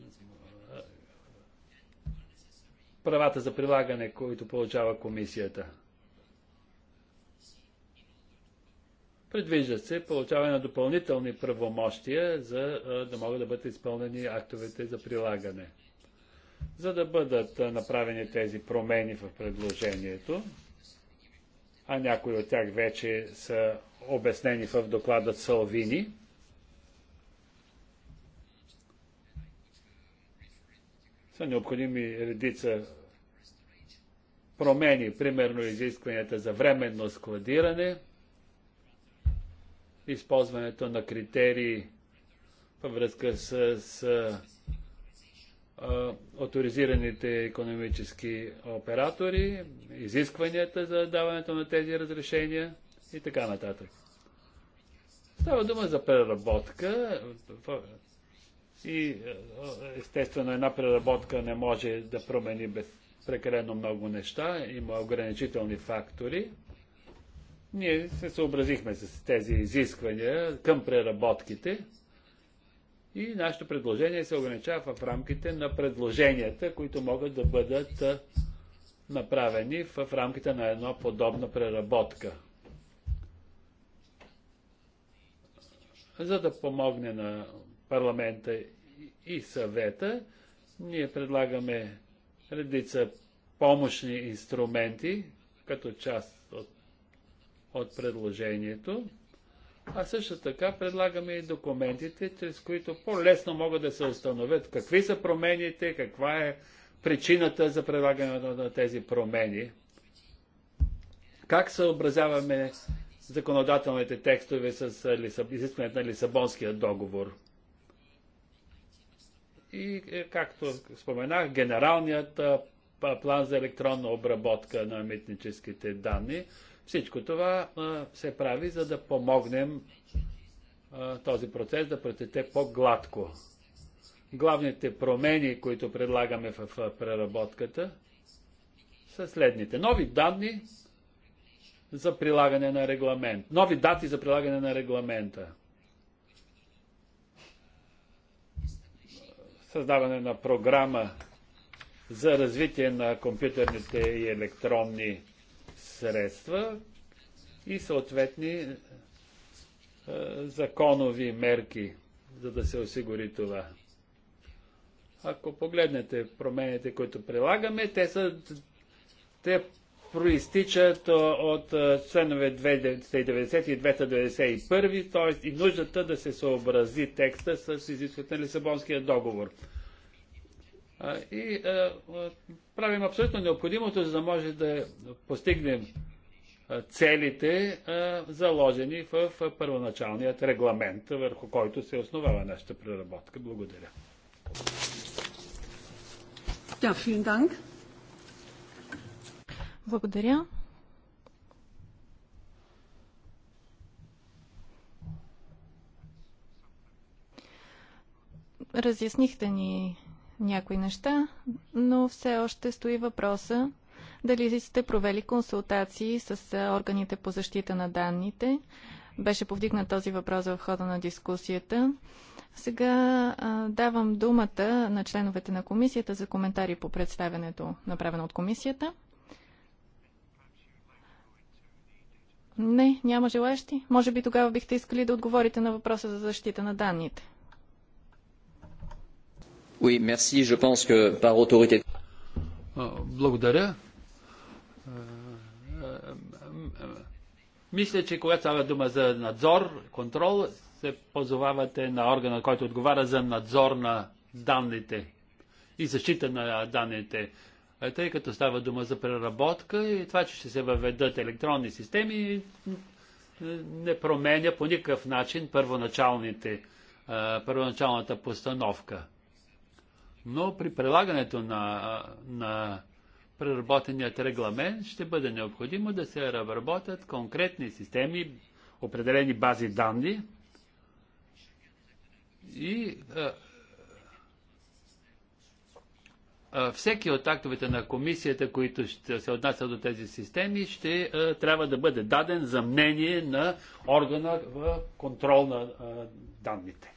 правата за прилагане, които получава комисията. Предвижда се получаване на допълнителни правомощия, за да могат да бъдат изпълнени актовете за прилагане. За да бъдат направени тези промени в предложението, а някои от тях вече са обяснени в доклада Салвини, са необходими редица промени, примерно изискванията за временно складиране – използването на критерии във връзка с, с а, авторизираните економически оператори, изискванията за даването на тези разрешения и така нататък. Става дума за преработка и естествено една преработка не може да промени без прекалено много неща, има ограничителни фактори. Ние се съобразихме с тези изисквания към преработките и нашето предложение се ограничава в рамките на предложенията, които могат да бъдат направени в рамките на една подобна преработка. За да помогне на парламента и съвета, ние предлагаме редица помощни инструменти, като част от предложението, а също така предлагаме и документите, чрез които по-лесно могат да се установят какви са промените, каква е причината за предлагането на тези промени, как съобразяваме законодателните текстове с изискването на Лисабонския договор. И, е, както споменах, генералният план за електронна обработка на митническите данни – всичко това а, се прави, за да помогнем а, този процес да протете по-гладко. Главните промени, които предлагаме в, в преработката, са следните. Нови данни за прилагане на регламент. Нови дати за прилагане на регламента. Създаване на програма за развитие на компютърните и електронни средства и съответни е, законови мерки, за да се осигури това. Ако погледнете промените, които прилагаме, те, са, те проистичат е, от е, членове 290 и 291, т.е. и нуждата да се съобрази текста с изискването на Лисабонския договор. И правим абсолютно необходимото, за да може да постигнем целите, заложени в първоначалният регламент, върху който се основава нашата преработка. Благодаря. Да, Благодаря. Разяснихте ни някои неща, но все още стои въпроса дали сте провели консултации с органите по защита на данните. Беше повдигнат този въпрос в хода на дискусията. Сега а, давам думата на членовете на комисията за коментари по представенето, направено от комисията. Не, няма желащи. Може би тогава бихте искали да отговорите на въпроса за защита на данните. Oui, merci. Je pense que par autorité. Euh, благодаря. Е, е, е, мисля, че когато става дума за надзор, контрол, се позовавате на органа, който отговаря за надзор на данните и защита на данните. Тъй като става дума за преработка и това, че ще се въведат електронни системи, не променя по никакъв начин първоначалните, първоначалната постановка но при прилагането на, на преработеният регламент ще бъде необходимо да се разработят конкретни системи, определени бази данни и а, а, всеки от актовете на комисията, които ще се отнасят до тези системи, ще а, трябва да бъде даден за мнение на органа в контрол на данните.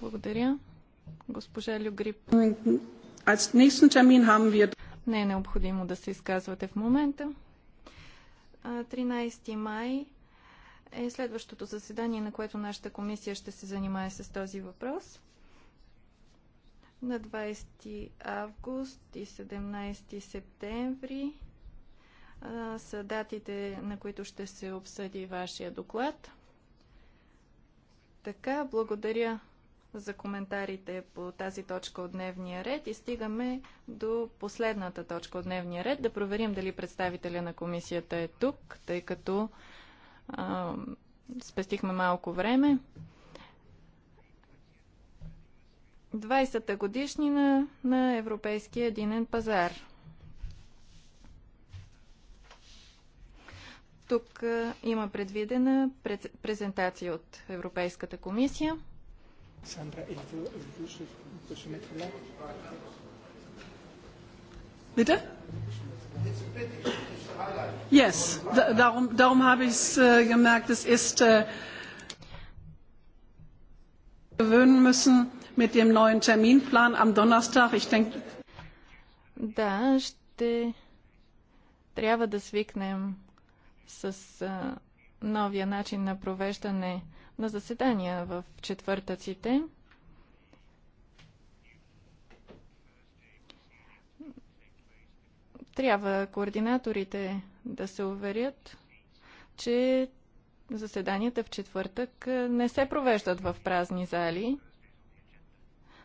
Благодаря. Госпожа Люгрип. Е- не е необходимо да се изказвате в момента. 13 май е следващото заседание, на което нашата комисия ще се занимае с този въпрос. На 20 август и 17 септември са датите, на които ще се обсъди вашия доклад. Така, благодаря за коментарите по тази точка от дневния ред и стигаме до последната точка от дневния ред. Да проверим дали представителя на комисията е тук, тъй като а, спестихме малко време. 20-та годишнина на Европейския единен пазар. Тук има предвидена презентация от Европейската комисия. Sandra, il veut, il veut se, il peut se mettre là. Bitte? Yes, darum, darum habe ich es äh, gemerkt, es ist äh, gewöhnen müssen mit dem neuen Terminplan am Donnerstag. Ich denke. Да, ще трябва да свикнем с а, новия начин на провеждане на заседания в четвъртъците. Трябва координаторите да се уверят, че заседанията в четвъртък не се провеждат в празни зали,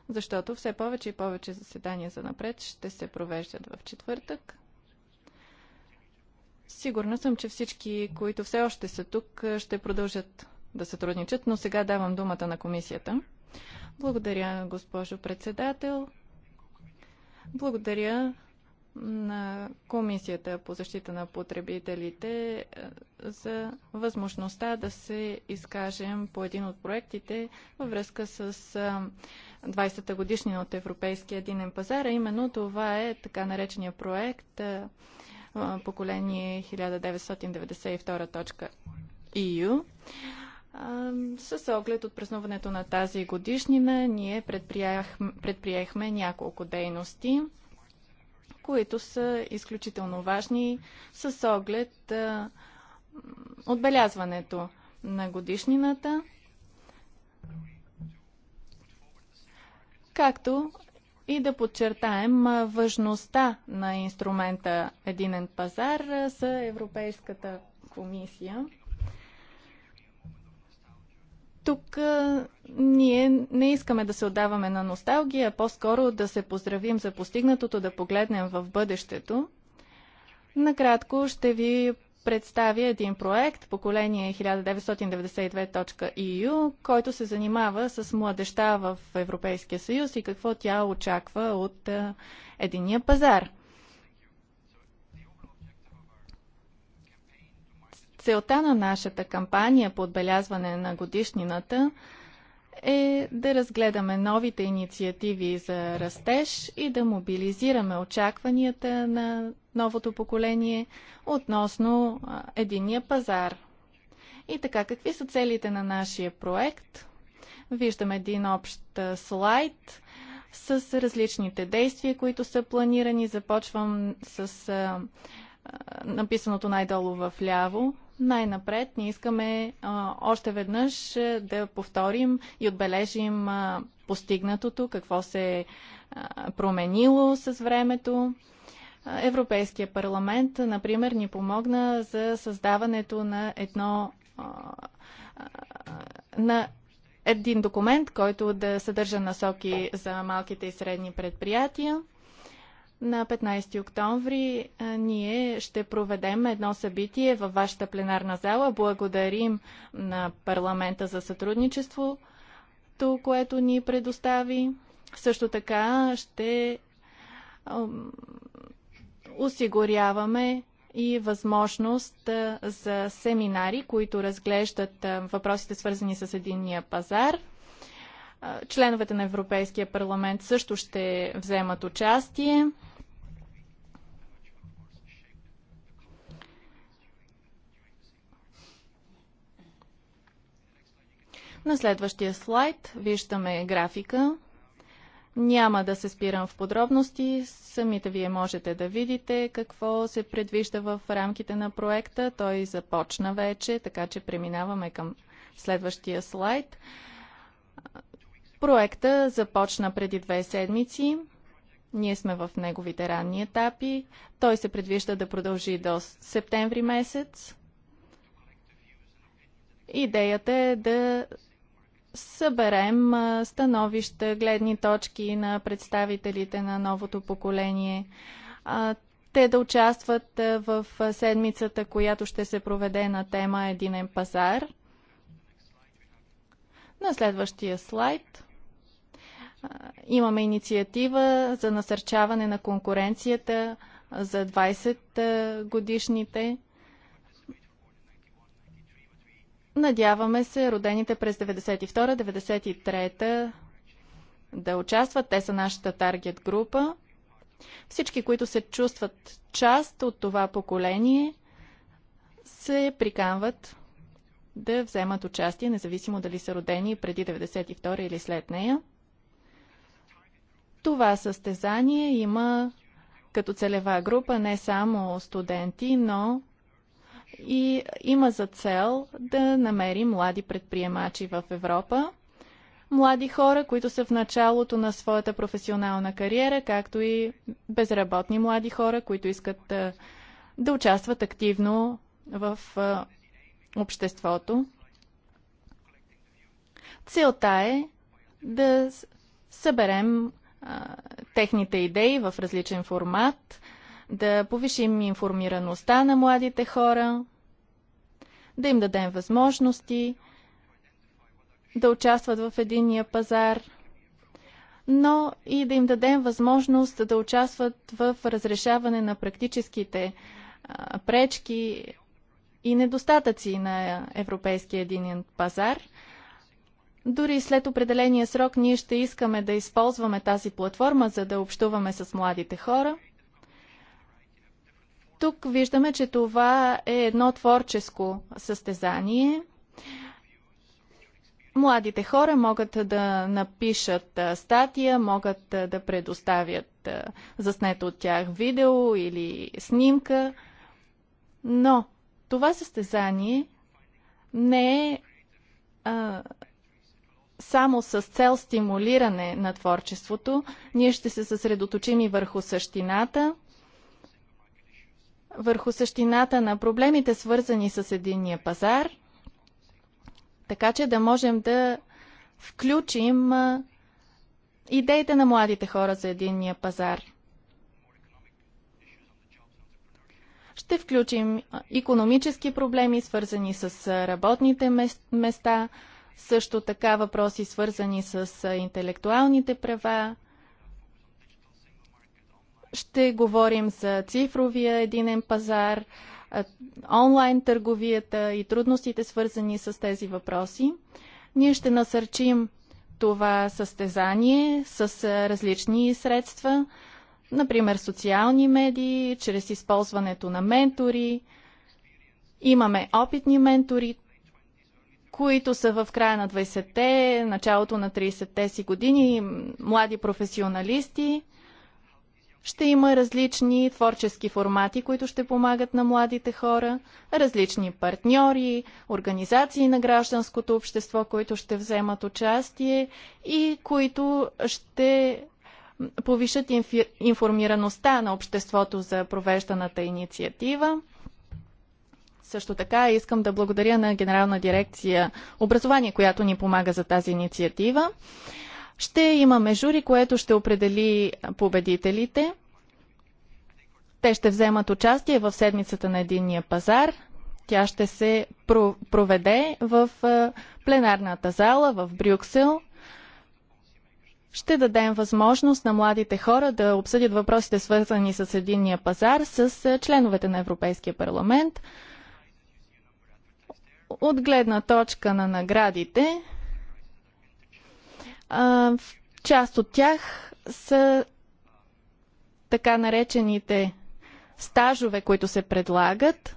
защото все повече и повече заседания за напред ще се провеждат в четвъртък. Сигурна съм, че всички, които все още са тук, ще продължат да сътрудничат, но сега давам думата на комисията. Благодаря, госпожо председател. Благодаря на Комисията по защита на потребителите е, за възможността да се изкажем по един от проектите във връзка с 20-та е, годишнина от Европейския единен пазар. Именно това е така наречения проект е, поколение 1992.eu. С оглед от празнуването на тази годишнина, ние предприехме няколко дейности, които са изключително важни с оглед а, отбелязването на годишнината, както и да подчертаем важността на инструмента Единен пазар за Европейската комисия. Тук а, ние не искаме да се отдаваме на носталгия, по-скоро да се поздравим за постигнатото, да погледнем в бъдещето. Накратко ще ви представя един проект, поколение 1992.eu, който се занимава с младеща в Европейския съюз и какво тя очаква от а, единия пазар – Целта на нашата кампания по отбелязване на годишнината е да разгледаме новите инициативи за растеж и да мобилизираме очакванията на новото поколение относно единния пазар. И така, какви са целите на нашия проект? Виждам един общ слайд с различните действия, които са планирани. Започвам с написаното най-долу в ляво. Най-напред ние искаме а, още веднъж да повторим и отбележим а, постигнатото, какво се е променило с времето. Европейския парламент, например, ни помогна за създаването на едно на един документ, който да съдържа насоки за малките и средни предприятия. На 15 октомври ние ще проведем едно събитие във вашата пленарна зала. Благодарим на парламента за сътрудничеството, което ни предостави. Също така ще осигуряваме и възможност за семинари, които разглеждат въпросите свързани с единния пазар. Членовете на Европейския парламент също ще вземат участие. На следващия слайд виждаме графика. Няма да се спирам в подробности. Самите вие можете да видите какво се предвижда в рамките на проекта. Той започна вече, така че преминаваме към следващия слайд. Проекта започна преди две седмици. Ние сме в неговите ранни етапи. Той се предвижда да продължи до септември месец. Идеята е да съберем становища, гледни точки на представителите на новото поколение. Те да участват в седмицата, която ще се проведе на тема Единен пазар. На следващия слайд имаме инициатива за насърчаване на конкуренцията за 20 годишните. Надяваме се родените през 92-93 да участват. Те са нашата таргет група. Всички, които се чувстват част от това поколение, се приканват да вземат участие, независимо дали са родени преди 92 или след нея. Това състезание има като целева група не само студенти, но и има за цел да намери млади предприемачи в Европа, млади хора, които са в началото на своята професионална кариера, както и безработни млади хора, които искат да, да участват активно в а, обществото. Целта е да съберем а, техните идеи в различен формат, да повишим информираността на младите хора, да им дадем възможности, да участват в единния пазар, но и да им дадем възможност да участват в разрешаване на практическите пречки и недостатъци на Европейския единен пазар. Дори след определения срок ние ще искаме да използваме тази платформа, за да общуваме с младите хора – тук виждаме, че това е едно творческо състезание. Младите хора могат да напишат статия, могат да предоставят заснето от тях видео или снимка, но това състезание не е а, само с цел стимулиране на творчеството. Ние ще се съсредоточим и върху същината върху същината на проблемите, свързани с единния пазар, така че да можем да включим идеите на младите хора за единния пазар. Ще включим економически проблеми, свързани с работните места, също така въпроси, свързани с интелектуалните права, ще говорим за цифровия единен пазар, онлайн търговията и трудностите свързани с тези въпроси. Ние ще насърчим това състезание с различни средства, например социални медии, чрез използването на ментори. Имаме опитни ментори, които са в края на 20-те, началото на 30-те си години, млади професионалисти – ще има различни творчески формати, които ще помагат на младите хора, различни партньори, организации на гражданското общество, които ще вземат участие и които ще повишат информираността на обществото за провежданата инициатива. Също така искам да благодаря на Генерална дирекция образование, която ни помага за тази инициатива. Ще имаме жури, което ще определи победителите. Те ще вземат участие в седмицата на единния пазар. Тя ще се проведе в е, пленарната зала в Брюксел. Ще дадем възможност на младите хора да обсъдят въпросите, свързани с единния пазар, с е, членовете на Европейския парламент. От гледна точка на наградите, част от тях са така наречените стажове, които се предлагат.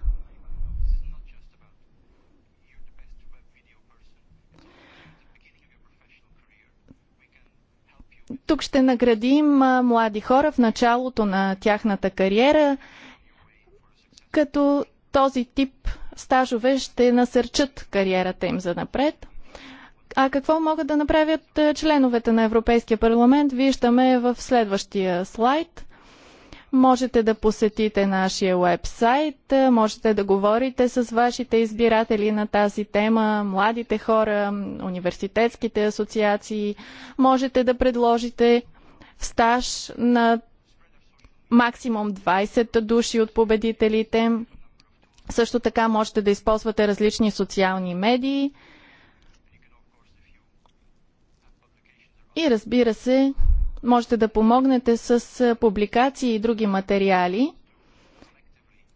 Тук ще наградим млади хора в началото на тяхната кариера, като този тип стажове ще насърчат кариерата им за напред. А какво могат да направят е, членовете на Европейския парламент, виждаме в следващия слайд. Можете да посетите нашия вебсайт, е, можете да говорите с вашите избиратели на тази тема, младите хора, университетските асоциации, можете да предложите стаж на максимум 20 души от победителите. Също така можете да използвате различни социални медии. И разбира се, можете да помогнете с публикации и други материали.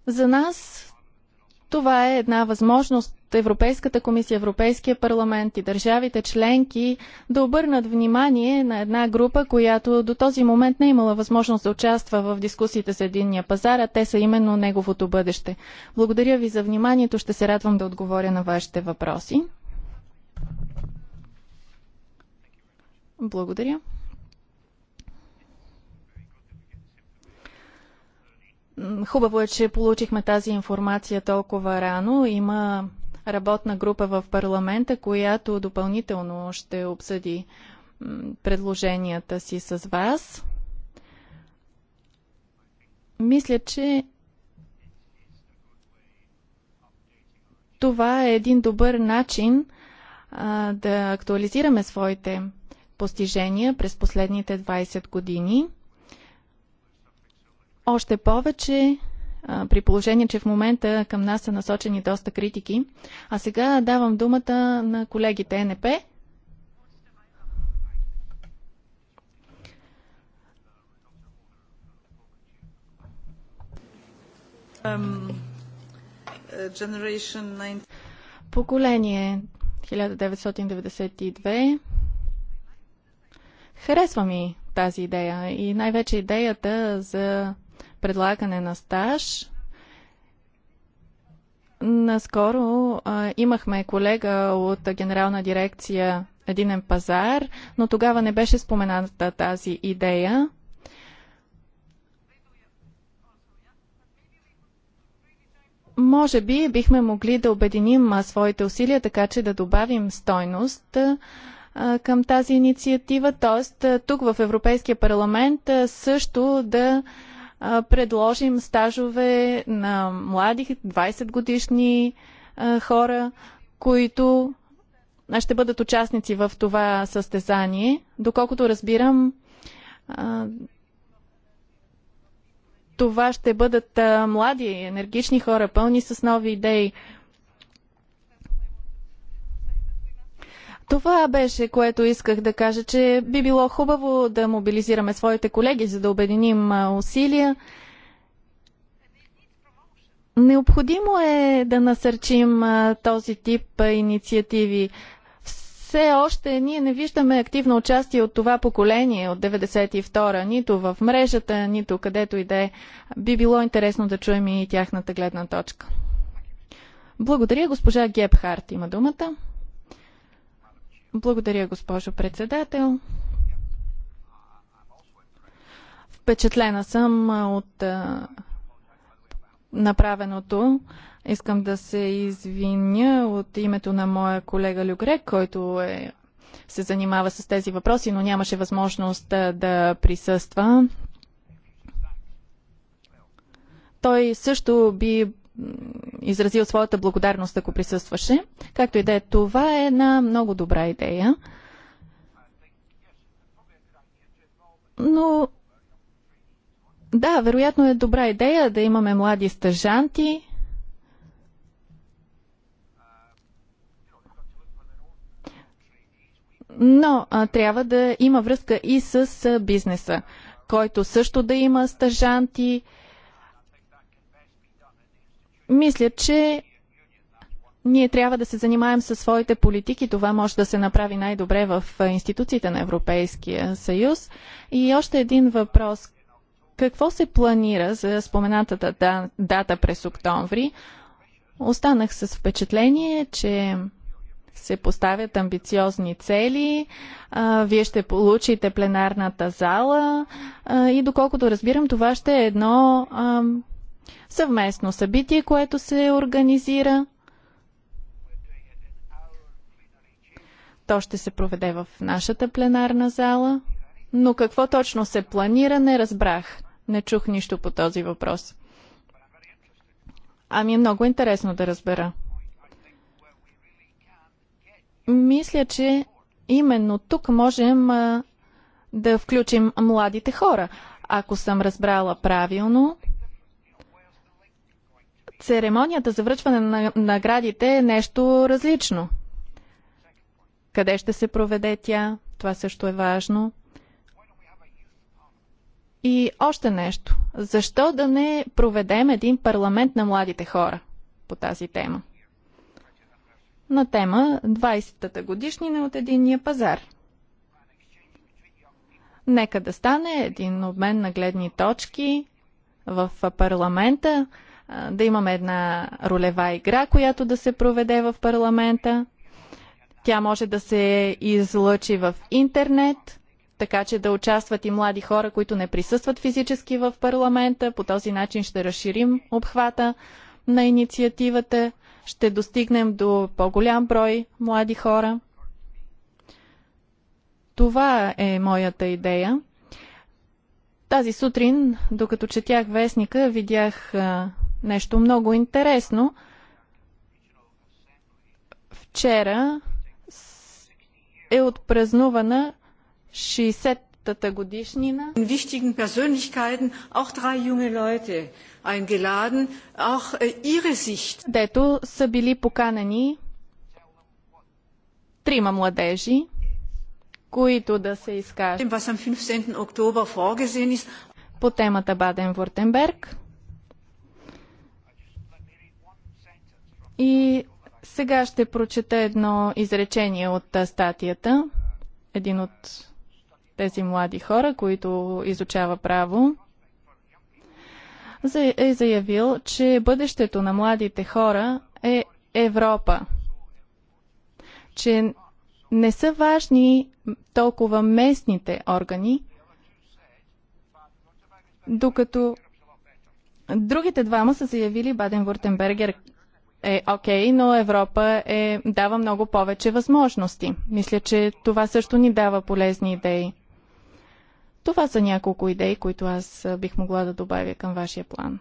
За нас това е една възможност Европейската комисия, Европейския парламент и държавите членки да обърнат внимание на една група, която до този момент не е имала възможност да участва в дискусиите с единния пазар, а те са именно неговото бъдеще. Благодаря ви за вниманието, ще се радвам да отговоря на вашите въпроси. Благодаря. Хубаво е, че получихме тази информация толкова рано. Има работна група в парламента, която допълнително ще обсъди предложенията си с вас. Мисля, че това е един добър начин а, да актуализираме своите постижения през последните 20 години. Още повече при положение, че в момента към нас са насочени доста критики. А сега давам думата на колегите НП. Е, Поколение 1992 харесва ми тази идея и най-вече идеята за предлагане на стаж. Наскоро а, имахме колега от Генерална дирекция Единен пазар, но тогава не беше спомената тази идея. Може би бихме могли да обединим своите усилия, така че да добавим стойност към тази инициатива, т.е. тук в Европейския парламент също да предложим стажове на млади 20 годишни хора, които ще бъдат участници в това състезание. Доколкото разбирам, това ще бъдат млади, енергични хора, пълни с нови идеи. Това беше, което исках да кажа, че би било хубаво да мобилизираме своите колеги, за да обединим усилия. Необходимо е да насърчим този тип инициативи. Все още ние не виждаме активно участие от това поколение от 92-а, нито в мрежата, нито където и да е. Би било интересно да чуем и тяхната гледна точка. Благодаря, госпожа Гебхарт има думата. Благодаря, госпожо председател. Впечатлена съм от направеното. Искам да се извиня от името на моя колега Люгрек, който е, се занимава с тези въпроси, но нямаше възможност да присъства. Той също би изразил своята благодарност, ако присъстваше. Както и да е, това е една много добра идея. Но да, вероятно е добра идея да имаме млади стъжанти. Но а, трябва да има връзка и с бизнеса, който също да има стъжанти, а, мисля, че ние трябва да се занимаем със своите политики. Това може да се направи най-добре в институциите на Европейския съюз. И още един въпрос. Какво се планира за споменатата дата през октомври? Останах с впечатление, че се поставят амбициозни цели, вие ще получите пленарната зала и доколкото разбирам, това ще е едно съвместно събитие, което се организира. То ще се проведе в нашата пленарна зала. Но какво точно се планира, не разбрах. Не чух нищо по този въпрос. Ами е много интересно да разбера. Мисля, че именно тук можем а, да включим младите хора. Ако съм разбрала правилно, Церемонията за връчване на наградите е нещо различно. Къде ще се проведе тя? Това също е важно. И още нещо. Защо да не проведем един парламент на младите хора по тази тема? На тема 20-та годишнина от единния пазар. Нека да стане един обмен на гледни точки в парламента, да имаме една ролева игра, която да се проведе в парламента. Тя може да се излъчи в интернет, така че да участват и млади хора, които не присъстват физически в парламента. По този начин ще разширим обхвата на инициативата, ще достигнем до по-голям брой млади хора. Това е моята идея. Тази сутрин, докато четях вестника, видях нещо много интересно. Вчера е отпразнувана 60-та годишнина. Wichtigen Persönlichkeiten auch drei junge Leute eingeladen, auch äh, ihre Sicht. Дето са били поканени трима младежи, които да се изкажат. По темата Баден-Вуртенберг. И сега ще прочета едно изречение от статията. Един от тези млади хора, които изучава право, е заявил, че бъдещето на младите хора е Европа. Че не са важни толкова местните органи, докато другите двама са заявили Баден-Вуртенбергер е окей, okay, но Европа е, дава много повече възможности. Мисля, че това също ни дава полезни идеи. Това са няколко идеи, които аз бих могла да добавя към вашия план.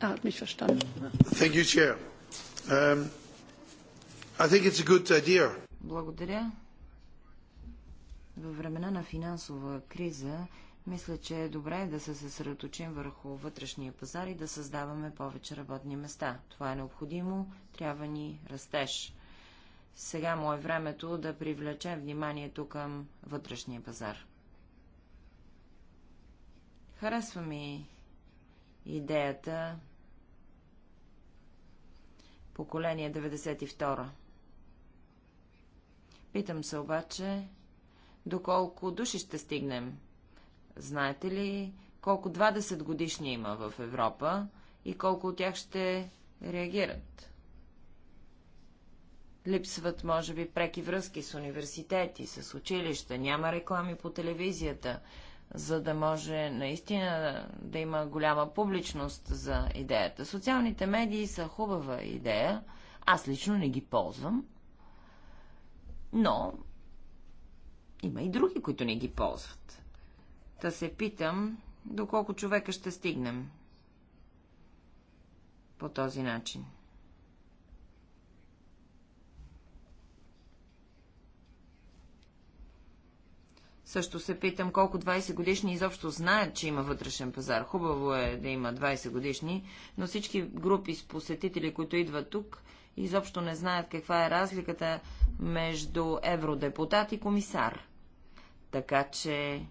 А, ми Thank you, um, Благодаря. Във времена на финансова криза мисля, че е добре да се съсредоточим върху вътрешния пазар и да създаваме повече работни места. Това е необходимо, трябва ни растеж. Сега му е времето да привлече вниманието към вътрешния пазар. Харесва ми идеята поколение 92. Питам се обаче, доколко души ще стигнем Знаете ли колко 20 годишни има в Европа и колко от тях ще реагират? Липсват, може би, преки връзки с университети, с училища, няма реклами по телевизията, за да може наистина да има голяма публичност за идеята. Социалните медии са хубава идея, аз лично не ги ползвам, но има и други, които не ги ползват. Та се питам, доколко човека ще стигнем по този начин. Също се питам колко 20 годишни изобщо знаят, че има вътрешен пазар. Хубаво е да има 20 годишни, но всички групи с посетители, които идват тук, изобщо не знаят каква е разликата между евродепутат и комисар. Така че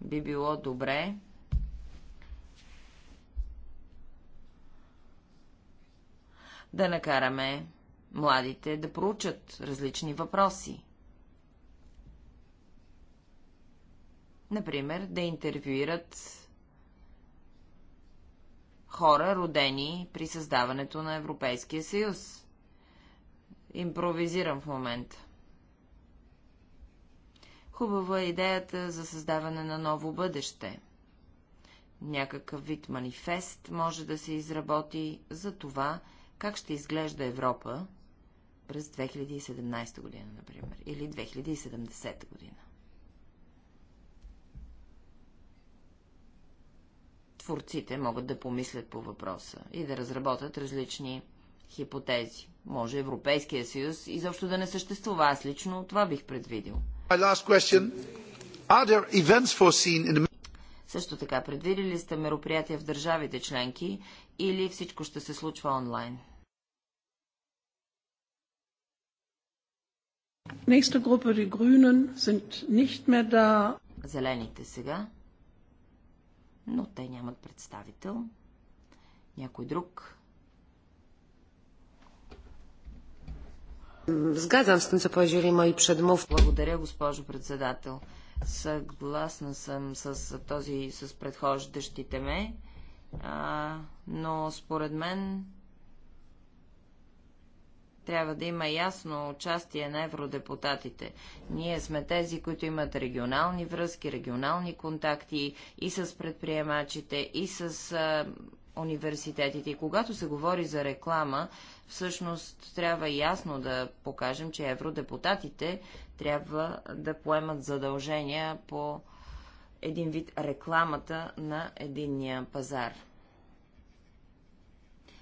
би било добре да накараме младите да проучат различни въпроси. Например, да интервюират хора, родени при създаването на Европейския съюз. Импровизирам в момента. Хубава е идеята за създаване на ново бъдеще. Някакъв вид манифест може да се изработи за това, как ще изглежда Европа през 2017 година, например, или 2070 година. Творците могат да помислят по въпроса и да разработят различни хипотези. Може Европейския съюз изобщо да не съществува. Аз лично това бих предвидил – The... Също така, предвидели ли сте мероприятия в държавите членки или всичко ще се случва онлайн? Nächste Gruppe, die Grünen, sind nicht mehr da. Зелените сега, но те нямат представител. Някой друг Zgadzam z tym, co powiedzieli moi przedmówcy. Благодаря, госпожо председател. Съгласна съм с този, с предхождащите ме, а, но според мен трябва да има ясно участие на евродепутатите. Ние сме тези, които имат регионални връзки, регионални контакти и с предприемачите, и с а, университетите. И когато се говори за реклама, всъщност трябва ясно да покажем, че евродепутатите трябва да поемат задължения по един вид рекламата на единния пазар.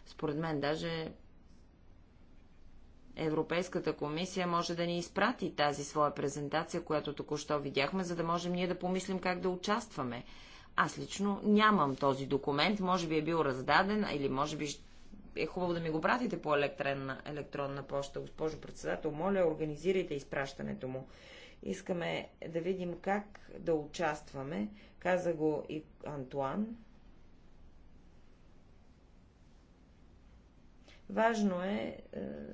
Според мен даже Европейската комисия може да ни изпрати тази своя презентация, която току-що видяхме, за да можем ние да помислим как да участваме. Аз лично нямам този документ, може би е бил раздаден или може би е хубаво да ми го пратите по електронна, електронна почта. Госпожо председател, моля, организирайте изпращането му. Искаме да видим как да участваме. Каза го и Антуан. Важно е, е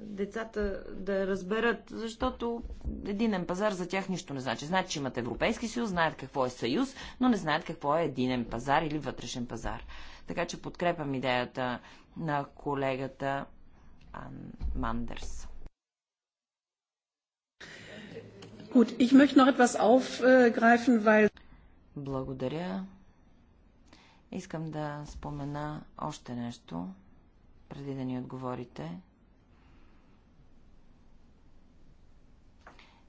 децата да разберат, защото единен пазар за тях нищо не значи. Знаят, че имат Европейски съюз, знаят какво е съюз, но не знаят какво е единен пазар или вътрешен пазар. Така че подкрепям идеята на колегата Мандерс. Благодаря. Искам да спомена още нещо преди да ни отговорите.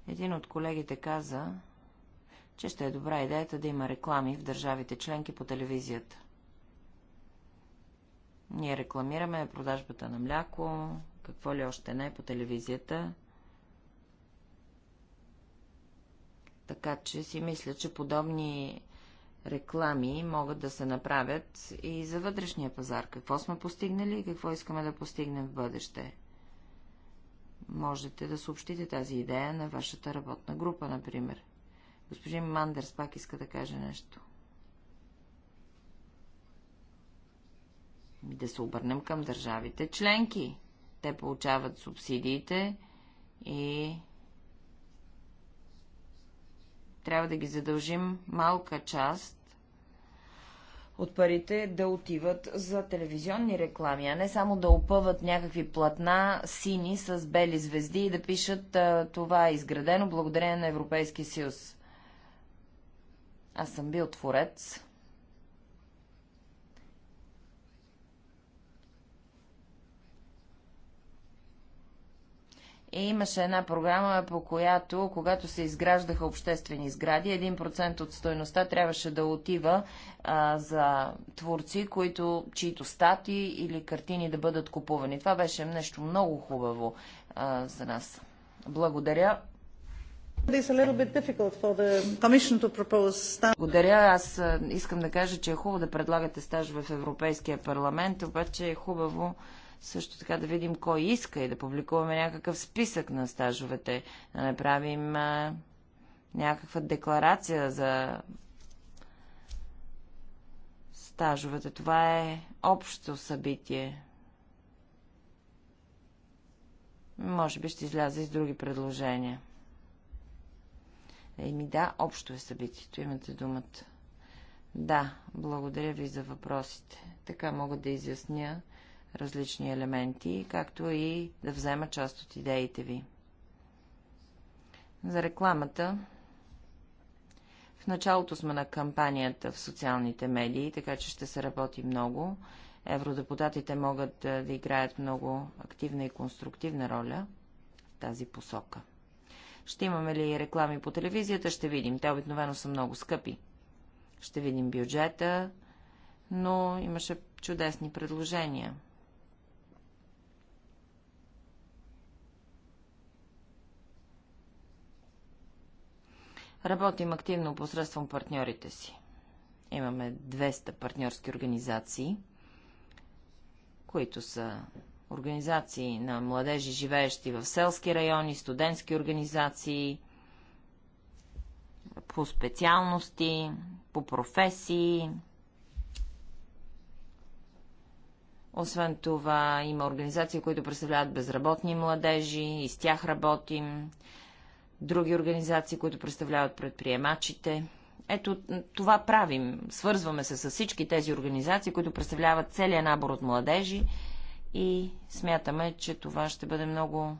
Един от колегите каза, че ще е добра идеята да има реклами в държавите членки по телевизията. Ние рекламираме продажбата на мляко, какво ли още не по телевизията. Така че си мисля, че подобни реклами могат да се направят и за вътрешния пазар. Какво сме постигнали и какво искаме да постигнем в бъдеще? Можете да съобщите тази идея на вашата работна група, например. Господин Мандерс пак иска да каже нещо. Да се обърнем към държавите членки. Те получават субсидиите и трябва да ги задължим малка част от парите да отиват за телевизионни реклами, а не само да опъват някакви платна сини с бели звезди и да пишат това е изградено благодарение на Европейския съюз. Аз съм бил творец И имаше една програма, по която, когато се изграждаха обществени сгради, 1% от стоеността трябваше да отива а, за творци, които, чието стати или картини да бъдат купувани. Това беше нещо много хубаво а, за нас. Благодаря. Благодаря. Аз искам да кажа, че е хубаво да предлагате стаж в Европейския парламент, обаче е хубаво също така да видим кой иска и да публикуваме някакъв списък на стажовете, да направим а, някаква декларация за стажовете. Това е общо събитие. Може би ще изляза и с други предложения. Еми да, общо е събитието. Имате думата. Да, благодаря ви за въпросите. Така мога да изясня различни елементи, както и да взема част от идеите ви. За рекламата. В началото сме на кампанията в социалните медии, така че ще се работи много. Евродепутатите могат да, да играят много активна и конструктивна роля в тази посока. Ще имаме ли реклами по телевизията, ще видим. Те обикновено са много скъпи. Ще видим бюджета, но имаше чудесни предложения. Работим активно посредством партньорите си. Имаме 200 партньорски организации, които са организации на младежи, живеещи в селски райони, студентски организации, по специалности, по професии. Освен това, има организации, които представляват безработни младежи, и с тях работим други организации, които представляват предприемачите. Ето това правим. Свързваме се с всички тези организации, които представляват целият набор от младежи и смятаме, че това ще бъде много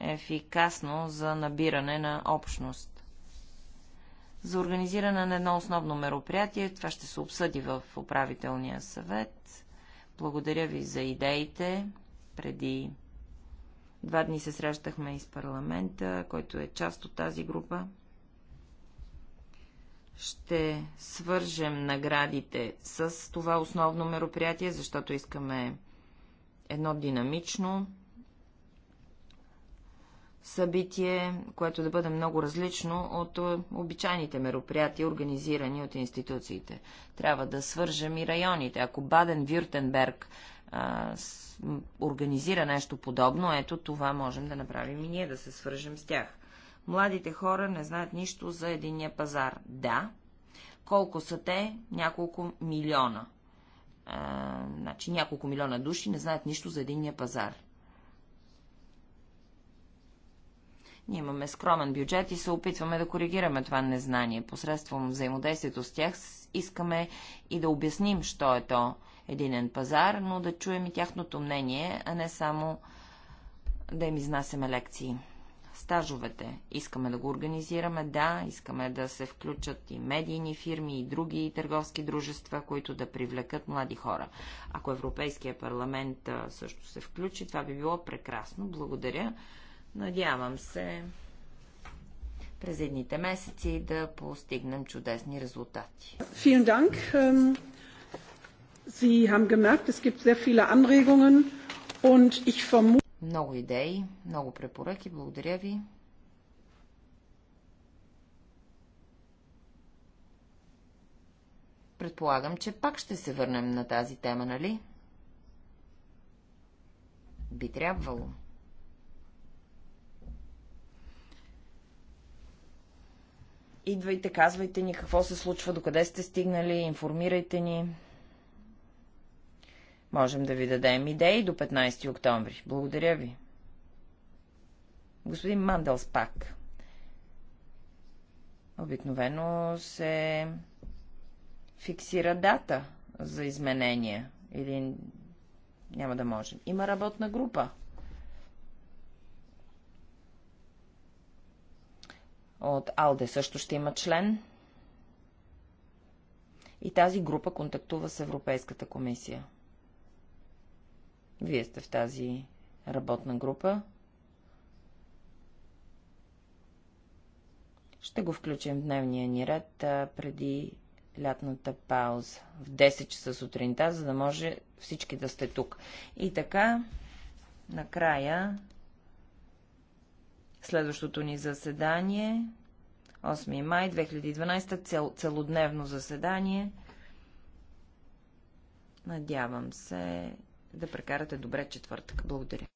ефикасно за набиране на общност. За организиране на едно основно мероприятие, това ще се обсъди в управителния съвет. Благодаря ви за идеите преди Два дни се срещахме и с парламента, който е част от тази група. Ще свържем наградите с това основно мероприятие, защото искаме едно динамично, събитие, което да бъде много различно от е, обичайните мероприятия, организирани от институциите. Трябва да свържем и районите. Ако Баден-Вюртенберг организира нещо подобно, ето това можем да направим и ние, да се свържем с тях. Младите хора не знаят нищо за единния пазар. Да. Колко са те? Няколко милиона. А, значи няколко милиона души не знаят нищо за единния пазар. Ние имаме скромен бюджет и се опитваме да коригираме това незнание. Посредством взаимодействието с тях искаме и да обясним, що е то единен пазар, но да чуем и тяхното мнение, а не само да им изнасяме лекции. Стажовете. Искаме да го организираме, да, искаме да се включат и медийни фирми, и други и търговски дружества, които да привлекат млади хора. Ако Европейския парламент също се включи, това би било прекрасно. Благодаря. Надявам се през едните месеци да постигнем чудесни резултати. Много идеи, много препоръки. Благодаря ви. Предполагам, че пак ще се върнем на тази тема, нали? Би трябвало. Идвайте, казвайте ни какво се случва, докъде сте стигнали, информирайте ни. Можем да ви дадем идеи до 15 октомври. Благодаря ви. Господин Мандълс пак. Обикновено се фиксира дата за изменения. Или няма да можем. Има работна група. от АЛДЕ също ще има член. И тази група контактува с Европейската комисия. Вие сте в тази работна група. Ще го включим в дневния ни ред а, преди лятната пауза в 10 часа сутринта, за да може всички да сте тук. И така, накрая Следващото ни заседание, 8 май 2012, цел, целодневно заседание. Надявам се да прекарате добре четвъртък. Благодаря.